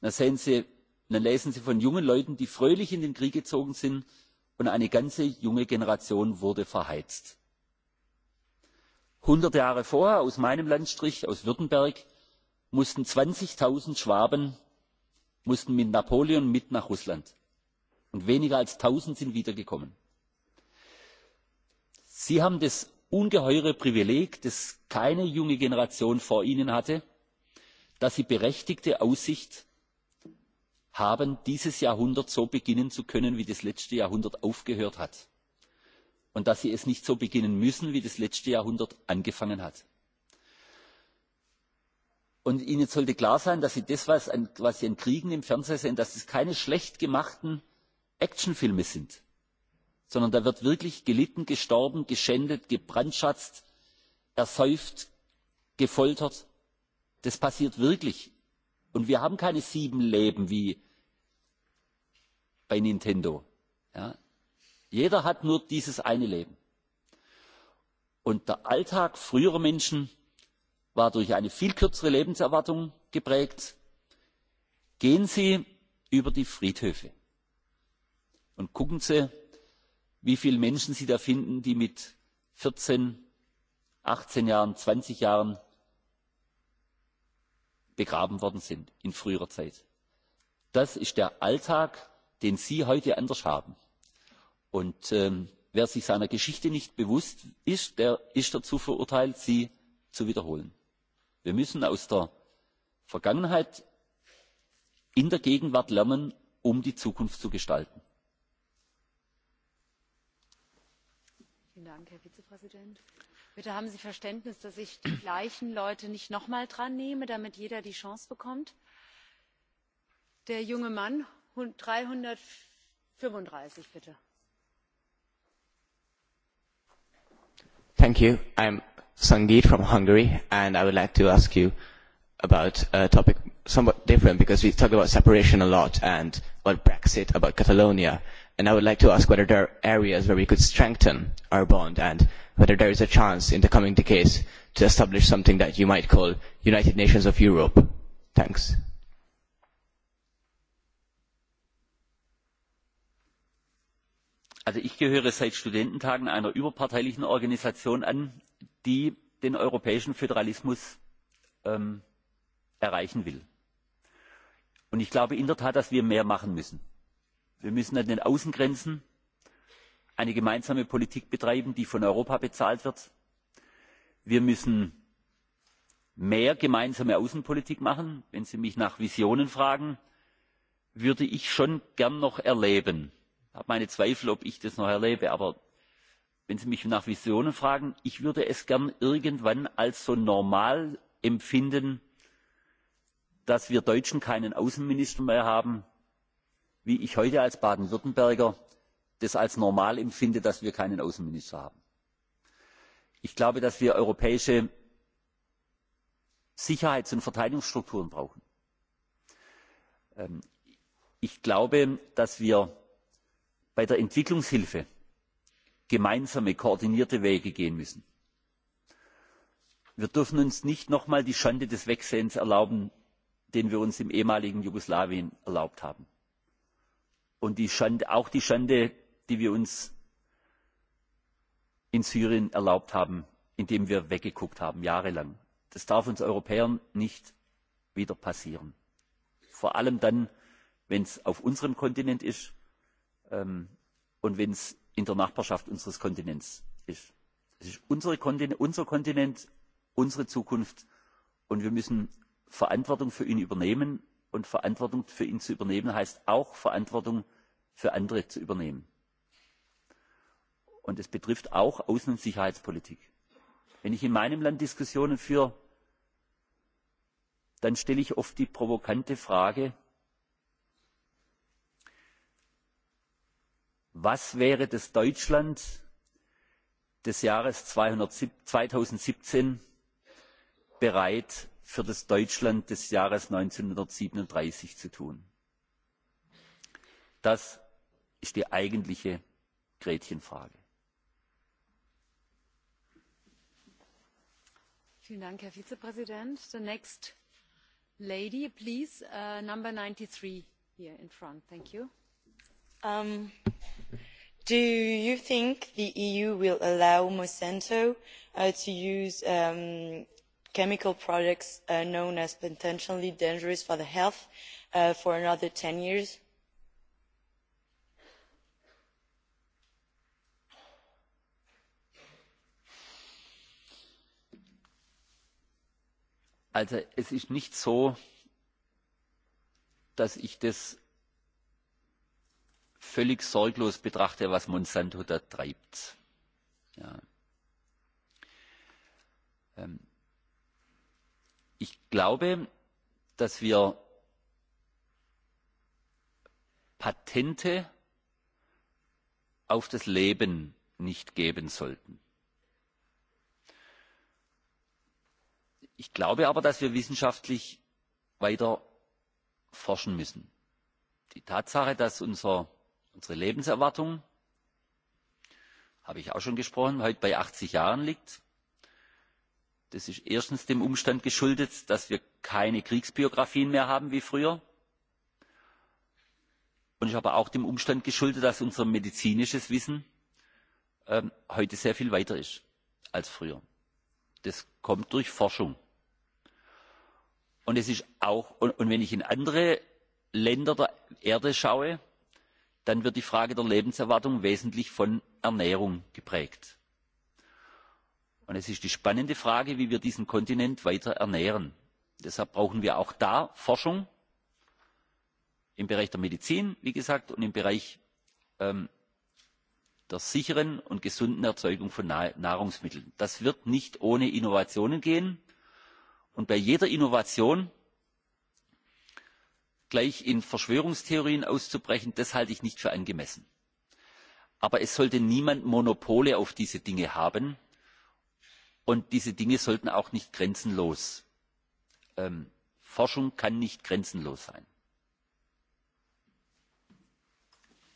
Speaker 23: dann lesen sie von jungen leuten die fröhlich in den krieg gezogen sind und eine ganze junge generation wurde verheizt. hundert jahre vorher aus meinem landstrich aus württemberg mussten 20 schwaben mit napoleon mit nach russland und weniger als 1000 sind wiedergekommen. sie haben ungeheure privileg das keine junge generation vor ihnen hatte dass sie berechtigte aussicht haben dieses jahrhundert so beginnen zu können wie das letzte jahrhundert aufgehört hat und dass sie es nicht so beginnen müssen wie das letzte jahrhundert angefangen hat. und ihnen sollte klar sein dass sie das was sie an kriegen im fernsehen sehen dass es keine schlecht gemachten actionfilme sind sondern da wird wirklich gelitten, gestorben, geschändet, gebrandschatzt, ersäuft, gefoltert. Das passiert wirklich. Und wir haben keine sieben Leben wie bei Nintendo. Jeder hat nur dieses eine Leben. Und der Alltag früherer Menschen war durch eine viel kürzere Lebenserwartung geprägt. Gehen Sie über die Friedhöfe und gucken Sie, wie viele Menschen Sie da finden, die mit 14, 18 Jahren, 20 Jahren begraben worden sind in früherer Zeit. Das ist der Alltag, den Sie heute anders haben. Und wer sich seiner Geschichte nicht bewusst ist, der ist dazu verurteilt, sie zu wiederholen. Wir müssen aus der Vergangenheit in der Gegenwart lernen, um die Zukunft zu gestalten.
Speaker 2: Herr Vizepräsident. Bitte haben Sie Verständnis, dass ich die gleichen Leute nicht noch mal dran nehme, damit jeder die Chance bekommt. Der junge Mann, 335, bitte.
Speaker 11: Thank you. I'm Sangeet from Hungary, and I would like to ask you about a topic somewhat different, because we talk about separation a lot, and about Brexit, about Catalonia I would like to ask whether there are areas where we could strengthen our bond and whether there is a chance in the coming decades to establish something that you might call United Nations of Europe. Thanks.
Speaker 23: Also ich gehöre seit Studententagen einer überparteilichen Organisation an, die den europäischen Föderalismus erreichen will. Und ich glaube in der Tat, dass wir mehr machen müssen wir müssen an den außengrenzen eine gemeinsame politik betreiben die von europa bezahlt wird wir müssen mehr gemeinsame außenpolitik machen. wenn sie mich nach visionen fragen würde ich schon gern noch erleben ich habe meine zweifel ob ich das noch erlebe aber wenn sie mich nach visionen fragen ich würde es gern irgendwann als so normal empfinden dass wir deutschen keinen außenminister mehr haben wie ich heute als baden württemberger das als normal empfinde dass wir keinen außenminister haben. ich glaube dass wir europäische sicherheits und verteidigungsstrukturen brauchen. ich glaube dass wir bei der entwicklungshilfe gemeinsame koordinierte wege gehen müssen. wir dürfen uns nicht noch einmal die schande des wegsehens erlauben die wir uns im ehemaligen jugoslawien erlaubt haben und auch die Schande, die wir uns in Syrien erlaubt haben, indem wir weggeguckt haben, Das darf uns Europäern nicht wieder passieren. Vor allem dann, wenn es auf unserem Kontinent ist und wenn es in der Nachbarschaft unseres Kontinents ist. Es ist unser Kontinent, unsere Zukunft und wir müssen Verantwortung für ihn übernehmen und Verantwortung für ihn zu übernehmen, heißt auch Verantwortung für andere zu übernehmen. Und es betrifft auch Außen- und Sicherheitspolitik. Wenn ich in meinem Land Diskussionen führe, dann stelle ich oft die provokante Frage, was wäre das Deutschland des Jahres 2017 bereit für das Deutschland des Jahres 1937 zu tun. Das ist die eigentliche Gretchenfrage.
Speaker 18: Vielen
Speaker 2: Dank, Herr Vizepräsident. The next lady, please, uh, number 93 here in front. Thank you.
Speaker 6: Um, do you think the EU will allow Monsanto uh, to use um, chemical products known as potentially dangerous for the health for another 10 years?
Speaker 23: Also es ist nicht so, dass ich das völlig sorglos betrachte, was Monsanto da treibt. Ich glaube dass wir patente auf das leben nicht geben sollten. ich glaube aber dass wir wissenschaftlich weiter forschen müssen. die tatsache dass unsere lebenserwartung habe ich auch schon gesprochen heute bei achtzig jahren liegt das ist erstens dem umstand geschuldet dass wir keine kriegsbiografien mehr haben wie früher und ist aber auch dem umstand geschuldet dass unser medizinisches wissen heute sehr viel weiter ist als früher. das kommt durch forschung. und wenn ich in andere länder der erde schaue dann wird die frage der lebenserwartung wesentlich von ernährung geprägt und es ist die spannende frage wie wir diesen kontinent weiter ernähren. deshalb brauchen wir auch da forschung im bereich der medizin wie gesagt und im bereich der sicheren und gesunden erzeugung von nahrungsmitteln. das wird nicht ohne innovationen gehen und bei jeder innovation gleich in verschwörungstheorien auszubrechen das halte ich nicht für angemessen. aber es sollte niemand monopole auf diese dinge haben und diese dinge sollten auch nicht grenzenlos forschung kann nicht grenzenlos sein.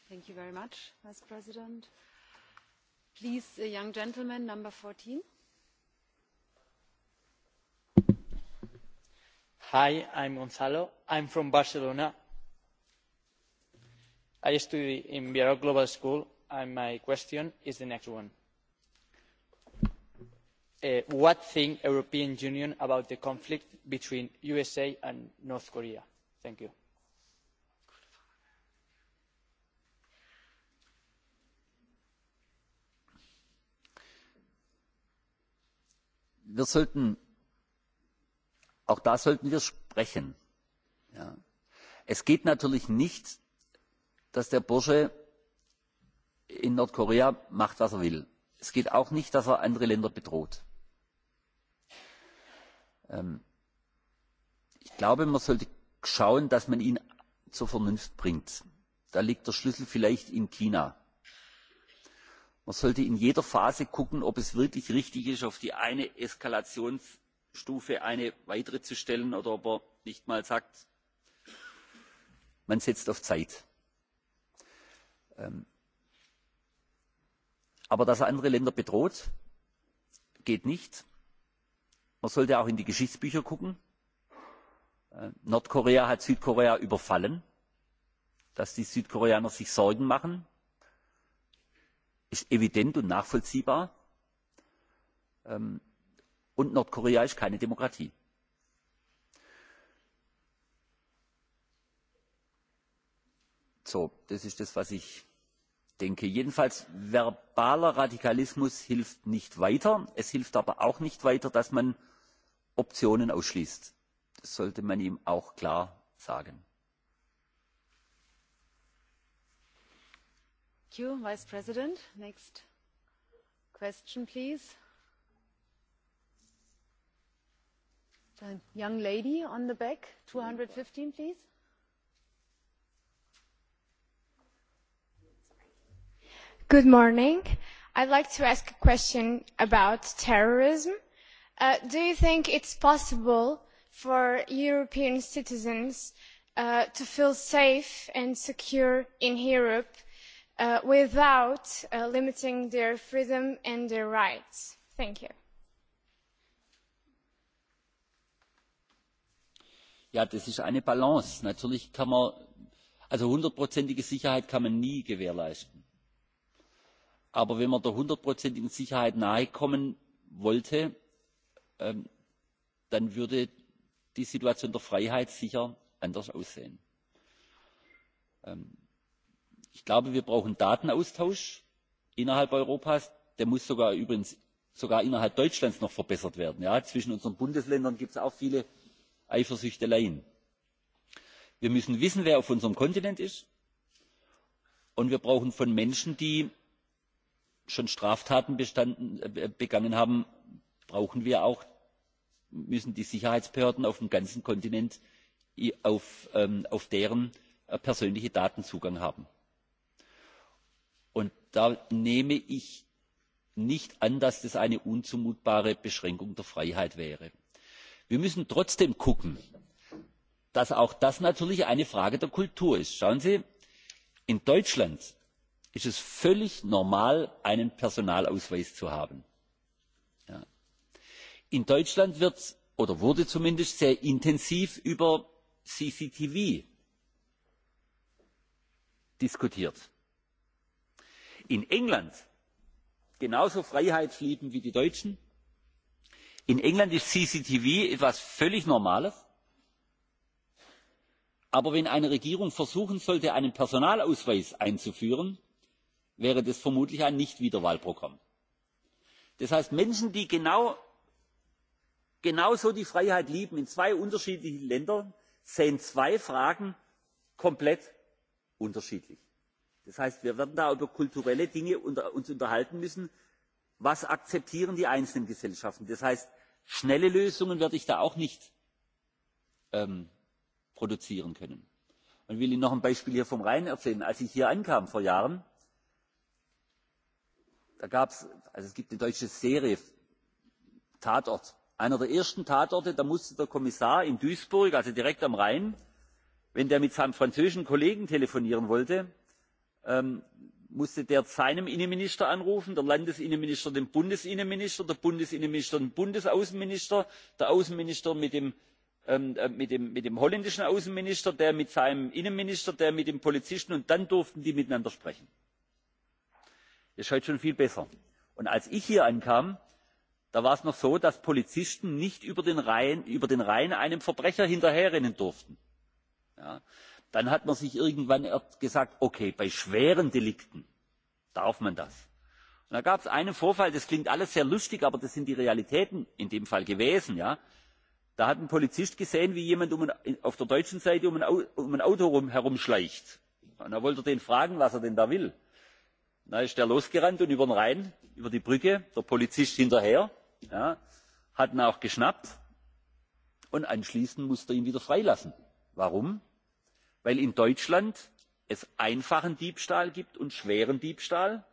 Speaker 2: Thank you very much, Vice President. Please, a young gentleman, number 14.
Speaker 3: Hi, I'm Gonzalo. I'm from Barcelona. I study in Vero Global School, and my question is the next one what think the European Union about the conflict between USA and North Korea? Thank you.
Speaker 23: auch da sollten wir sprechen. Es geht natürlich nicht, dass der Bursche in Nordkorea macht, was er will. Es geht auch nicht, dass er andere Länder bedroht Ich glaube, man sollte schauen, dass man ihn zur Vernunft bringt. Da liegt der Schlüssel vielleicht in China. Man sollte in jeder Phase gucken, ob es wirklich richtig ist, auf die eine Eskalationsstufe eine weitere zu stellen oder ob er nicht mal sagt, man setzt auf Zeit. Aber dass er andere Länder bedroht, geht nicht man sollte auch in die geschichtsbücher gucken nordkorea hat südkorea überfallen dass die südkoreaner sich sorgen machen ist evident und nachvollziehbar und nordkorea ist keine demokratie. so das ist das was ich denke. jedenfalls verbaler radikalismus hilft nicht weiter. es hilft aber auch nicht weiter dass man Optionen ausschließt. Das sollte man ihm auch klar sagen.
Speaker 2: Thank you, Vice President. Next question, please. The young lady on the back, 215, please.
Speaker 7: Good morning.
Speaker 9: I'd like to ask a question about terrorism do you think it's possible for european citizens to feel safe and secure in europe without limiting their freedom and their rights?
Speaker 23: das ist eine Balance. Natürlich kann man, also hundertprozentige Sicherheit kann man nie gewährleisten. Aber wenn man der hundertprozentigen Sicherheit nahe kommen wollte, dann würde die Situation der Freiheit sicher anders aussehen. Ich glaube, wir brauchen Datenaustausch innerhalb Europas. Der muss sogar übrigens sogar innerhalb Deutschlands noch verbessert werden. Zwischen unseren Bundesländern gibt es auch viele Eifersüchteleien. Wir müssen wissen, wer auf unserem Kontinent ist. Und wir brauchen von Menschen, die schon Straftaten begangen haben, brauchen wir auch müssen die sicherheitsbehörden auf dem ganzen kontinent auf deren persönliche daten zugang haben. da nehme ich nicht an dass das eine unzumutbare beschränkung der freiheit wäre. wir müssen trotzdem schauen, dass auch das natürlich eine frage der kultur ist. schauen sie in deutschland ist es völlig normal einen personalausweis zu haben in deutschland wird oder wurde zumindest sehr intensiv über cctv diskutiert in england genauso freiheitsliebend wie die deutschen in england ist cctv etwas völlig normales aber wenn eine regierung versuchen sollte einen personalausweis einzuführen wäre das vermutlich ein nichtwiederwahlprogramm. das heißt menschen die genau genauso die freiheit lieben in zwei unterschiedlichen ländern sehen zwei fragen komplett unterschiedlich. das heißt wir werden da über kulturelle dinge unterhalten müssen was akzeptieren die einzelnen gesellschaften? das heißt schnelle lösungen werde ich da auch nicht produzieren können. ich will ihnen noch ein beispiel hier vom rhein erzählen als ich hier ankam vor jahren da gab es also es gibt eine deutsche serie tatort einer der ersten tatorte da musste der kommissar in duisburg also direkt am rhein wenn der mit seinem französischen kollegen telefonieren wollte musste der seinen innenminister anrufen der landesinnenminister den bundesinnenminister der bundesinnenminister den bundesaußenminister der außenminister mit dem holländischen außenminister der mit seinem innenminister der mit dem polizisten und dann durften die miteinander sprechen. das ist heute schon viel besser. als ich hier ankam da war es noch so dass polizisten nicht über den rhein einem verbrecher hinterherrennen durften. dann hat man sich irgendwann gesagt okay bei schweren delikten darf man das. da gab es einen vorfall das klingt alles sehr lustig aber das sind die realitäten in dem fall gewesen da hat ein polizist gesehen wie jemand auf der deutschen seite um ein auto herumschleicht und er wollte den fragen was er denn da will. da ist der losgerannt und über den rhein über die brücke der polizist hinterher hat ihn auch geschnappt und anschließend musste er ihn wieder freilassen. warum? weil in deutschland es einfachen diebstahl gibt und schweren diebstahl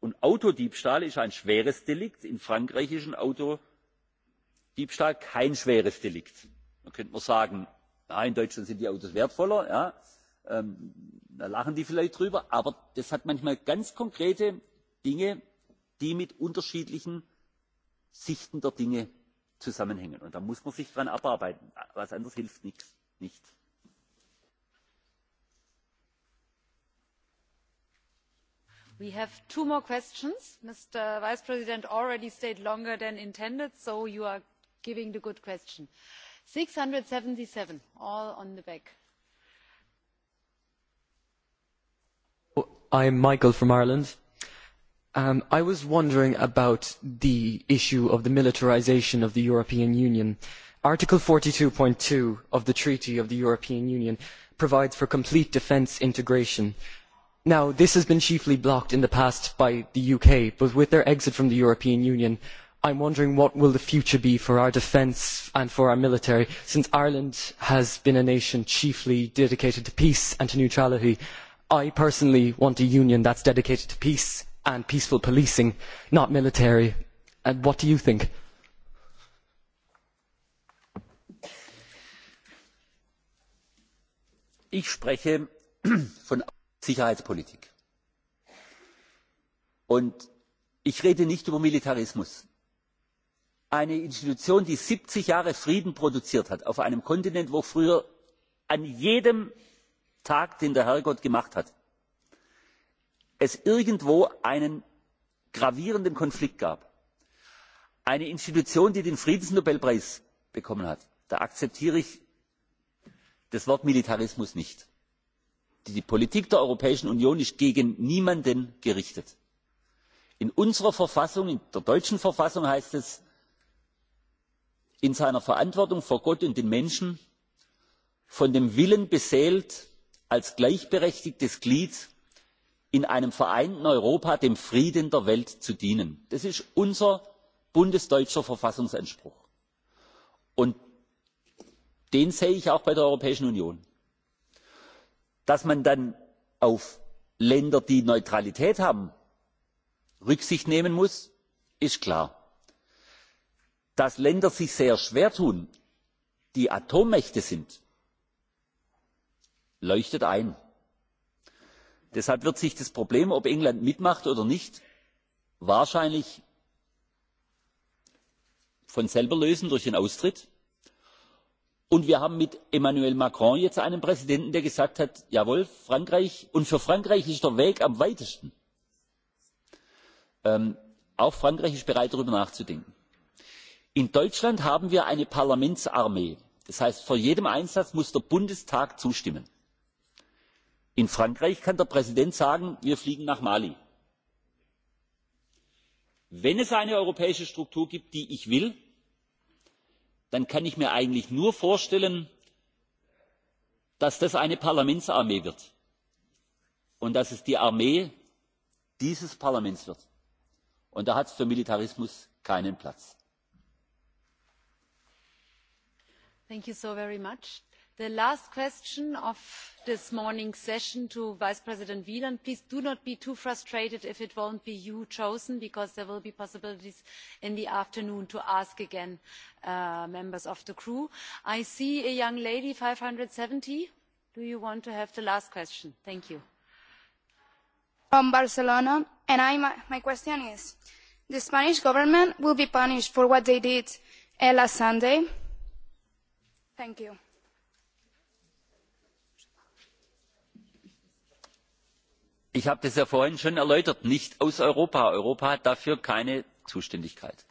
Speaker 23: und autodiebstahl ist ein schweres delikt in frankreich ist ein autodiebstahl kein schweres delikt. Man könnte man sagen in deutschland sind die autos wertvoller da lachen die vielleicht drüber aber das hat manchmal ganz konkrete dinge die mit unterschiedlichen Sichten der Dinge zusammenhängen. Und da muss man sich dran abarbeiten. Was anderes hilft nichts. Nicht.
Speaker 2: We have two more questions. Mr. Vice President already stayed longer than intended, so you are giving the good question. 677, all on the back.
Speaker 11: i am Michael from Ireland I was wondering about the issue of the militarisation of the European Union. Article 42.2 of the Treaty of the European Union provides for complete defence integration. Now, this has been chiefly blocked in the past by the UK, but with their exit from the European Union, I'm wondering what will the future be for our defence and for our military, since Ireland has been a nation chiefly dedicated to peace and to neutrality. I personally want a union that's dedicated to peace and peaceful policing, not military. And what do you think?
Speaker 23: Ich spreche von Sicherheitspolitik. Und ich rede nicht über Militarismus. Eine Institution, die 70 Jahre Frieden produziert hat, auf einem Kontinent, wo früher an jedem Tag, den der Herrgott gemacht hat, es irgendwo einen gravierenden konflikt gab eine institution die den friedensnobelpreis bekommen hat da akzeptiere ich das wort militarismus nicht die politik der europäischen union ist gegen niemanden gerichtet. in unserer verfassung in der deutschen verfassung heißt es in seiner verantwortung vor gott und den menschen von dem willen beseelt als gleichberechtigtes glied in einem vereinten europa dem frieden der welt zu dienen. das ist unser bundesdeutscher verfassungsanspruch und den sehe ich auch bei der europäischen union. dass man dann auf länder die neutralität haben rücksicht nehmen muss ist klar. dass länder sich sehr schwer tun die atommächte sind leuchtet ein deshalb wird sich das problem ob england mitmacht oder nicht wahrscheinlich von selber lösen durch den austritt und wir haben mit emmanuel macron jetzt einen präsidenten der gesagt hat jawohl frankreich und für frankreich ist der weg am weitesten. auch frankreich ist bereit darüber nachzudenken. in deutschland haben wir eine parlamentsarmee das heißt vor jedem einsatz muss der bundestag zustimmen in frankreich kann der präsident sagen wir fliegen nach mali. wenn es eine europäische struktur gibt die ich will dann kann ich mir eigentlich nur vorstellen dass das eine parlamentsarmee wird und dass es die armee dieses parlaments wird. und da hat es für militarismus keinen platz.
Speaker 2: thank you so very much the last question of this morning's session to vice president wieland please do not be too frustrated if it won't be you chosen because there will be possibilities in the afternoon to ask again members of the crew. i see a young lady 570. do you want to have the last question? thank you.
Speaker 16: from barcelona and my question is the spanish government will be punished for what they did last sunday?
Speaker 5: thank you.
Speaker 23: ich habe das ja vorhin schon erläutert nicht aus europa europa hat dafür keine zuständigkeit.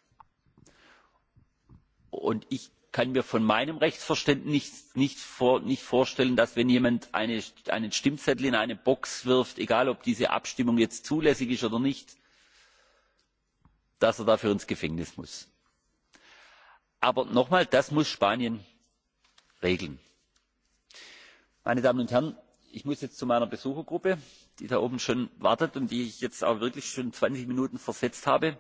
Speaker 23: und ich kann mir von meinem rechtsverständnis nicht vorstellen dass wenn jemand einen stimmzettel in eine box wirft egal ob diese abstimmung jetzt zulässig ist oder nicht dass er dafür ins gefängnis muss. aber nochmal das muss spanien regeln. meine damen und herren ich muss jetzt zu meiner besuchergruppe die da oben schon wartet und die ich jetzt auch wirklich schon 20 Minuten versetzt habe.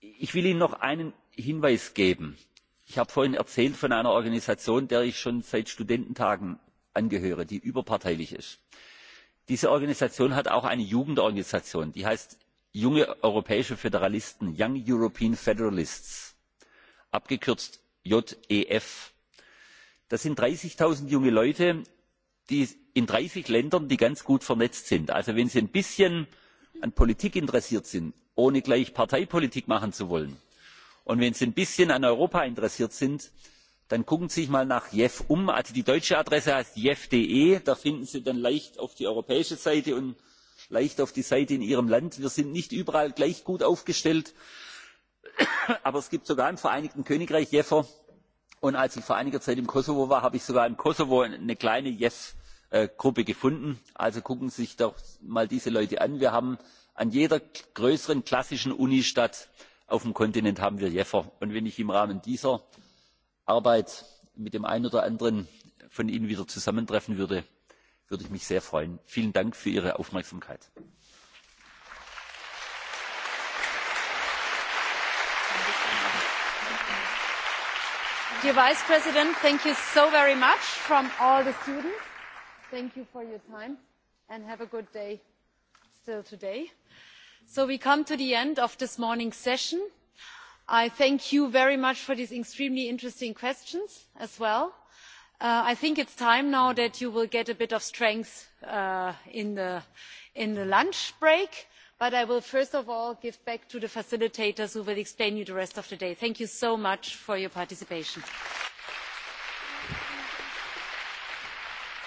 Speaker 23: Ich will Ihnen noch einen Hinweis geben. Ich habe vorhin erzählt von einer Organisation, der ich schon seit Studententagen angehöre, die überparteilich ist. Diese Organisation hat auch eine Jugendorganisation, die heißt Junge Europäische Föderalisten, Young European Federalists, abgekürzt JEF. Das sind 30.000 junge Leute, in 30 Ländern, die ganz gut vernetzt sind. Also wenn Sie ein bisschen an Politik interessiert sind, ohne gleich Parteipolitik machen zu wollen, und wenn Sie ein bisschen an Europa interessiert sind, dann gucken Sie sich mal nach JEF um. die deutsche Adresse heißt jef.de. Da finden Sie dann leicht auf die europäische Seite und leicht auf die Seite in Ihrem Land. Wir sind nicht überall gleich gut aufgestellt. Aber es gibt sogar im Vereinigten Königreich Jeffer. Und als ich vor einiger Zeit im Kosovo war, habe ich sogar im Kosovo eine kleine JEF gruppe gefunden. also gucken sie sich doch mal diese leute an. wir haben an jeder größeren klassischen unistadt auf dem kontinent haben wir jeffer. und wenn ich im rahmen dieser arbeit mit dem einen oder anderen von ihnen wieder zusammentreffen würde würde ich mich sehr freuen. vielen dank für ihre aufmerksamkeit.
Speaker 2: Thank you for your time and have a good day still today. So we come to the end of this morning's session. I thank you very much for these extremely interesting questions as well. I think it's time now that you will get a bit of strength in the lunch break, but I will first of all give back to the facilitators who will explain you the rest of the day. Thank you so much for your participation.